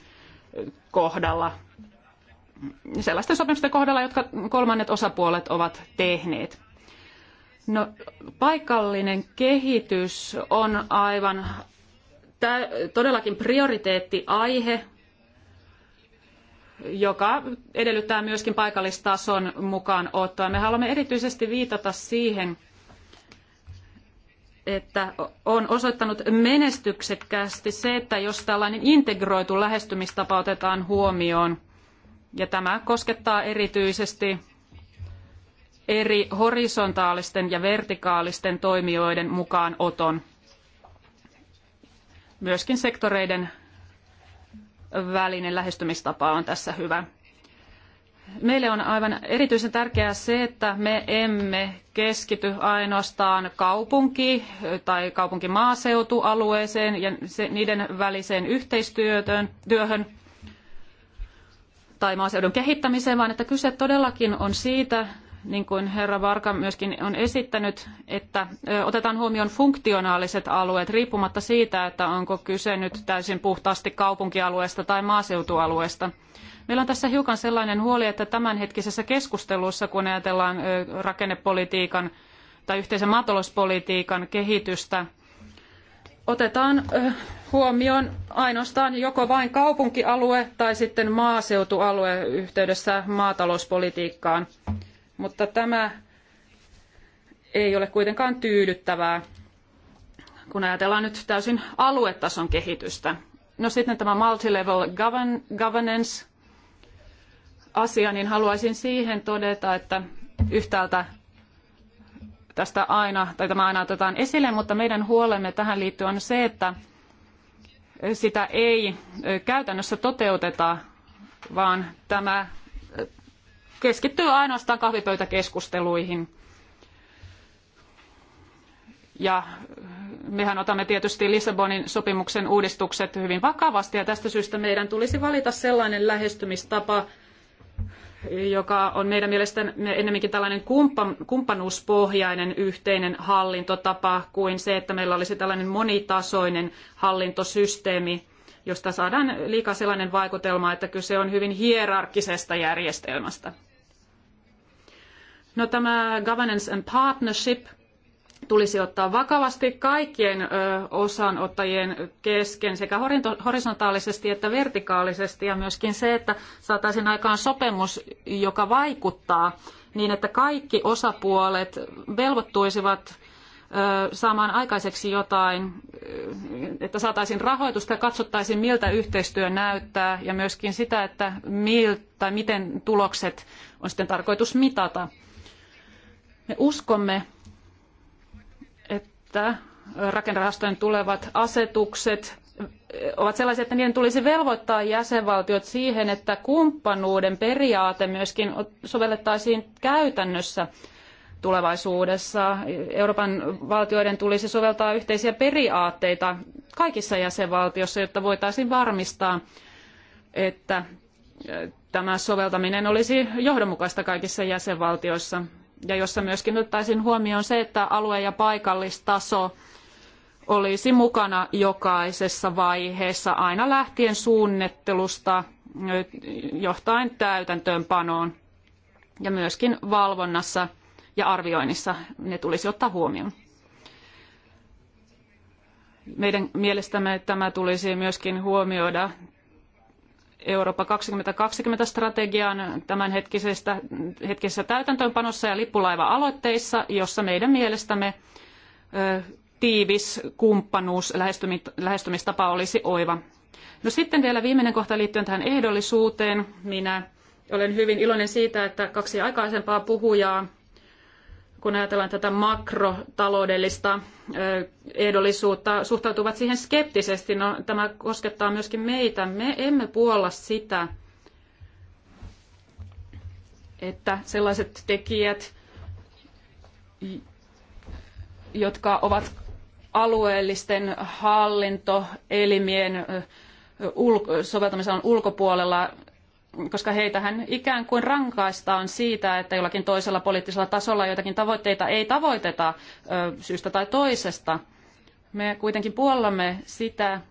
kohdalla, sellaisten sopimusten kohdalla, jotka kolmannet osapuolet ovat tehneet. No, paikallinen kehitys on aivan Tämä todellakin prioriteettiaihe, joka edellyttää myöskin paikallistason mukaan ottoa. Me haluamme erityisesti viitata siihen, että on osoittanut menestyksekkäästi se, että jos tällainen integroitu lähestymistapa otetaan huomioon, ja tämä koskettaa erityisesti eri horisontaalisten ja vertikaalisten toimijoiden oton myöskin sektoreiden välinen lähestymistapa on tässä hyvä. Meille on aivan erityisen tärkeää se, että me emme keskity ainoastaan kaupunki- tai kaupunkimaaseutualueeseen ja niiden väliseen yhteistyöhön tai maaseudun kehittämiseen, vaan että kyse todellakin on siitä, niin kuin herra Varka myöskin on esittänyt, että otetaan huomioon funktionaaliset alueet riippumatta siitä, että onko kyse nyt täysin puhtaasti kaupunkialueesta tai maaseutualueesta. Meillä on tässä hiukan sellainen huoli, että tämänhetkisessä keskustelussa, kun ajatellaan rakennepolitiikan tai yhteisen maatalouspolitiikan kehitystä, otetaan huomioon ainoastaan joko vain kaupunkialue tai sitten maaseutualue yhteydessä maatalouspolitiikkaan mutta tämä ei ole kuitenkaan tyydyttävää, kun ajatellaan nyt täysin aluetason kehitystä. No sitten tämä multilevel govern, governance asia, niin haluaisin siihen todeta, että yhtäältä tästä aina, tai tämä aina otetaan esille, mutta meidän huolemme tähän liittyen on se, että sitä ei käytännössä toteuteta, vaan tämä keskittyy ainoastaan kahvipöytäkeskusteluihin. Ja mehän otamme tietysti Lissabonin sopimuksen uudistukset hyvin vakavasti ja tästä syystä meidän tulisi valita sellainen lähestymistapa, joka on meidän mielestämme ennemminkin tällainen kumppanuuspohjainen yhteinen hallintotapa kuin se, että meillä olisi tällainen monitasoinen hallintosysteemi, josta saadaan liikaa sellainen vaikutelma, että kyse on hyvin hierarkkisesta järjestelmästä. No tämä governance and partnership tulisi ottaa vakavasti kaikkien osanottajien kesken sekä horisontaalisesti että vertikaalisesti ja myöskin se, että saataisiin aikaan sopimus, joka vaikuttaa niin, että kaikki osapuolet velvoittuisivat saamaan aikaiseksi jotain, että saataisiin rahoitusta ja katsottaisiin, miltä yhteistyö näyttää ja myöskin sitä, että miltä, miten tulokset on sitten tarkoitus mitata. Me uskomme, että rakennerahastojen tulevat asetukset ovat sellaisia, että niiden tulisi velvoittaa jäsenvaltiot siihen, että kumppanuuden periaate myöskin sovellettaisiin käytännössä tulevaisuudessa. Euroopan valtioiden tulisi soveltaa yhteisiä periaatteita kaikissa jäsenvaltioissa, jotta voitaisiin varmistaa, että tämä soveltaminen olisi johdonmukaista kaikissa jäsenvaltioissa ja jossa myöskin ottaisiin huomioon se, että alue- ja paikallistaso olisi mukana jokaisessa vaiheessa aina lähtien suunnittelusta johtain täytäntöönpanoon ja myöskin valvonnassa ja arvioinnissa ne tulisi ottaa huomioon. Meidän mielestämme tämä tulisi myöskin huomioida Eurooppa 2020 strategian tämänhetkisestä hetkisessä täytäntöönpanossa ja lippulaiva-aloitteissa, jossa meidän mielestämme ö, tiivis kumppanuus lähestymistapa olisi oiva. No sitten vielä viimeinen kohta liittyen tähän ehdollisuuteen. Minä olen hyvin iloinen siitä, että kaksi aikaisempaa puhujaa kun ajatellaan tätä makrotaloudellista ehdollisuutta, suhtautuvat siihen skeptisesti. No, tämä koskettaa myöskin meitä. Me emme puolla sitä, että sellaiset tekijät, jotka ovat alueellisten hallintoelimien soveltamisalan ulkopuolella, koska heitähän ikään kuin rankaistaan siitä, että jollakin toisella poliittisella tasolla joitakin tavoitteita ei tavoiteta syystä tai toisesta. Me kuitenkin puollamme sitä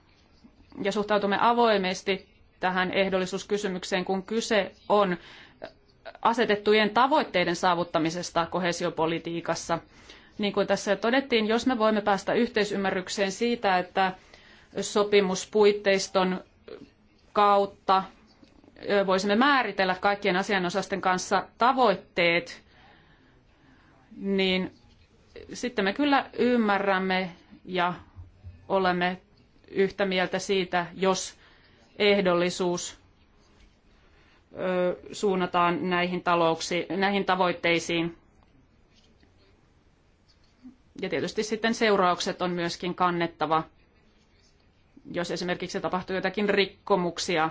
ja suhtautumme avoimesti tähän ehdollisuuskysymykseen, kun kyse on asetettujen tavoitteiden saavuttamisesta koheesiopolitiikassa. Niin kuin tässä jo todettiin, jos me voimme päästä yhteisymmärrykseen siitä, että sopimuspuitteiston kautta voisimme määritellä kaikkien asianosasten kanssa tavoitteet, niin sitten me kyllä ymmärrämme ja olemme yhtä mieltä siitä, jos ehdollisuus suunnataan näihin, talouksi, näihin tavoitteisiin. Ja tietysti sitten seuraukset on myöskin kannettava, jos esimerkiksi tapahtuu jotakin rikkomuksia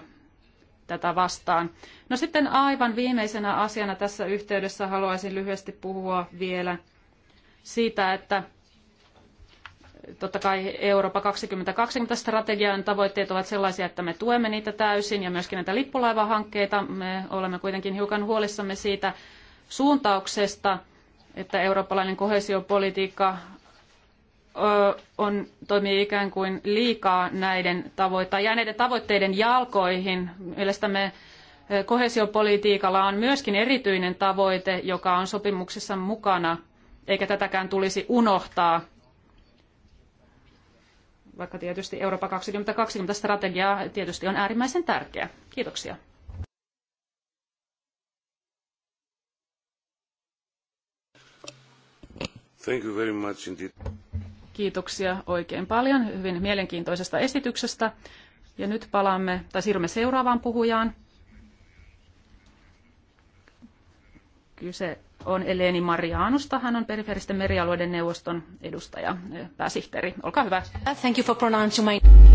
tätä vastaan. No sitten aivan viimeisenä asiana tässä yhteydessä haluaisin lyhyesti puhua vielä siitä, että totta kai Eurooppa 2020 strategian tavoitteet ovat sellaisia, että me tuemme niitä täysin ja myöskin näitä lippulaivahankkeita. Me olemme kuitenkin hiukan huolissamme siitä suuntauksesta, että eurooppalainen kohesiopolitiikka on, toimii ikään kuin liikaa näiden tavoitteiden ja näiden tavoitteiden jalkoihin. Mielestämme kohesiopolitiikalla on myöskin erityinen tavoite, joka on sopimuksessa mukana, eikä tätäkään tulisi unohtaa, vaikka tietysti Eurooppa 2020 strategia tietysti on äärimmäisen tärkeä. Kiitoksia. Thank you very much indeed. Kiitoksia oikein paljon hyvin mielenkiintoisesta esityksestä. Ja nyt palaamme tai siirrymme seuraavaan puhujaan. Kyse on Eleni Marianusta. Hän on periferisten merialueiden neuvoston edustaja, pääsihteeri. Olkaa hyvä. Thank you for pronouncing my...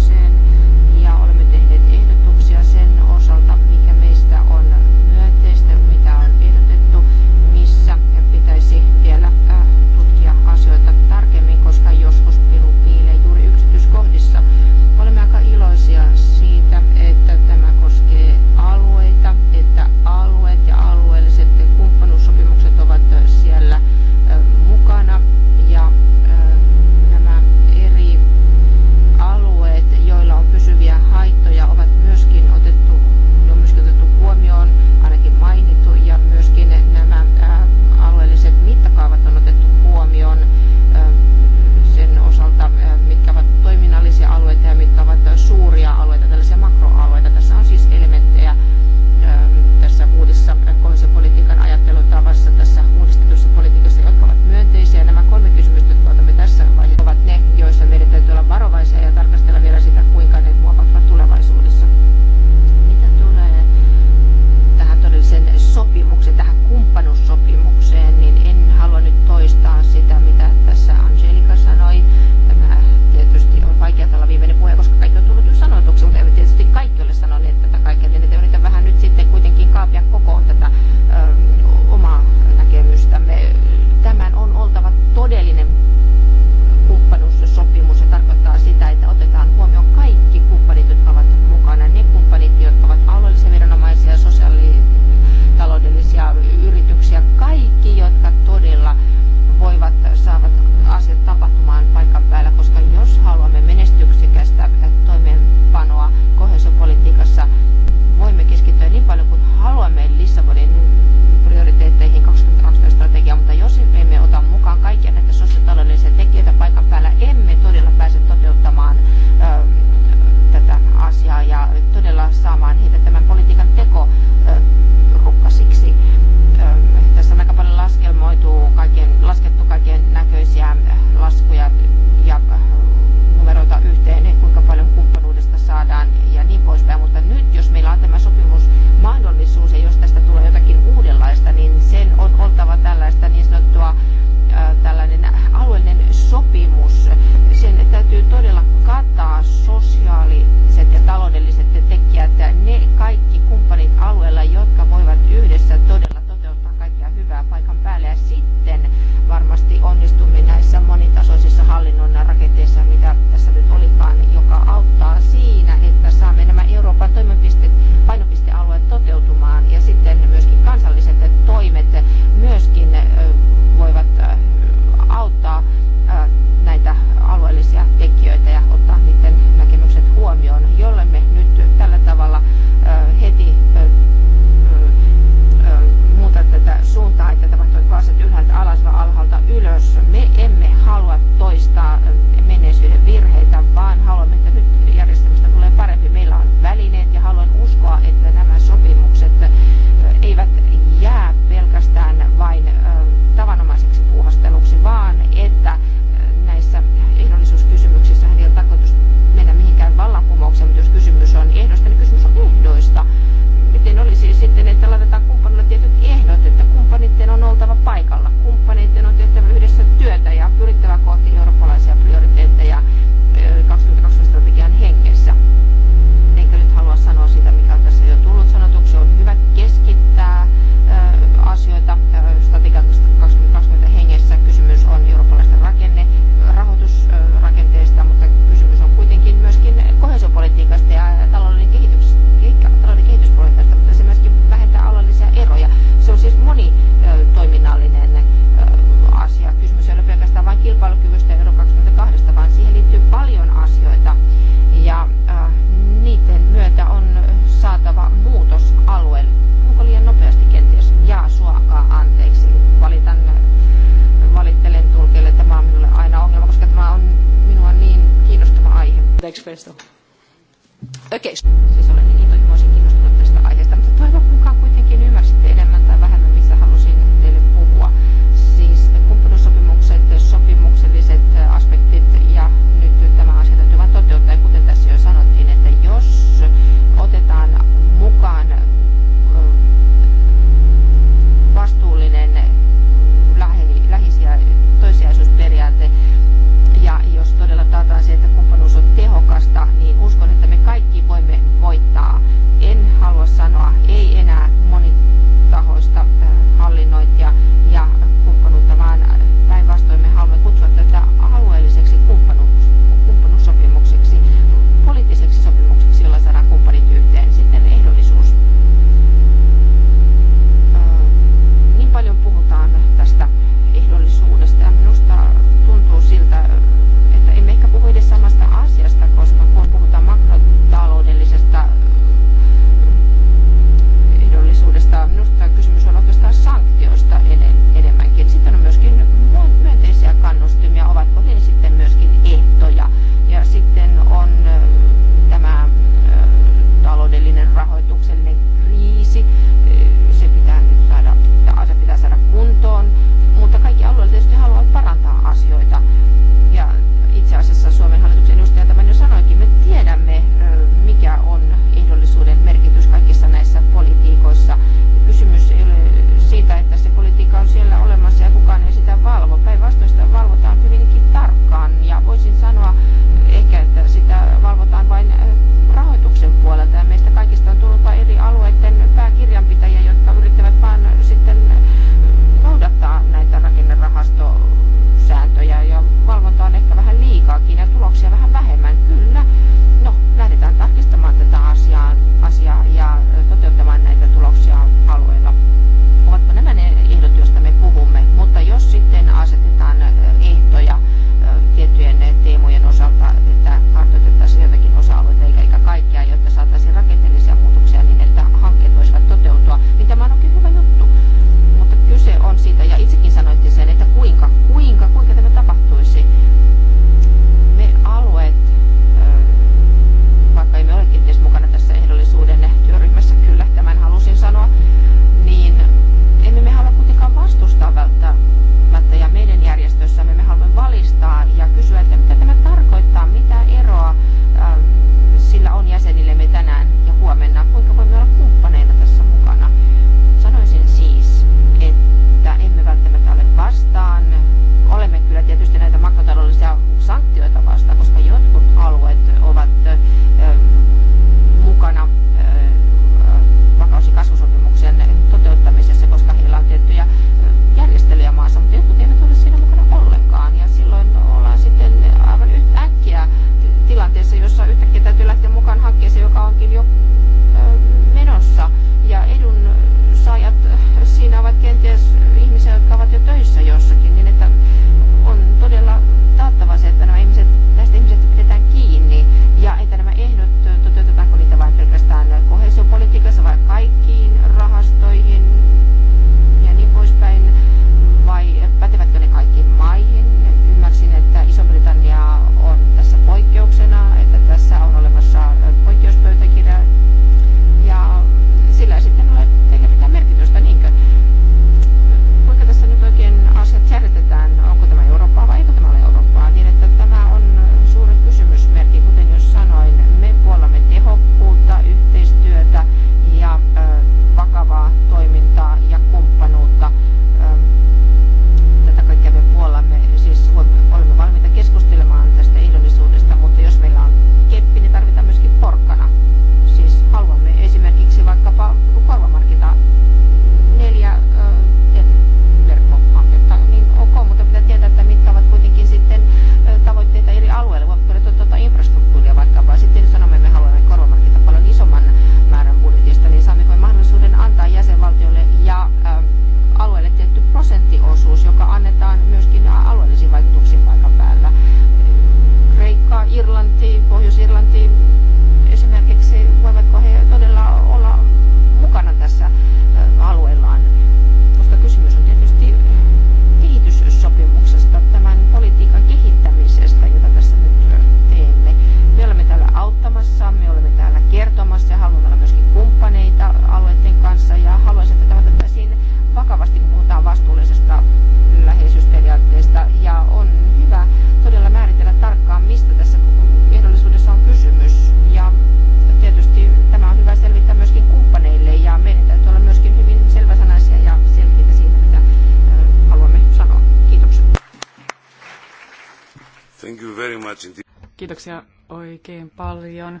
Kiitoksia oikein paljon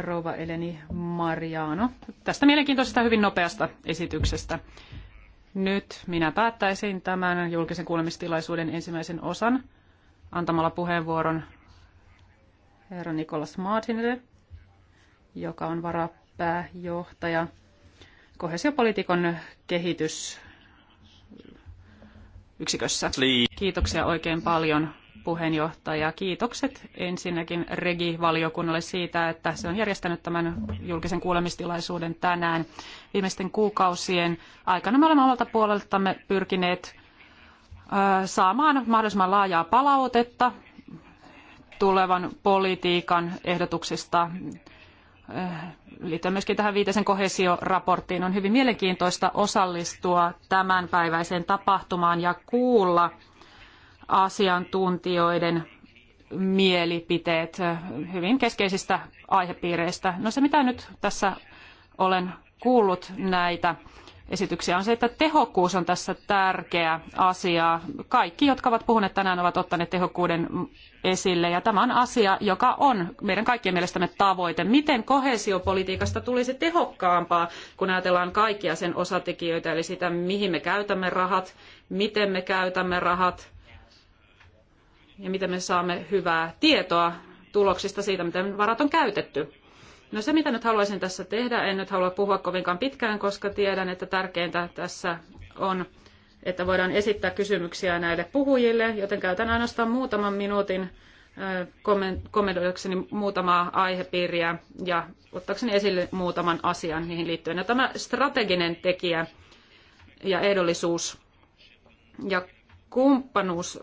rouva Eleni Mariano tästä mielenkiintoisesta hyvin nopeasta esityksestä. Nyt minä päättäisin tämän julkisen kuulemistilaisuuden ensimmäisen osan antamalla puheenvuoron herra Nikolas Martinille, joka on varapääjohtaja kohesiopolitiikon kehitysyksikössä. Kiitoksia oikein paljon puheenjohtaja. Kiitokset ensinnäkin Regi-valiokunnalle siitä, että se on järjestänyt tämän julkisen kuulemistilaisuuden tänään. Viimeisten kuukausien aikana me olemme omalta puoleltamme pyrkineet saamaan mahdollisimman laajaa palautetta tulevan politiikan ehdotuksista liittyen myöskin tähän viitisen kohesioraporttiin. On hyvin mielenkiintoista osallistua tämänpäiväiseen tapahtumaan ja kuulla asiantuntijoiden mielipiteet hyvin keskeisistä aihepiireistä. No se mitä nyt tässä olen kuullut näitä esityksiä on se, että tehokkuus on tässä tärkeä asia. Kaikki, jotka ovat puhuneet tänään, ovat ottaneet tehokkuuden esille ja tämä on asia, joka on meidän kaikkien mielestämme tavoite. Miten koheesiopolitiikasta tulisi tehokkaampaa, kun ajatellaan kaikkia sen osatekijöitä, eli sitä, mihin me käytämme rahat, miten me käytämme rahat, ja miten me saamme hyvää tietoa tuloksista siitä, miten varat on käytetty. No se, mitä nyt haluaisin tässä tehdä, en nyt halua puhua kovinkaan pitkään, koska tiedän, että tärkeintä tässä on, että voidaan esittää kysymyksiä näille puhujille, joten käytän ainoastaan muutaman minuutin kommentoidakseni muutamaa aihepiiriä ja ottaakseni esille muutaman asian niihin liittyen. Ja no, tämä strateginen tekijä ja ehdollisuus ja kumppanuus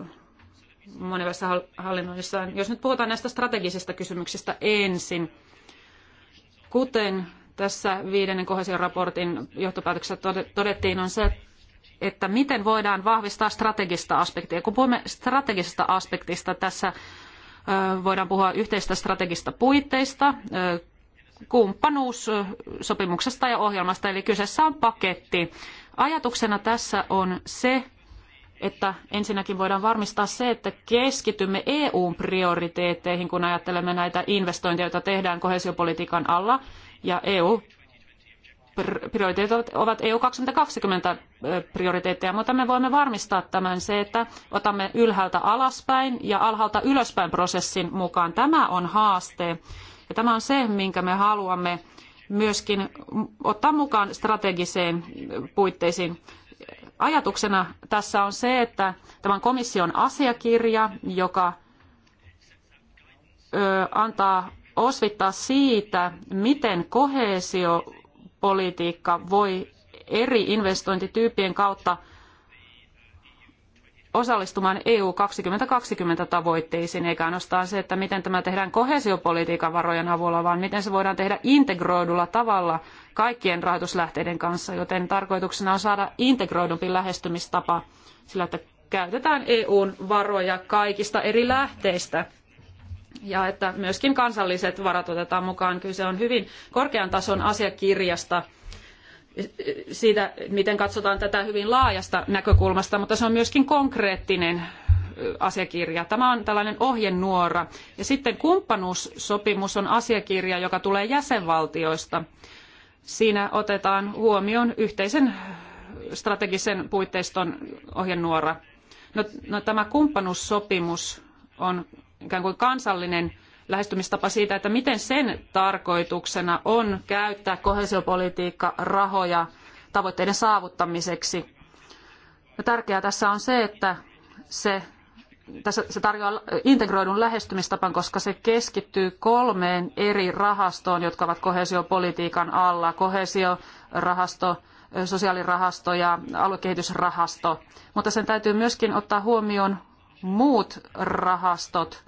monenlaisissa hallinnoissa. Jos nyt puhutaan näistä strategisista kysymyksistä ensin, kuten tässä viidennen kohesion raportin johtopäätöksessä todettiin, on se, että miten voidaan vahvistaa strategista aspektia. Kun puhumme strategisesta aspektista, tässä voidaan puhua yhteistä strategista puitteista, kumppanuussopimuksesta ja ohjelmasta, eli kyseessä on paketti. Ajatuksena tässä on se, että ensinnäkin voidaan varmistaa se, että keskitymme eu prioriteetteihin, kun ajattelemme näitä investointeja, joita tehdään kohesiopolitiikan alla, ja EU prioriteetit ovat EU 2020 prioriteetteja, mutta me voimme varmistaa tämän se, että otamme ylhäältä alaspäin ja alhaalta ylöspäin prosessin mukaan. Tämä on haaste ja tämä on se, minkä me haluamme myöskin ottaa mukaan strategiseen puitteisiin ajatuksena tässä on se, että tämän komission asiakirja, joka antaa osvittaa siitä, miten koheesiopolitiikka voi eri investointityyppien kautta osallistumaan EU 2020 tavoitteisiin, eikä ainoastaan se, että miten tämä tehdään koheesiopolitiikan varojen avulla, vaan miten se voidaan tehdä integroidulla tavalla kaikkien rahoituslähteiden kanssa, joten tarkoituksena on saada integroidumpi lähestymistapa sillä, että käytetään EUn varoja kaikista eri lähteistä ja että myöskin kansalliset varat otetaan mukaan. Kyse on hyvin korkean tason asiakirjasta, siitä, miten katsotaan tätä hyvin laajasta näkökulmasta, mutta se on myöskin konkreettinen asiakirja. Tämä on tällainen ohjenuora. Ja sitten kumppanuussopimus on asiakirja, joka tulee jäsenvaltioista. Siinä otetaan huomioon yhteisen strategisen puitteiston ohjenuora. No, no, tämä kumppanuussopimus on ikään kuin kansallinen lähestymistapa siitä, että miten sen tarkoituksena on käyttää kohesiopolitiikka rahoja tavoitteiden saavuttamiseksi. Ja tärkeää tässä on se, että se, tässä, se tarjoaa integroidun lähestymistapan, koska se keskittyy kolmeen eri rahastoon, jotka ovat kohesiopolitiikan alla. Kohesiorahasto, sosiaalirahasto ja aluekehitysrahasto. Mutta sen täytyy myöskin ottaa huomioon muut rahastot,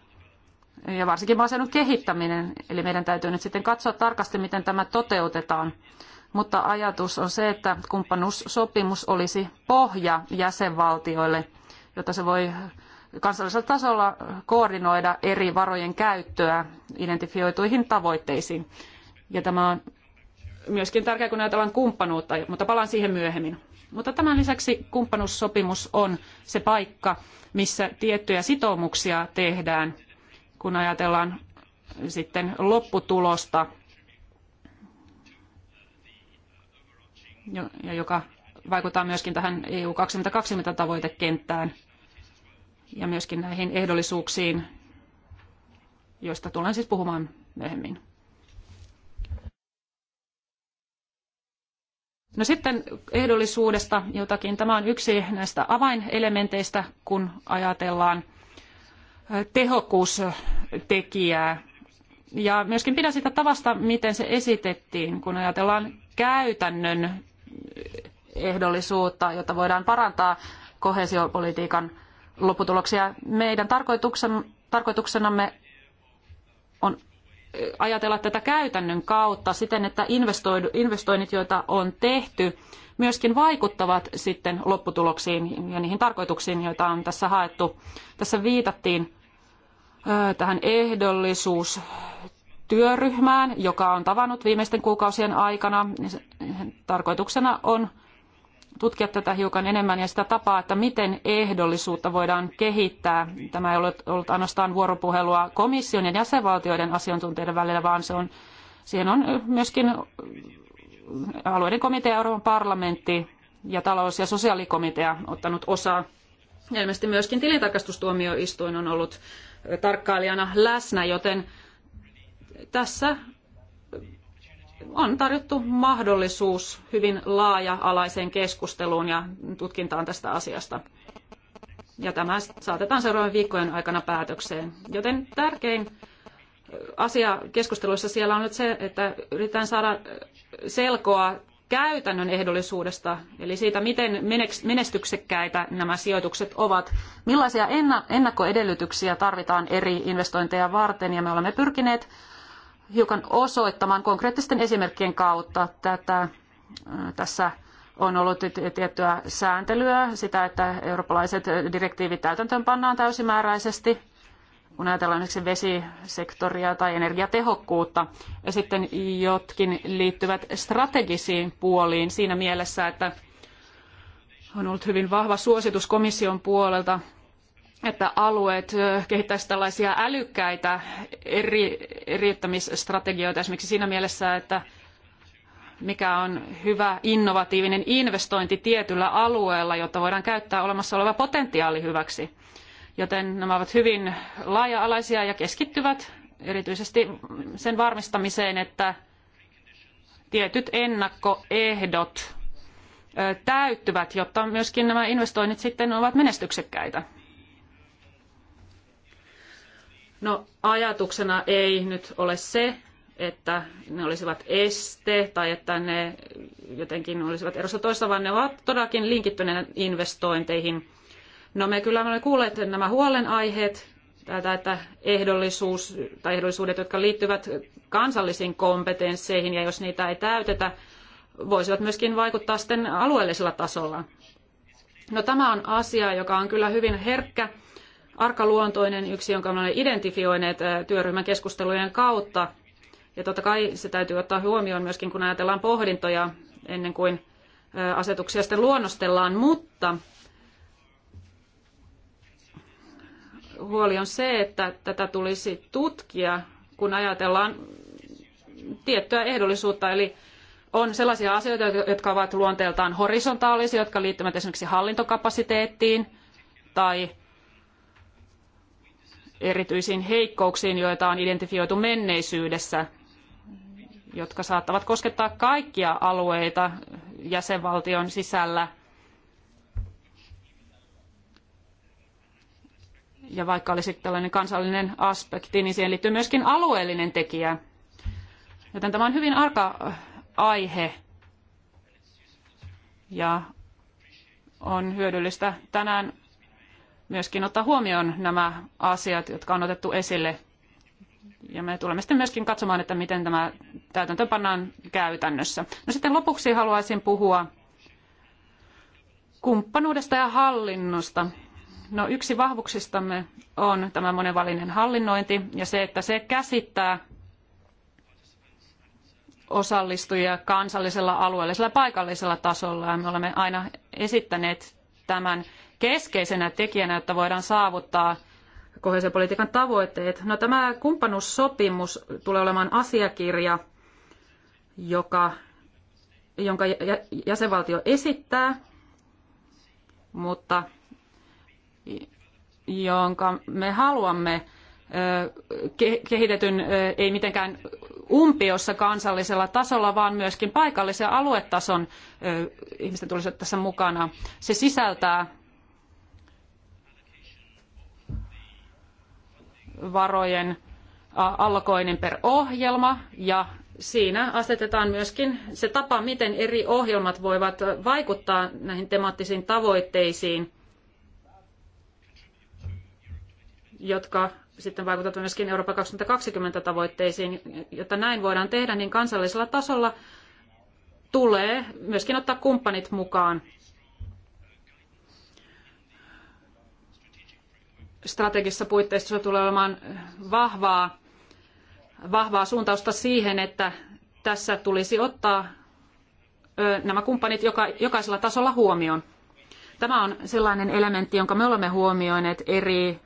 ja varsinkin maaseudun kehittäminen. Eli meidän täytyy nyt sitten katsoa tarkasti, miten tämä toteutetaan. Mutta ajatus on se, että kumppanuussopimus olisi pohja jäsenvaltioille, jotta se voi kansallisella tasolla koordinoida eri varojen käyttöä identifioituihin tavoitteisiin. Ja tämä on myöskin tärkeää, kun ajatellaan kumppanuutta, mutta palaan siihen myöhemmin. Mutta tämän lisäksi kumppanuussopimus on se paikka, missä tiettyjä sitoumuksia tehdään – kun ajatellaan sitten lopputulosta, ja joka vaikuttaa myöskin tähän EU 2020 tavoitekenttään ja myöskin näihin ehdollisuuksiin, joista tulen siis puhumaan myöhemmin. No sitten ehdollisuudesta jotakin. Tämä on yksi näistä avainelementeistä, kun ajatellaan – tehokkuustekijää. Ja myöskin pidän sitä tavasta, miten se esitettiin, kun ajatellaan käytännön ehdollisuutta, jotta voidaan parantaa koheesiopolitiikan lopputuloksia. Meidän tarkoituksenamme on äh, ajatella tätä käytännön kautta siten, että investoinnit, joita on tehty, myöskin vaikuttavat sitten lopputuloksiin ja niihin tarkoituksiin, joita on tässä haettu. Tässä viitattiin tähän ehdollisuustyöryhmään, joka on tavannut viimeisten kuukausien aikana. Niin tarkoituksena on tutkia tätä hiukan enemmän ja sitä tapaa, että miten ehdollisuutta voidaan kehittää. Tämä ei ole ollut ainoastaan vuoropuhelua komission ja jäsenvaltioiden asiantuntijoiden välillä, vaan se on, siihen on myöskin alueiden komitea, Euroopan parlamentti ja talous- ja sosiaalikomitea ottanut osaa. Ilmeisesti myöskin tilintarkastustuomioistuin on ollut tarkkailijana läsnä, joten tässä on tarjottu mahdollisuus hyvin laaja-alaiseen keskusteluun ja tutkintaan tästä asiasta. Ja tämä saatetaan seuraavien viikkojen aikana päätökseen. Joten tärkein asia keskusteluissa siellä on nyt se, että yritetään saada selkoa käytännön ehdollisuudesta, eli siitä, miten menestyksekkäitä nämä sijoitukset ovat. Millaisia ennakkoedellytyksiä tarvitaan eri investointeja varten, ja me olemme pyrkineet hiukan osoittamaan konkreettisten esimerkkien kautta tätä. Äh, tässä on ollut tiettyä sääntelyä, sitä, että eurooppalaiset direktiivit täytäntöön pannaan täysimääräisesti – kun ajatellaan esimerkiksi vesisektoria tai energiatehokkuutta, ja sitten jotkin liittyvät strategisiin puoliin siinä mielessä, että on ollut hyvin vahva suositus komission puolelta, että alueet kehittäisivät tällaisia älykkäitä eri, eriyttämisstrategioita esimerkiksi siinä mielessä, että mikä on hyvä innovatiivinen investointi tietyllä alueella, jotta voidaan käyttää olemassa oleva potentiaali hyväksi joten nämä ovat hyvin laaja-alaisia ja keskittyvät erityisesti sen varmistamiseen, että tietyt ennakkoehdot täyttyvät, jotta myöskin nämä investoinnit sitten ovat menestyksekkäitä. No ajatuksena ei nyt ole se, että ne olisivat este tai että ne jotenkin olisivat erossa toista, vaan ne ovat todellakin linkittyneenä investointeihin – No me kyllä olemme kuulleet nämä huolenaiheet, tätä, että ehdollisuus tai ehdollisuudet, jotka liittyvät kansallisiin kompetensseihin ja jos niitä ei täytetä, voisivat myöskin vaikuttaa sitten alueellisella tasolla. No tämä on asia, joka on kyllä hyvin herkkä, arkaluontoinen, yksi, jonka olemme identifioineet äh, työryhmän keskustelujen kautta. Ja totta kai se täytyy ottaa huomioon myöskin, kun ajatellaan pohdintoja ennen kuin äh, asetuksia sitten luonnostellaan, mutta huoli on se, että tätä tulisi tutkia, kun ajatellaan tiettyä ehdollisuutta, eli on sellaisia asioita, jotka ovat luonteeltaan horisontaalisia, jotka liittyvät esimerkiksi hallintokapasiteettiin tai erityisiin heikkouksiin, joita on identifioitu menneisyydessä, jotka saattavat koskettaa kaikkia alueita jäsenvaltion sisällä. ja vaikka olisi tällainen kansallinen aspekti, niin siihen liittyy myöskin alueellinen tekijä. Joten tämä on hyvin arka äh, aihe ja on hyödyllistä tänään myöskin ottaa huomioon nämä asiat, jotka on otettu esille. Ja me tulemme sitten myöskin katsomaan, että miten tämä täytäntö pannaan käytännössä. No sitten lopuksi haluaisin puhua kumppanuudesta ja hallinnosta. No yksi vahvuuksistamme on tämä monenvälinen hallinnointi ja se, että se käsittää osallistujia kansallisella, alueellisella ja paikallisella tasolla. Ja me olemme aina esittäneet tämän keskeisenä tekijänä, että voidaan saavuttaa kohesiopolitiikan tavoitteet. No, tämä kumppanuussopimus tulee olemaan asiakirja, joka, jonka jäsenvaltio esittää, mutta jonka me haluamme kehitetyn ei mitenkään umpiossa kansallisella tasolla, vaan myöskin paikallisen ja aluetason ihmisten tulisi olla tässä mukana. Se sisältää varojen allokoinnin per ohjelma ja siinä asetetaan myöskin se tapa, miten eri ohjelmat voivat vaikuttaa näihin temaattisiin tavoitteisiin jotka sitten vaikuttavat myöskin Euroopan 2020 tavoitteisiin. Jotta näin voidaan tehdä, niin kansallisella tasolla tulee myöskin ottaa kumppanit mukaan. Strategisessa puitteissa tulee olemaan vahvaa, vahvaa suuntausta siihen, että tässä tulisi ottaa nämä kumppanit joka, jokaisella tasolla huomioon. Tämä on sellainen elementti, jonka me olemme huomioineet eri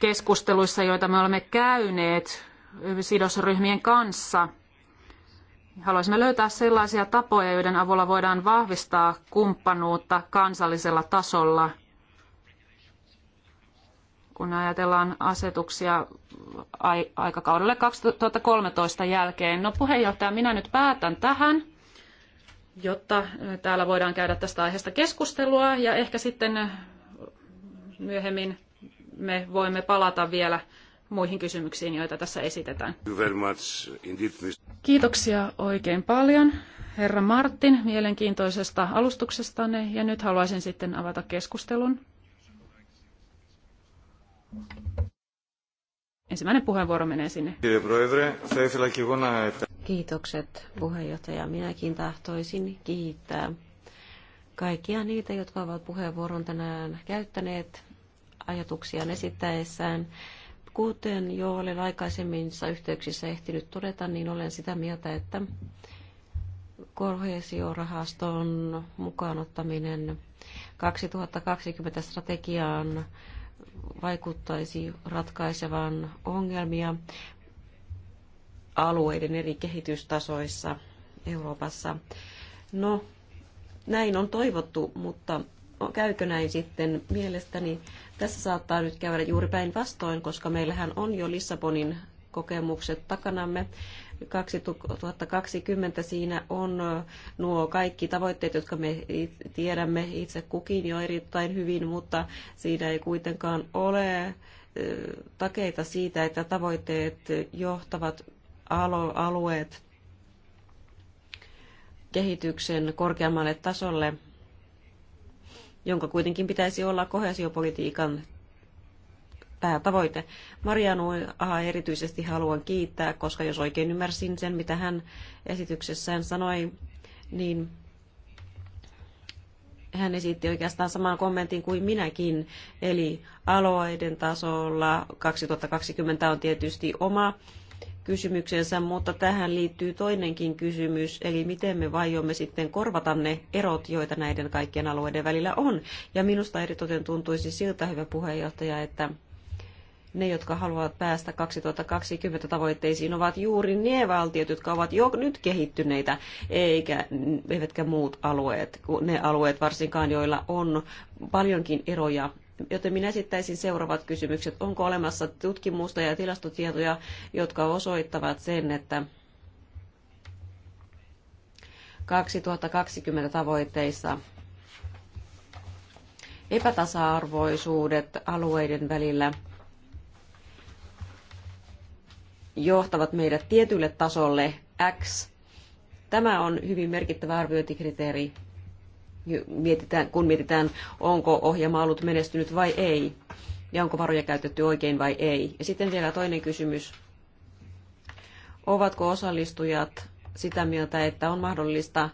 keskusteluissa, joita me olemme käyneet sidosryhmien kanssa. Haluaisimme löytää sellaisia tapoja, joiden avulla voidaan vahvistaa kumppanuutta kansallisella tasolla. Kun ajatellaan asetuksia aikakaudelle 2013 jälkeen. No puheenjohtaja, minä nyt päätän tähän, jotta täällä voidaan käydä tästä aiheesta keskustelua ja ehkä sitten myöhemmin me voimme palata vielä muihin kysymyksiin, joita tässä esitetään. Kiitoksia oikein paljon, herra Martin, mielenkiintoisesta alustuksestanne. Ja nyt haluaisin sitten avata keskustelun. Ensimmäinen puheenvuoro menee sinne. Kiitokset puheenjohtaja. Minäkin tahtoisin kiittää kaikkia niitä, jotka ovat puheenvuoron tänään käyttäneet ajatuksiaan esittäessään. Kuten jo olen aikaisemmissa yhteyksissä ehtinyt todeta, niin olen sitä mieltä, että kohesiorahaston mukaan ottaminen 2020 strategiaan vaikuttaisi ratkaisevan ongelmia alueiden eri kehitystasoissa Euroopassa. No, näin on toivottu, mutta käykö näin sitten mielestäni tässä saattaa nyt käydä juuri päinvastoin, koska meillähän on jo Lissabonin kokemukset takanamme. 2020 siinä on nuo kaikki tavoitteet, jotka me tiedämme itse kukin jo erittäin hyvin, mutta siinä ei kuitenkaan ole takeita siitä, että tavoitteet johtavat alueet kehityksen korkeammalle tasolle – jonka kuitenkin pitäisi olla kohesiopolitiikan päätavoite. aha erityisesti haluan kiittää, koska jos oikein ymmärsin sen, mitä hän esityksessään sanoi, niin hän esitti oikeastaan saman kommentin kuin minäkin, eli alueiden tasolla 2020 on tietysti oma kysymyksensä, mutta tähän liittyy toinenkin kysymys, eli miten me vaiomme sitten korvata ne erot, joita näiden kaikkien alueiden välillä on. Ja minusta eritoten tuntuisi siltä, hyvä puheenjohtaja, että ne, jotka haluavat päästä 2020 tavoitteisiin, ovat juuri ne valtiot, jotka ovat jo nyt kehittyneitä, eikä, eivätkä muut alueet, ne alueet varsinkaan, joilla on paljonkin eroja Joten minä esittäisin seuraavat kysymykset. Onko olemassa tutkimusta ja tilastotietoja, jotka osoittavat sen, että 2020 tavoitteissa epätasa-arvoisuudet alueiden välillä johtavat meidät tietylle tasolle X. Tämä on hyvin merkittävä arviointikriteeri mietitään, kun mietitään, onko ohjelma ollut menestynyt vai ei, ja onko varoja käytetty oikein vai ei. Ja sitten vielä toinen kysymys. Ovatko osallistujat sitä mieltä, että on mahdollista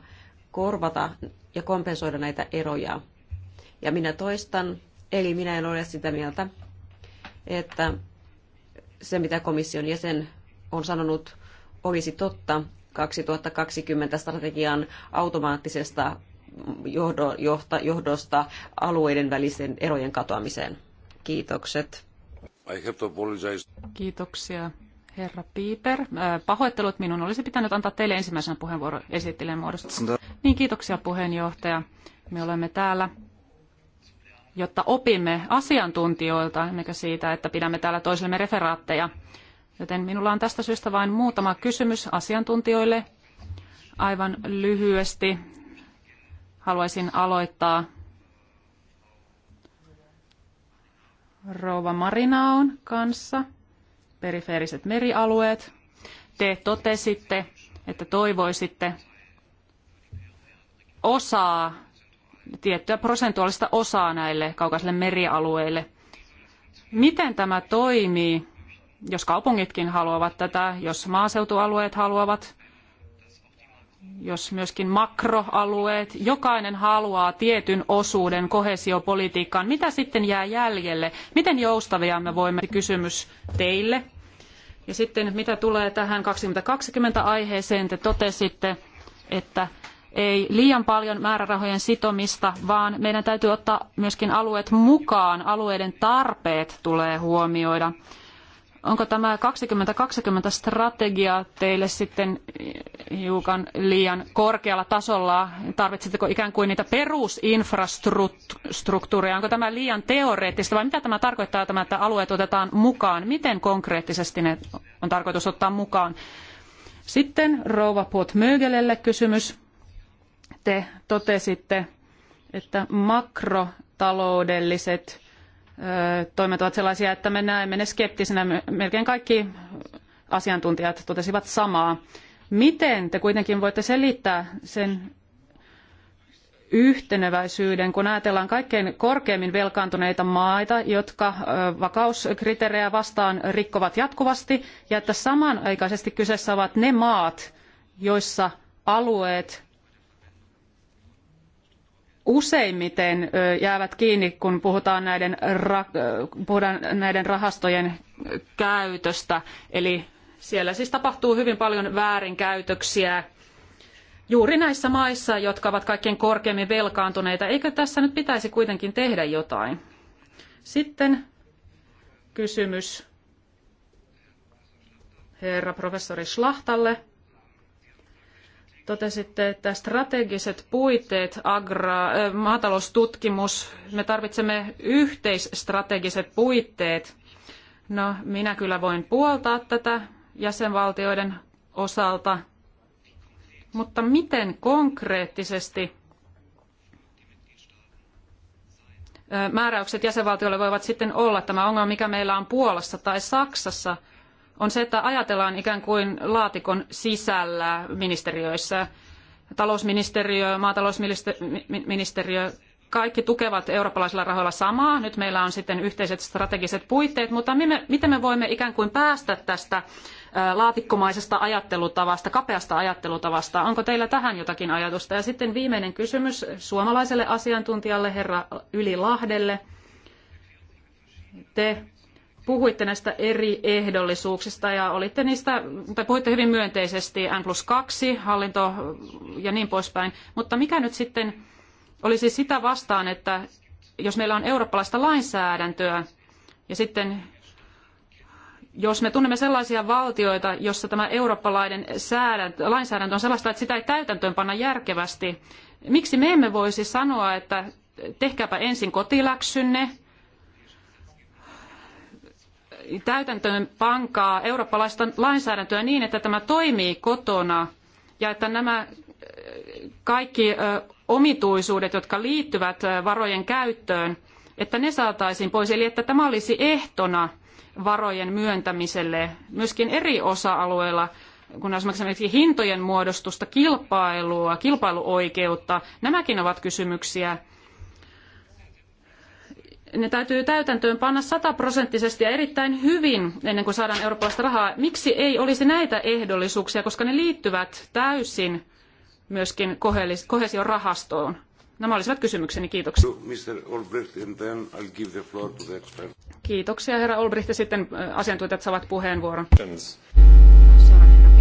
korvata ja kompensoida näitä eroja? Ja minä toistan, eli minä en ole sitä mieltä, että se, mitä komission jäsen on sanonut, olisi totta 2020 strategian automaattisesta johdosta alueiden välisen erojen katoamiseen. Kiitokset. Kiitoksia, herra Piiper. Pahoittelut minun olisi pitänyt antaa teille ensimmäisenä puheenvuoron esittelijän muodosta. Niin, kiitoksia puheenjohtaja. Me olemme täällä jotta opimme asiantuntijoilta, ennenkä siitä, että pidämme täällä toisillemme referaatteja. Joten minulla on tästä syystä vain muutama kysymys asiantuntijoille aivan lyhyesti Haluaisin aloittaa Rouva Marinaon kanssa, perifeeriset merialueet. Te totesitte, että toivoisitte osaa, tiettyä prosentuaalista osaa näille kaukaisille merialueille. Miten tämä toimii, jos kaupungitkin haluavat tätä, jos maaseutualueet haluavat? jos myöskin makroalueet, jokainen haluaa tietyn osuuden koheesiopolitiikkaan. Mitä sitten jää jäljelle? Miten joustavia me voimme? Kysymys teille. Ja sitten mitä tulee tähän 2020-aiheeseen, te totesitte, että ei liian paljon määrärahojen sitomista, vaan meidän täytyy ottaa myöskin alueet mukaan. Alueiden tarpeet tulee huomioida. Onko tämä 2020 strategia teille sitten hiukan liian korkealla tasolla? Tarvitsetteko ikään kuin niitä perusinfrastruktuureja? Onko tämä liian teoreettista vai mitä tämä tarkoittaa tämä, että alueet otetaan mukaan? Miten konkreettisesti ne on tarkoitus ottaa mukaan? Sitten Rouva Potmögelelle kysymys. Te totesitte, että makrotaloudelliset toimet ovat sellaisia, että me näemme ne skeptisenä. Melkein kaikki asiantuntijat totesivat samaa. Miten te kuitenkin voitte selittää sen yhteneväisyyden, kun ajatellaan kaikkein korkeimmin velkaantuneita maita, jotka vakauskriteerejä vastaan rikkovat jatkuvasti, ja että samanaikaisesti kyseessä ovat ne maat, joissa alueet useimmiten jäävät kiinni, kun puhutaan näiden, puhutaan näiden rahastojen käytöstä. Eli siellä siis tapahtuu hyvin paljon väärinkäytöksiä juuri näissä maissa, jotka ovat kaikkein korkeimmin velkaantuneita. Eikö tässä nyt pitäisi kuitenkin tehdä jotain? Sitten kysymys herra professori Schlachtalle. Totesitte, että strategiset puitteet, agra, maataloustutkimus, me tarvitsemme yhteisstrategiset puitteet. No, minä kyllä voin puoltaa tätä jäsenvaltioiden osalta, mutta miten konkreettisesti määräykset jäsenvaltioille voivat sitten olla tämä ongelma, mikä meillä on Puolassa tai Saksassa – on se, että ajatellaan ikään kuin laatikon sisällä ministeriöissä. Talousministeriö, maatalousministeriö, kaikki tukevat eurooppalaisilla rahoilla samaa. Nyt meillä on sitten yhteiset strategiset puitteet, mutta miten me voimme ikään kuin päästä tästä laatikkomaisesta ajattelutavasta, kapeasta ajattelutavasta. Onko teillä tähän jotakin ajatusta? Ja sitten viimeinen kysymys suomalaiselle asiantuntijalle, herra Yli Lahdelle. Te puhuitte näistä eri ehdollisuuksista ja olitte niistä, tai puhuitte hyvin myönteisesti N plus 2, hallinto ja niin poispäin. Mutta mikä nyt sitten olisi sitä vastaan, että jos meillä on eurooppalaista lainsäädäntöä ja sitten jos me tunnemme sellaisia valtioita, jossa tämä eurooppalainen säädäntö, lainsäädäntö on sellaista, että sitä ei täytäntöön panna järkevästi, miksi me emme voisi sanoa, että tehkääpä ensin kotiläksynne, täytäntöön pankaa eurooppalaista lainsäädäntöä niin, että tämä toimii kotona ja että nämä äh, kaikki äh, omituisuudet, jotka liittyvät äh, varojen käyttöön, että ne saataisiin pois. Eli että tämä olisi ehtona varojen myöntämiselle myöskin eri osa-alueilla, kun esimerkiksi hintojen muodostusta, kilpailua, kilpailuoikeutta, nämäkin ovat kysymyksiä, ne täytyy täytäntöön panna sataprosenttisesti ja erittäin hyvin ennen kuin saadaan eurooppalaista rahaa. Miksi ei olisi näitä ehdollisuuksia, koska ne liittyvät täysin myöskin kohesion rahastoon? Nämä olisivat kysymykseni. Kiitoksia. Kiitoksia, herra Olbricht, ja sitten äh, asiantuntijat saavat puheenvuoron. Seuraava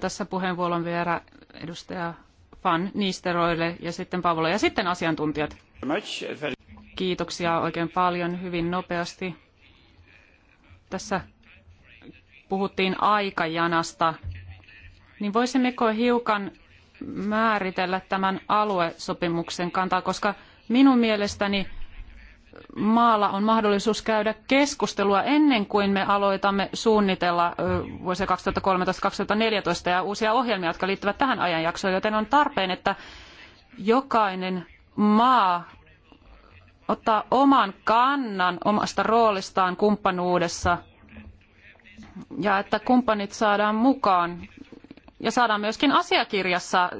annan tässä puheenvuoron vielä edustaja Van Niisteroille ja sitten Pavolle ja sitten asiantuntijat. Kiitoksia oikein paljon hyvin nopeasti. Tässä puhuttiin aikajanasta, niin voisimmeko hiukan määritellä tämän aluesopimuksen kantaa, koska minun mielestäni maalla on mahdollisuus käydä keskustelua ennen kuin me aloitamme suunnitella vuosia 2013-2014 ja uusia ohjelmia, jotka liittyvät tähän ajanjaksoon, joten on tarpeen, että jokainen maa ottaa oman kannan omasta roolistaan kumppanuudessa ja että kumppanit saadaan mukaan ja saadaan myöskin asiakirjassa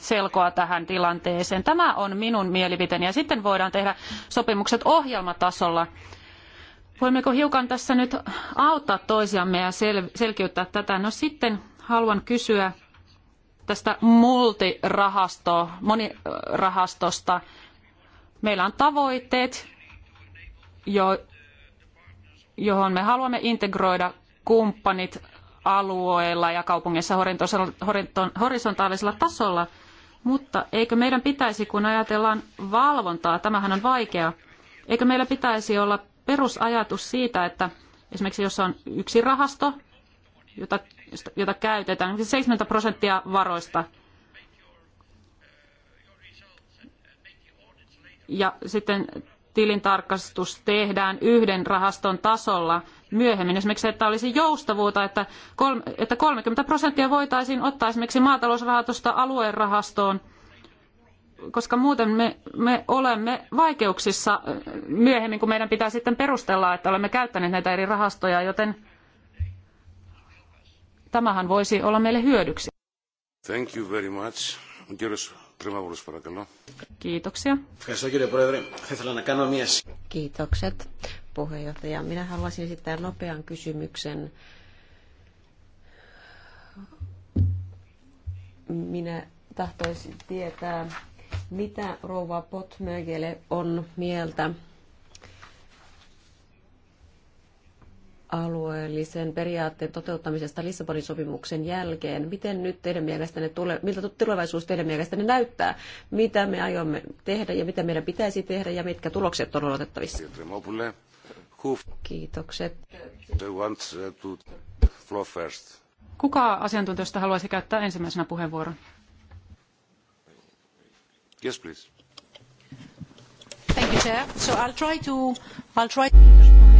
selkoa tähän tilanteeseen. Tämä on minun mielipiteeni ja sitten voidaan tehdä sopimukset ohjelmatasolla. Voimmeko hiukan tässä nyt auttaa toisiamme ja sel- selkiyttää tätä? No sitten haluan kysyä tästä multirahastoa, monirahastosta. Meillä on tavoitteet, jo, johon me haluamme integroida kumppanit alueilla ja kaupungeissa horisontaalisella tasolla, mutta eikö meidän pitäisi, kun ajatellaan valvontaa, tämähän on vaikea, eikö meillä pitäisi olla perusajatus siitä, että esimerkiksi jos on yksi rahasto, jota, jota käytetään, niin siis 70 prosenttia varoista ja sitten tilintarkastus tehdään yhden rahaston tasolla – myöhemmin. Esimerkiksi, että olisi joustavuutta, että, kolme, että 30 prosenttia voitaisiin ottaa esimerkiksi maatalousrahastosta aluerahastoon, koska muuten me, me olemme vaikeuksissa myöhemmin, kun meidän pitää sitten perustella, että olemme käyttäneet näitä eri rahastoja, joten tämähän voisi olla meille hyödyksi. Thank you very much. Kiitos παρακαλώ. Kiitoksia. Ευχαριστώ κύριε Πρόεδρε. Θα ήθελα να κάνω Minä haluaisin esittää nopean kysymyksen. Minä tahtoisin tietää, mitä rouva Potmögele on mieltä alueellisen periaatteen toteuttamisesta Lissabonin sopimuksen jälkeen. Miten nyt teidän mielestänne tule, miltä tulevaisuus teidän mielestänne näyttää? Mitä me aiomme tehdä ja mitä meidän pitäisi tehdä ja mitkä tulokset on odotettavissa? Kiitokset. Uh, Kuka asiantuntijoista haluaisi käyttää ensimmäisenä puheenvuoron? Yes, please. Thank you, Chair. So I'll try to... I'll try to...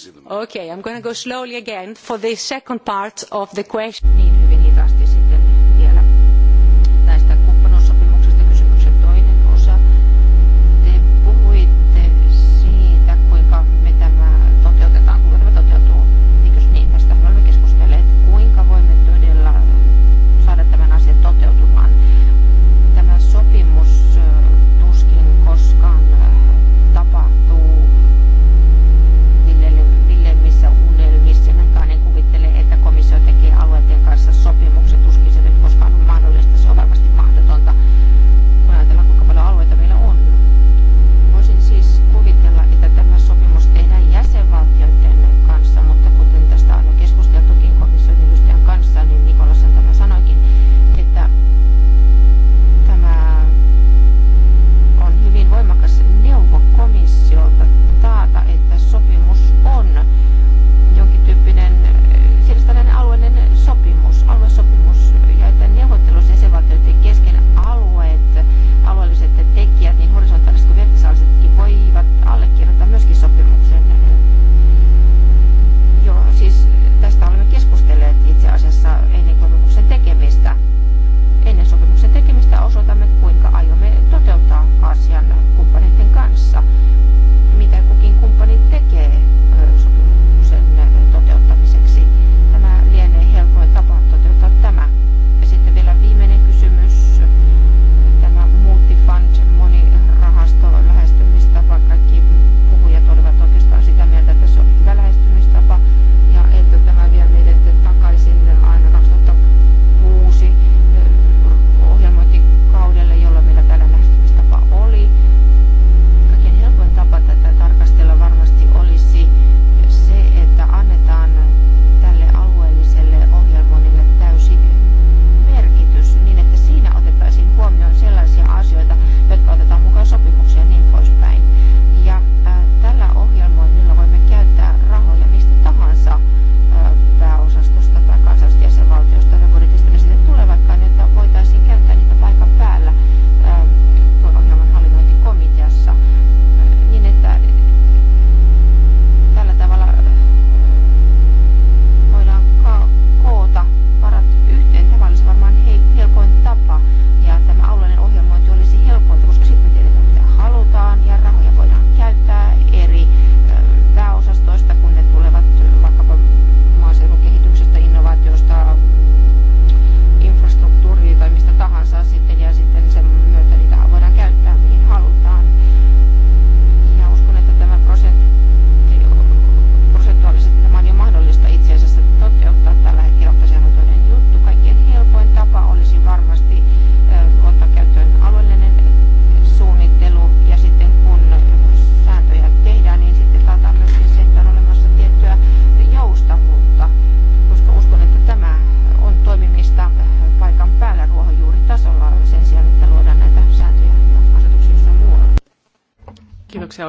σύντομα. Okay, I'm going to go slowly again for the second part of the question.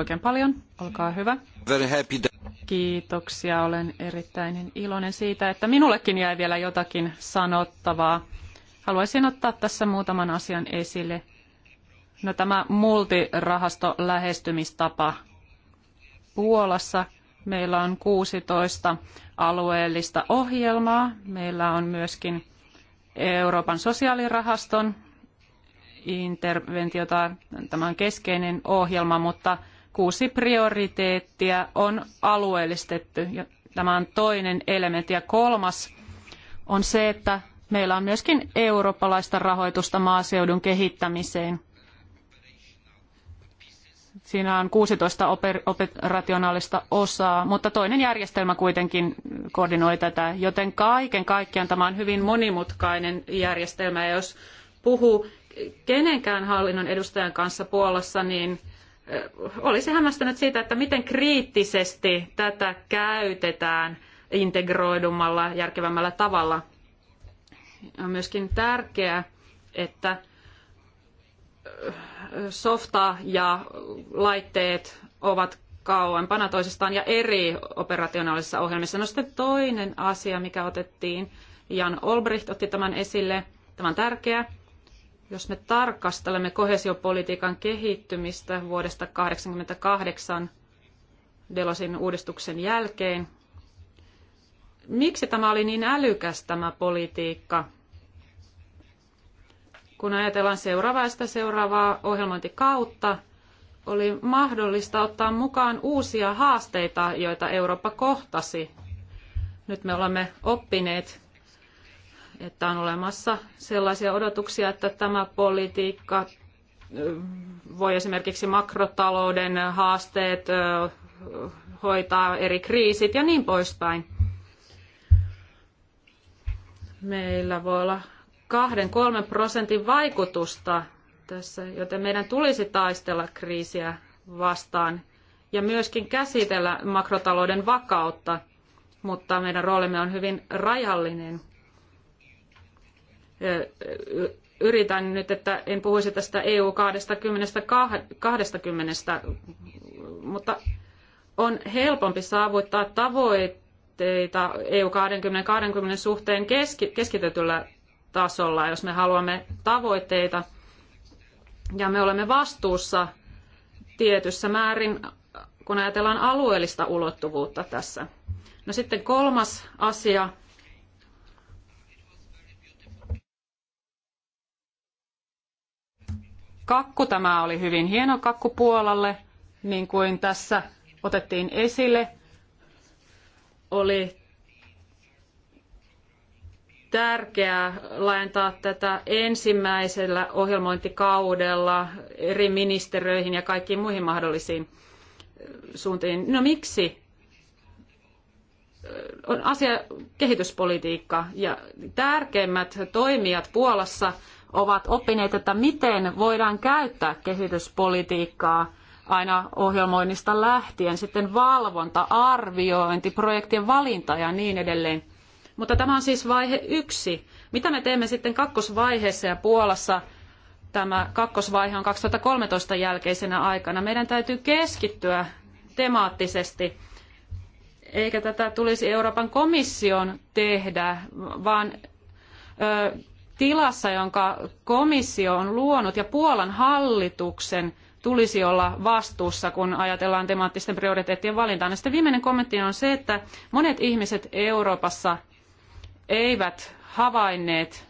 oikein paljon. Olkaa hyvä. Very happy Kiitoksia. Olen erittäin iloinen siitä, että minullekin jäi vielä jotakin sanottavaa. Haluaisin ottaa tässä muutaman asian esille. No tämä multirahasto lähestymistapa Puolassa. Meillä on 16 alueellista ohjelmaa. Meillä on myöskin Euroopan sosiaalirahaston interventiota. Tämä on keskeinen ohjelma, mutta kuusi prioriteettia on alueellistettu. Ja tämä on toinen elementti. Ja kolmas on se, että meillä on myöskin eurooppalaista rahoitusta maaseudun kehittämiseen. Siinä on 16 operationaalista osaa, mutta toinen järjestelmä kuitenkin koordinoi tätä, joten kaiken kaikkiaan tämä on hyvin monimutkainen järjestelmä. Ja jos puhuu kenenkään hallinnon edustajan kanssa Puolassa, niin olisi hämmästynyt siitä, että miten kriittisesti tätä käytetään integroidummalla, järkevämmällä tavalla. On myöskin tärkeää, että softa ja laitteet ovat kauempana toisistaan ja eri operationaalisissa ohjelmissa. No sitten toinen asia, mikä otettiin, Jan Olbricht otti tämän esille, tämä on tärkeä, jos me tarkastelemme kohesiopolitiikan kehittymistä vuodesta 1988 Delosin uudistuksen jälkeen, miksi tämä oli niin älykäs tämä politiikka? Kun ajatellaan seuraavaa sitä seuraavaa ohjelmointikautta, oli mahdollista ottaa mukaan uusia haasteita, joita Eurooppa kohtasi. Nyt me olemme oppineet että on olemassa sellaisia odotuksia, että tämä politiikka voi esimerkiksi makrotalouden haasteet hoitaa eri kriisit ja niin poispäin. Meillä voi olla kahden, kolmen prosentin vaikutusta tässä, joten meidän tulisi taistella kriisiä vastaan ja myöskin käsitellä makrotalouden vakautta, mutta meidän roolimme on hyvin rajallinen yritän nyt, että en puhuisi tästä EU 2020, mutta on helpompi saavuttaa tavoitteita EU 2020 suhteen keski, keskitetyllä tasolla, jos me haluamme tavoitteita. Ja me olemme vastuussa tietyssä määrin, kun ajatellaan alueellista ulottuvuutta tässä. No sitten kolmas asia, kakku. Tämä oli hyvin hieno kakku Puolalle, niin kuin tässä otettiin esille. Oli tärkeää laajentaa tätä ensimmäisellä ohjelmointikaudella eri ministeriöihin ja kaikkiin muihin mahdollisiin äh, suuntiin. No miksi? Äh, on asia kehityspolitiikka ja tärkeimmät toimijat Puolassa ovat oppineet, että miten voidaan käyttää kehityspolitiikkaa aina ohjelmoinnista lähtien, sitten valvonta, arviointi, projektien valinta ja niin edelleen. Mutta tämä on siis vaihe yksi. Mitä me teemme sitten kakkosvaiheessa ja Puolassa tämä kakkosvaihe on 2013 jälkeisenä aikana? Meidän täytyy keskittyä temaattisesti, eikä tätä tulisi Euroopan komission tehdä, vaan tilassa, jonka komissio on luonut ja Puolan hallituksen tulisi olla vastuussa, kun ajatellaan temaattisten prioriteettien valintaa. Ja sitten viimeinen kommentti on se, että monet ihmiset Euroopassa eivät havainneet,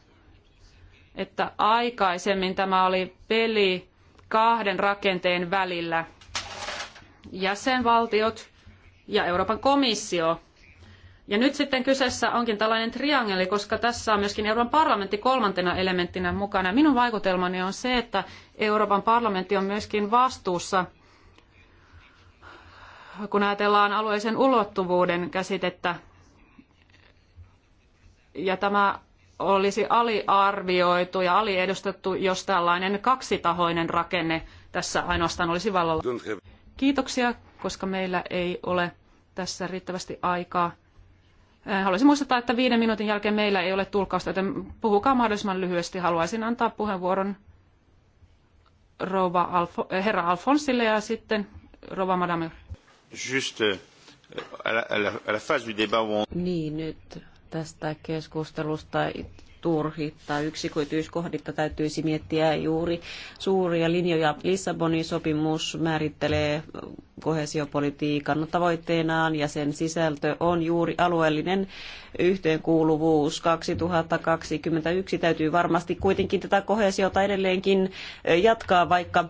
että aikaisemmin tämä oli peli kahden rakenteen välillä. Jäsenvaltiot ja Euroopan komissio ja nyt sitten kyseessä onkin tällainen triangeli, koska tässä on myöskin Euroopan parlamentti kolmantena elementtinä mukana. Minun vaikutelmani on se, että Euroopan parlamentti on myöskin vastuussa, kun ajatellaan alueisen ulottuvuuden käsitettä. Ja tämä olisi aliarvioitu ja aliedustettu, jos tällainen kaksitahoinen rakenne tässä ainoastaan olisi vallalla. Kiitoksia, koska meillä ei ole tässä riittävästi aikaa Äh, haluaisin muistuttaa, että viiden minuutin jälkeen meillä ei ole tulkkausta, joten puhukaa mahdollisimman lyhyesti. Haluaisin antaa puheenvuoron rouva Alfo, äh, herra Alfonsille ja sitten rouva madame. Juste äh, à la, à la, du débat on... Niin, nyt tästä keskustelusta turhitta yksityiskohdista täytyisi miettiä juuri suuria linjoja. Lissabonin sopimus määrittelee kohesiopolitiikan tavoitteenaan ja sen sisältö on juuri alueellinen yhteenkuuluvuus 2021. Täytyy varmasti kuitenkin tätä kohesiota edelleenkin jatkaa, vaikka,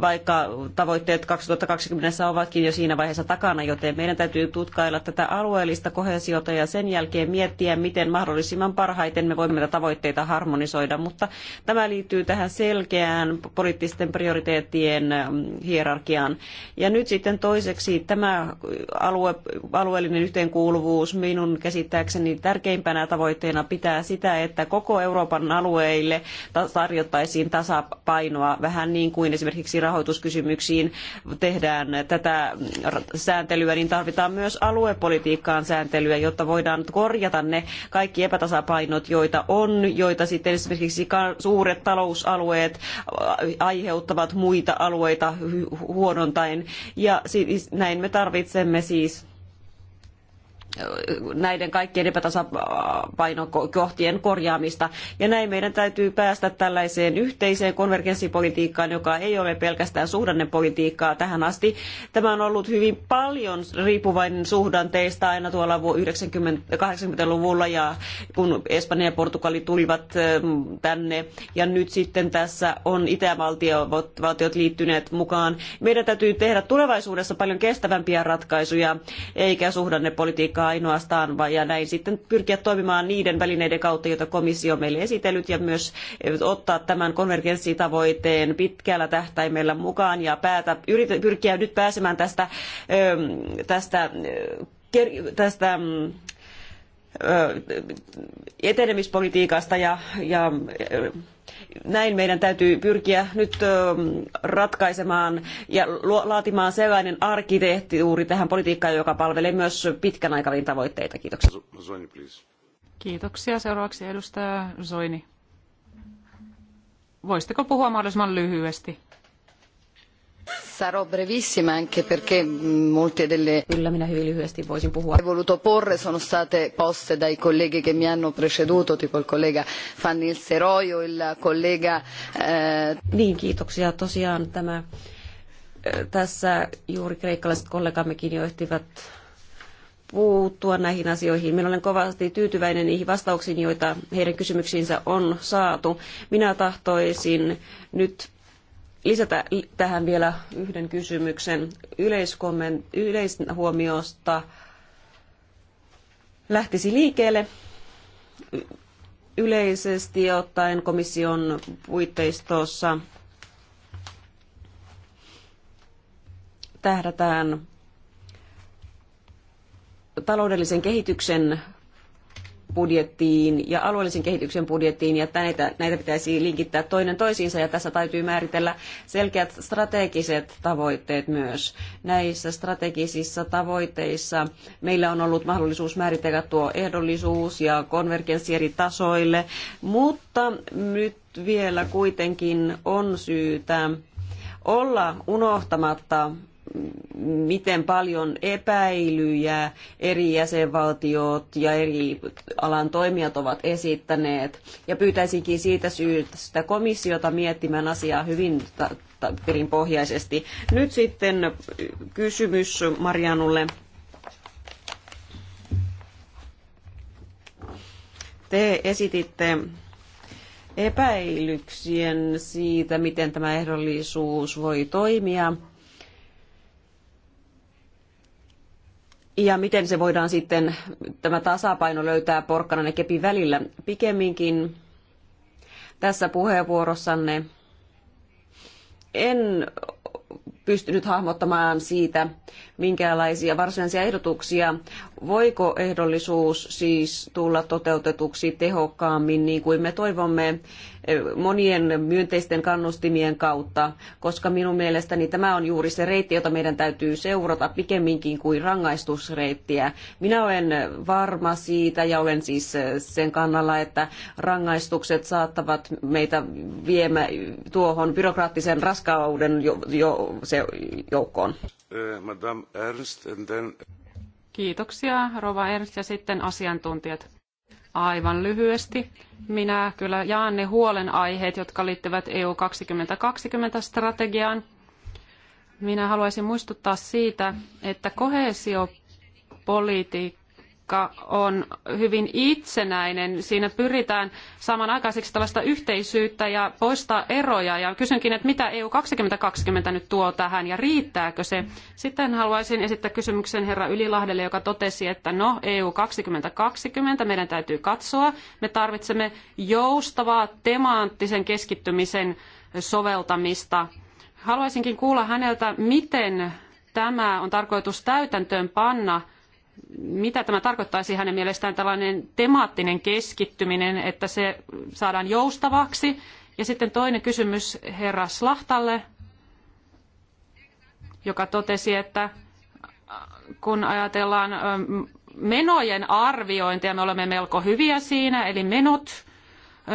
vaikka tavoitteet 2020 ovatkin jo siinä vaiheessa takana, joten meidän täytyy tutkailla tätä alueellista kohesiota ja sen jälkeen miettiä, miten mahdollisimman parhaiten me voimme näitä tavoitteita harmonisoida, mutta tämä liittyy tähän selkeään poliittisten prioriteettien hierarkiaan. Ja nyt sitten sitten toiseksi tämä alue, alueellinen yhteenkuuluvuus minun käsittääkseni tärkeimpänä tavoitteena pitää sitä, että koko Euroopan alueille tarjottaisiin tasapainoa vähän niin kuin esimerkiksi rahoituskysymyksiin tehdään tätä sääntelyä, niin tarvitaan myös aluepolitiikkaan sääntelyä, jotta voidaan korjata ne kaikki epätasapainot, joita on, joita sitten esimerkiksi suuret talousalueet äh, aiheuttavat muita alueita huonontaen. Ja näin me tarvitsemme siis näiden kaikkien epätasapainokohtien korjaamista. Ja näin meidän täytyy päästä tällaiseen yhteiseen konvergenssipolitiikkaan, joka ei ole pelkästään suhdannepolitiikkaa tähän asti. Tämä on ollut hyvin paljon riippuvainen suhdanteista aina tuolla 90 luvulla ja kun Espanja ja Portugali tulivat ähm, tänne ja nyt sitten tässä on itävaltiot liittyneet mukaan. Meidän täytyy tehdä tulevaisuudessa paljon kestävämpiä ratkaisuja eikä suhdannepolitiikkaa ainoastaan ainoastaan, ja näin sitten pyrkiä toimimaan niiden välineiden kautta, joita komissio on meille esitellyt, ja myös eh, ottaa tämän konvergenssitavoitteen pitkällä tähtäimellä mukaan ja päätä, yritä, pyrkiä nyt pääsemään tästä, eh, tästä, eh, tästä mm, etenemispolitiikasta ja, ja näin meidän täytyy pyrkiä nyt ratkaisemaan ja laatimaan sellainen arkkitehtuuri tähän politiikkaan, joka palvelee myös pitkän aikavälin tavoitteita. Kiitoksia. Zoini, please. Kiitoksia. Seuraavaksi edustaja Zoini. Voisitteko puhua mahdollisimman lyhyesti? Sarò brevissima anche perché molte delle Kyllä minä hyvin lyhyesti voluto porre sono state poste dai colleghi che mi hanno preceduto, tipo il collega Van o il collega... Eh... Niin, kiitoksia. Tosiaan tämä, eh, tässä juuri kreikkalaiset kollegammekin jo ehtivät puuttua näihin asioihin. Minä olen kovasti tyytyväinen niihin vastauksiin, joita heidän kysymyksiinsä on saatu. Minä tahtoisin nyt lisätä tähän vielä yhden kysymyksen yleishuomiosta. Lähtisi liikkeelle yleisesti ottaen komission puitteistossa tähdätään taloudellisen kehityksen budjettiin ja alueellisen kehityksen budjettiin, ja näitä, näitä pitäisi linkittää toinen toisiinsa, ja tässä täytyy määritellä selkeät strategiset tavoitteet myös. Näissä strategisissa tavoitteissa meillä on ollut mahdollisuus määritellä tuo ehdollisuus ja konvergenssi eri tasoille, mutta nyt vielä kuitenkin on syytä olla unohtamatta miten paljon epäilyjä eri jäsenvaltiot ja eri alan toimijat ovat esittäneet. Ja pyytäisinkin siitä syystä komissiota miettimään asiaa hyvin perinpohjaisesti. Nyt sitten kysymys Marianulle. Te esititte epäilyksien siitä, miten tämä ehdollisuus voi toimia. ja miten se voidaan sitten tämä tasapaino löytää porkkanan ja kepin välillä. Pikemminkin tässä puheenvuorossanne en pystynyt hahmottamaan siitä, minkäänlaisia varsinaisia ehdotuksia. Voiko ehdollisuus siis tulla toteutetuksi tehokkaammin niin kuin me toivomme eh, monien myönteisten kannustimien kautta, koska minun mielestäni tämä on juuri se reitti, jota meidän täytyy seurata pikemminkin kuin rangaistusreittiä. Minä olen varma siitä ja olen siis eh, sen kannalla, että rangaistukset saattavat meitä viemä tuohon byrokraattisen raskauden jo, jo, se joukkoon. Eh, madame Ernst and then... Kiitoksia, Rova Ernst ja sitten asiantuntijat. Aivan lyhyesti. Minä kyllä jaan ne huolenaiheet, jotka liittyvät EU 2020-strategiaan. Minä haluaisin muistuttaa siitä, että kohesiopolitiikka politiikka on hyvin itsenäinen. Siinä pyritään samanaikaiseksi tällaista yhteisyyttä ja poistaa eroja. Ja kysynkin, että mitä EU 2020 nyt tuo tähän ja riittääkö se? Sitten haluaisin esittää kysymyksen herra Ylilahdelle, joka totesi, että no EU 2020 meidän täytyy katsoa. Me tarvitsemme joustavaa temaattisen keskittymisen soveltamista. Haluaisinkin kuulla häneltä, miten tämä on tarkoitus täytäntöön panna – mitä tämä tarkoittaisi hänen mielestään tällainen temaattinen keskittyminen, että se saadaan joustavaksi. Ja sitten toinen kysymys herra Slahtalle, joka totesi, että kun ajatellaan menojen arviointia, me olemme melko hyviä siinä, eli menot,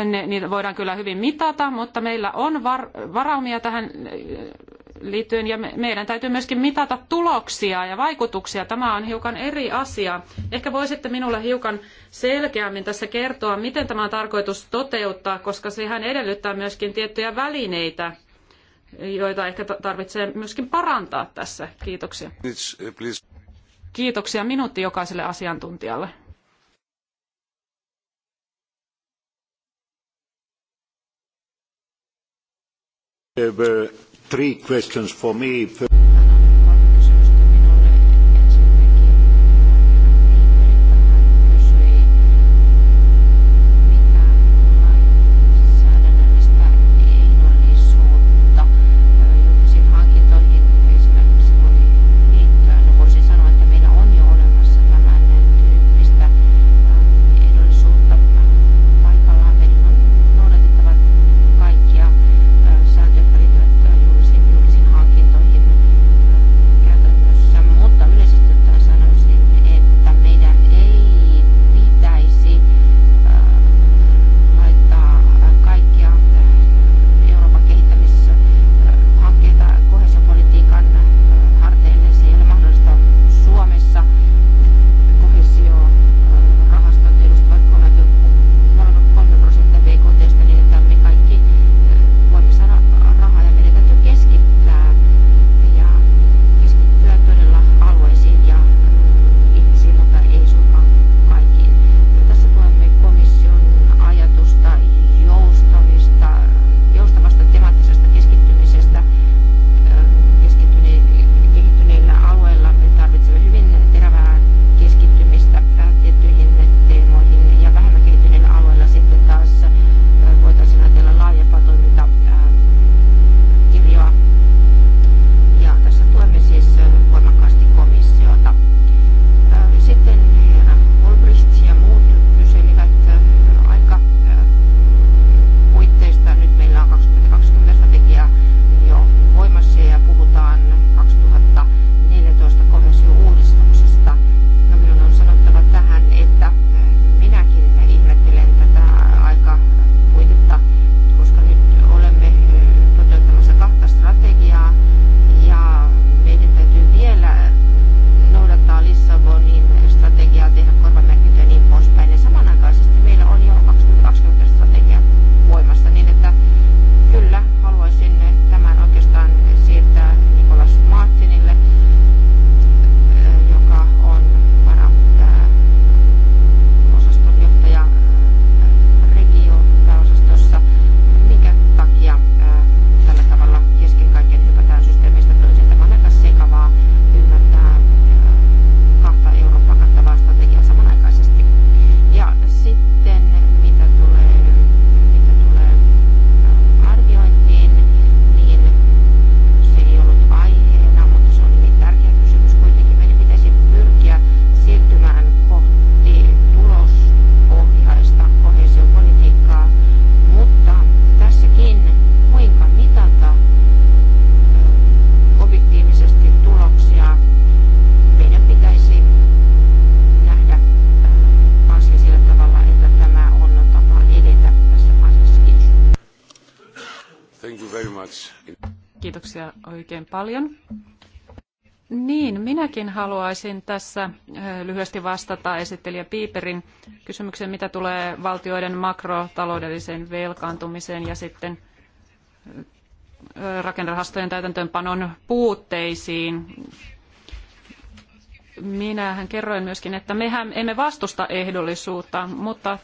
ne, niitä voidaan kyllä hyvin mitata, mutta meillä on var, varaumia tähän liittyen. Ja meidän täytyy myöskin mitata tuloksia ja vaikutuksia. Tämä on hiukan eri asia. Ehkä voisitte minulle hiukan selkeämmin tässä kertoa, miten tämä on tarkoitus toteuttaa, koska sehän edellyttää myöskin tiettyjä välineitä, joita ehkä tarvitsee myöskin parantaa tässä. Kiitoksia. Kiitoksia minuutti jokaiselle asiantuntijalle three questions for me. Minäkin haluaisin tässä eh, lyhyesti vastata esittelijä Piiperin kysymykseen, mitä tulee valtioiden makrotaloudelliseen velkaantumiseen ja sitten eh, rakennerahastojen täytäntöönpanon puutteisiin minähän kerroin myöskin, että mehän emme vastusta ehdollisuutta, mutta eh,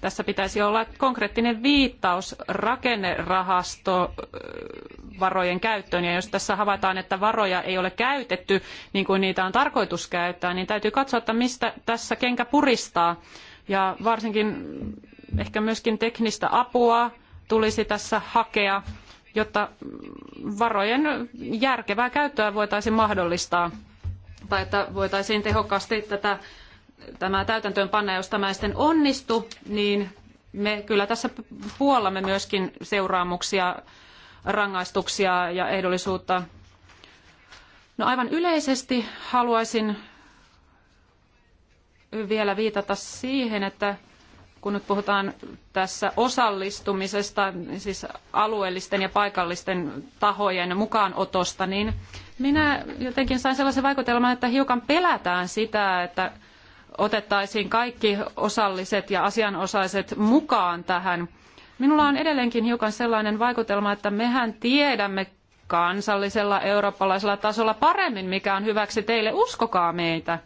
tässä pitäisi olla konkreettinen viittaus rakennerahastovarojen eh, käyttöön. Ja jos tässä havaitaan, että varoja ei ole käytetty niin kuin niitä on tarkoitus käyttää, niin täytyy katsoa, että mistä tässä kenkä puristaa. Ja varsinkin ehkä myöskin teknistä apua tulisi tässä hakea, jotta varojen järkevää käyttöä voitaisiin mahdollistaa tai että voitaisiin tehokkaasti tätä, tämä täytäntöön panna, jos tämä ei sitten onnistu, niin me kyllä tässä puollamme myöskin seuraamuksia, rangaistuksia ja ehdollisuutta. No aivan yleisesti haluaisin vielä viitata siihen, että kun nyt puhutaan tässä osallistumisesta, siis alueellisten ja paikallisten tahojen mukaanotosta, niin minä jotenkin sain sellaisen vaikutelman, että hiukan pelätään sitä, että otettaisiin kaikki osalliset ja asianosaiset mukaan tähän. Minulla on edelleenkin hiukan sellainen vaikutelma, että mehän tiedämme kansallisella eurooppalaisella tasolla paremmin, mikä on hyväksi teille. Uskokaa meitä.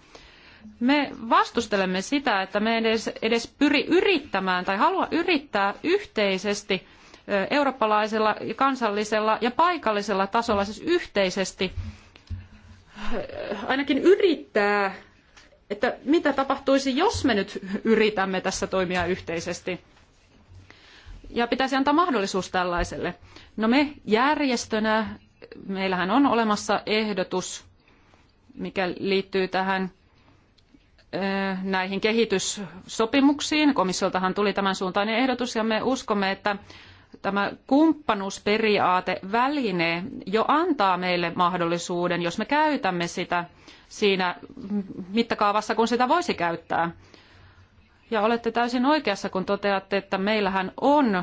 Me vastustelemme sitä, että me edes, edes pyri yrittämään tai halua yrittää yhteisesti – eurooppalaisella, kansallisella ja paikallisella tasolla, siis yhteisesti ainakin yrittää, että mitä tapahtuisi, jos me nyt yritämme tässä toimia yhteisesti. Ja pitäisi antaa mahdollisuus tällaiselle. No me järjestönä, meillähän on olemassa ehdotus, mikä liittyy tähän näihin kehityssopimuksiin. Komissioltahan tuli tämän suuntainen ehdotus ja me uskomme, että tämä kumppanuusperiaate väline jo antaa meille mahdollisuuden, jos me käytämme sitä siinä mittakaavassa, kun sitä voisi käyttää. Ja olette täysin oikeassa, kun toteatte, että meillähän on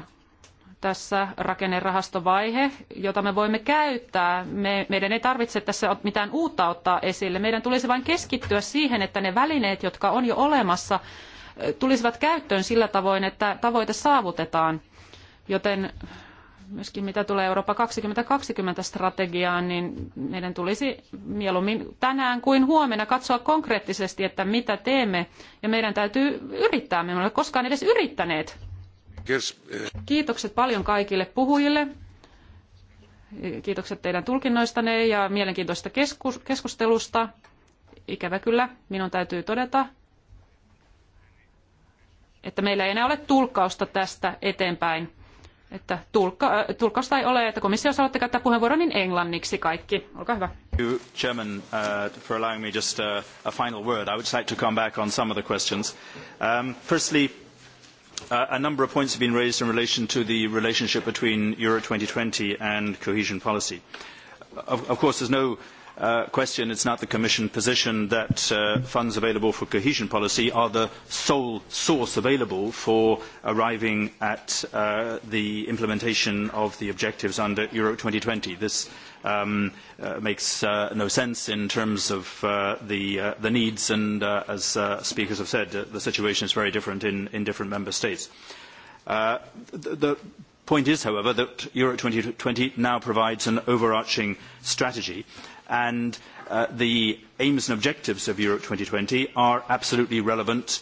tässä rakennerahastovaihe, jota me voimme käyttää. Me, meidän ei tarvitse tässä mitään uutta ottaa esille. Meidän tulisi vain keskittyä siihen, että ne välineet, jotka on jo olemassa, tulisivat käyttöön sillä tavoin, että tavoite saavutetaan. Joten myöskin mitä tulee Eurooppa 2020 strategiaan, niin meidän tulisi mieluummin tänään kuin huomenna katsoa konkreettisesti, että mitä teemme. Ja meidän täytyy yrittää. Me emme ole koskaan edes yrittäneet. Kiitokset paljon kaikille puhujille. Kiitokset teidän tulkinnoistanne ja mielenkiintoisesta keskustelusta. Ikävä kyllä, minun täytyy todeta, että meillä ei enää ole tulkkausta tästä eteenpäin että tulkka, äh, tulkosta ei ole, että komissio jos haluatte käyttää puheenvuoron, niin englanniksi kaikki. Olkaa hyvä. Chairman, uh, for allowing me just a, uh, a final word. I would like to come back on some of the questions. Um, firstly, Uh, a number of points have been raised in relation to the relationship between Euro 2020 and cohesion policy. Of, of course, there's no Uh, question it is not the Commission position that uh, funds available for cohesion policy are the sole source available for arriving at uh, the implementation of the objectives under Euro 2020. This um, uh, makes uh, no sense in terms of uh, the, uh, the needs and, uh, as uh, speakers have said, uh, the situation is very different in, in different member states. Uh, the, the point is, however, that Europe 2020 now provides an overarching strategy and uh, the aims and objectives of Europe 2020 are absolutely relevant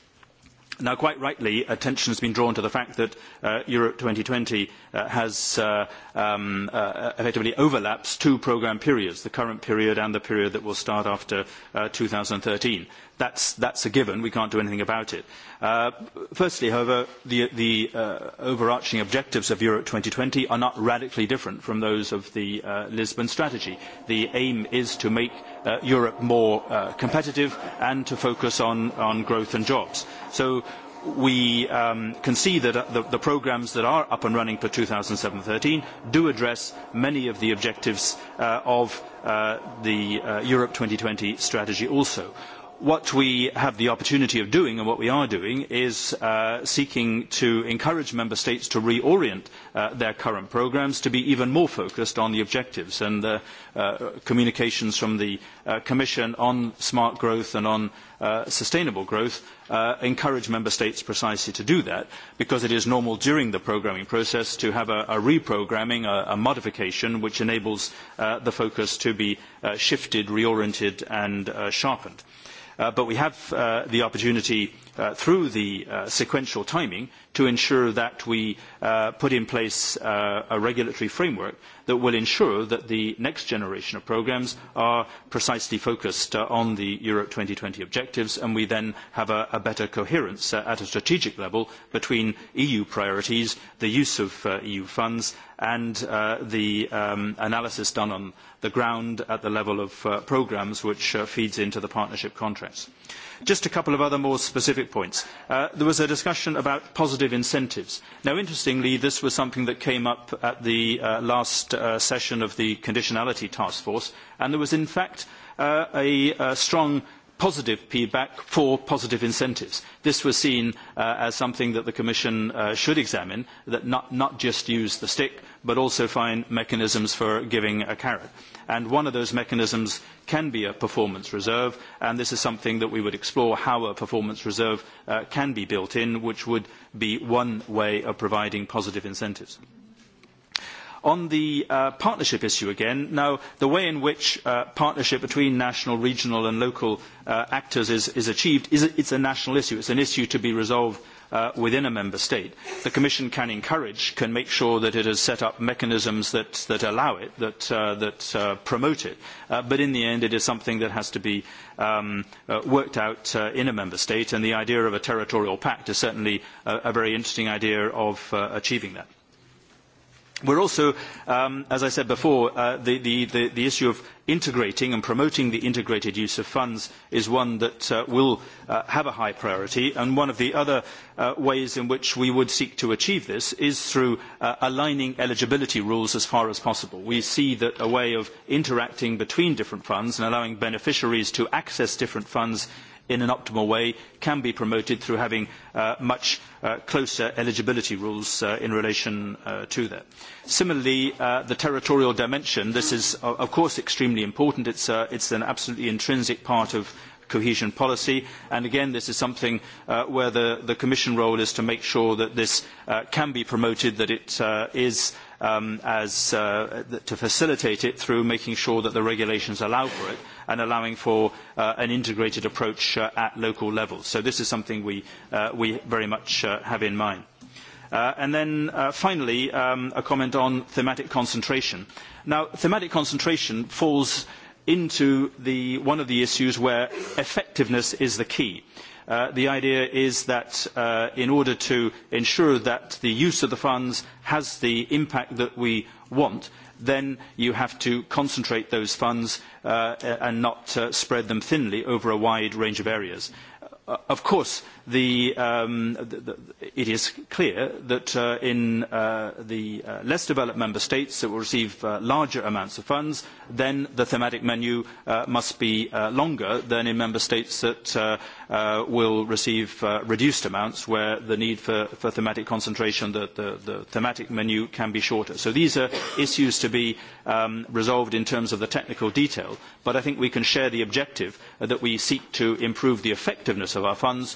Now, quite rightly, attention has been drawn to the fact that uh, Europe 2020 uh, has uh, um, uh, effectively overlaps two programme periods, the current period and the period that will start after uh, 2013. That's, that's a given. We can't do anything about it. Uh, firstly, however, the, the uh, overarching objectives of Europe 2020 are not radically different from those of the uh, Lisbon strategy. The aim is to make Uh, Europe more uh, competitive and to focus on, on growth and jobs. So we um, can see that uh, the, the programs that are up and running for 2007-13 do address many of the objectives uh, of uh, the uh, Europe 2020 strategy also what we have the opportunity of doing and what we are doing is uh, seeking to encourage member states to reorient uh, their current programs to be even more focused on the objectives and the uh, communications from the uh, commission on smart growth and on uh, sustainable growth uh, encourage member states precisely to do that because it is normal during the programming process to have a, a reprogramming, a, a, modification which enables the focus to be shifted, reoriented and sharpened. Uh, but we have uh, the opportunity Uh, through the uh, sequential timing to ensure that we uh, put in place a regulatory framework that will ensure that the next generation of programmes are precisely focused on the Europe 2020 objectives and we then have a, better coherence at a strategic level between EU priorities, the use of EU funds and the um, analysis done on the ground at the level of programs programmes which feeds into the partnership contracts. Just a couple of other more specific points. Uh, there was a discussion about positive incentives. Now, interestingly, this was something that came up at the uh, last uh, session of the conditionality task force, and there was, in fact, uh, a, a uh, strong positive feedback for positive incentives. This was seen uh, as something that the Commission uh, should examine, that not, not just use the stick, but also find mechanisms for giving a carrot and one of those mechanisms can be a performance reserve and this is something that we would explore how a performance reserve uh, can be built in which would be one way of providing positive incentives. On the uh, partnership issue again, now the way in which uh, partnership between national, regional and local actors is, achieved, is a, it's a national issue. It's an issue to be resolved uh, within a member state. The Commission can encourage, can make sure that it has set up mechanisms that, that allow it, that, uh, that uh, promote it. Uh, but in the end, it is something that has to be um, uh, worked out uh, in a member state, and the idea of a territorial pact is certainly a, a very interesting idea of uh, achieving that. We're also, um, as I said before, uh, the, the, the, the issue of integrating and promoting the integrated use of funds is one that uh, will uh, have a high priority. And one of the other uh, ways in which we would seek to achieve this is through uh, aligning eligibility rules as far as possible. We see that a way of interacting between different funds and allowing beneficiaries to access different funds in an optimal way can be promoted through having uh, much Uh, closer eligibility rules uh, in relation uh, to that. Similarly, the territorial dimension, this is of course extremely important. It's, uh, it's an absolutely intrinsic part of cohesion policy. And again, this is something uh, where the, the, Commission role is to make sure that this uh, can be promoted, that it uh, is um, as, uh, to facilitate it through making sure that the regulations allow for it and allowing for uh, an integrated approach uh, at local level. So this is something we, uh, we very much uh, have in mind. Uh, and then uh, finally, um, a comment on thematic concentration. Now, thematic concentration falls into the, one of the issues where effectiveness is the key. Uh, the idea is that uh, in order to ensure that the use of the funds has the impact that we want, then you have to concentrate those funds uh, and not uh, spread them thinly over a wide range of areas. Uh, of course, the, um, the, the, it is clear that uh, in uh, the uh, less developed member states that will receive uh, larger amounts of funds, then the thematic menu uh, must be uh, longer than in member states that uh, uh, will receive uh, reduced amounts where the need for, for thematic concentration, the, the, the thematic menu can be shorter. So these are issues to be um, resolved in terms of the technical detail, but I think we can share the objective uh, that we seek to improve the effectiveness of our funds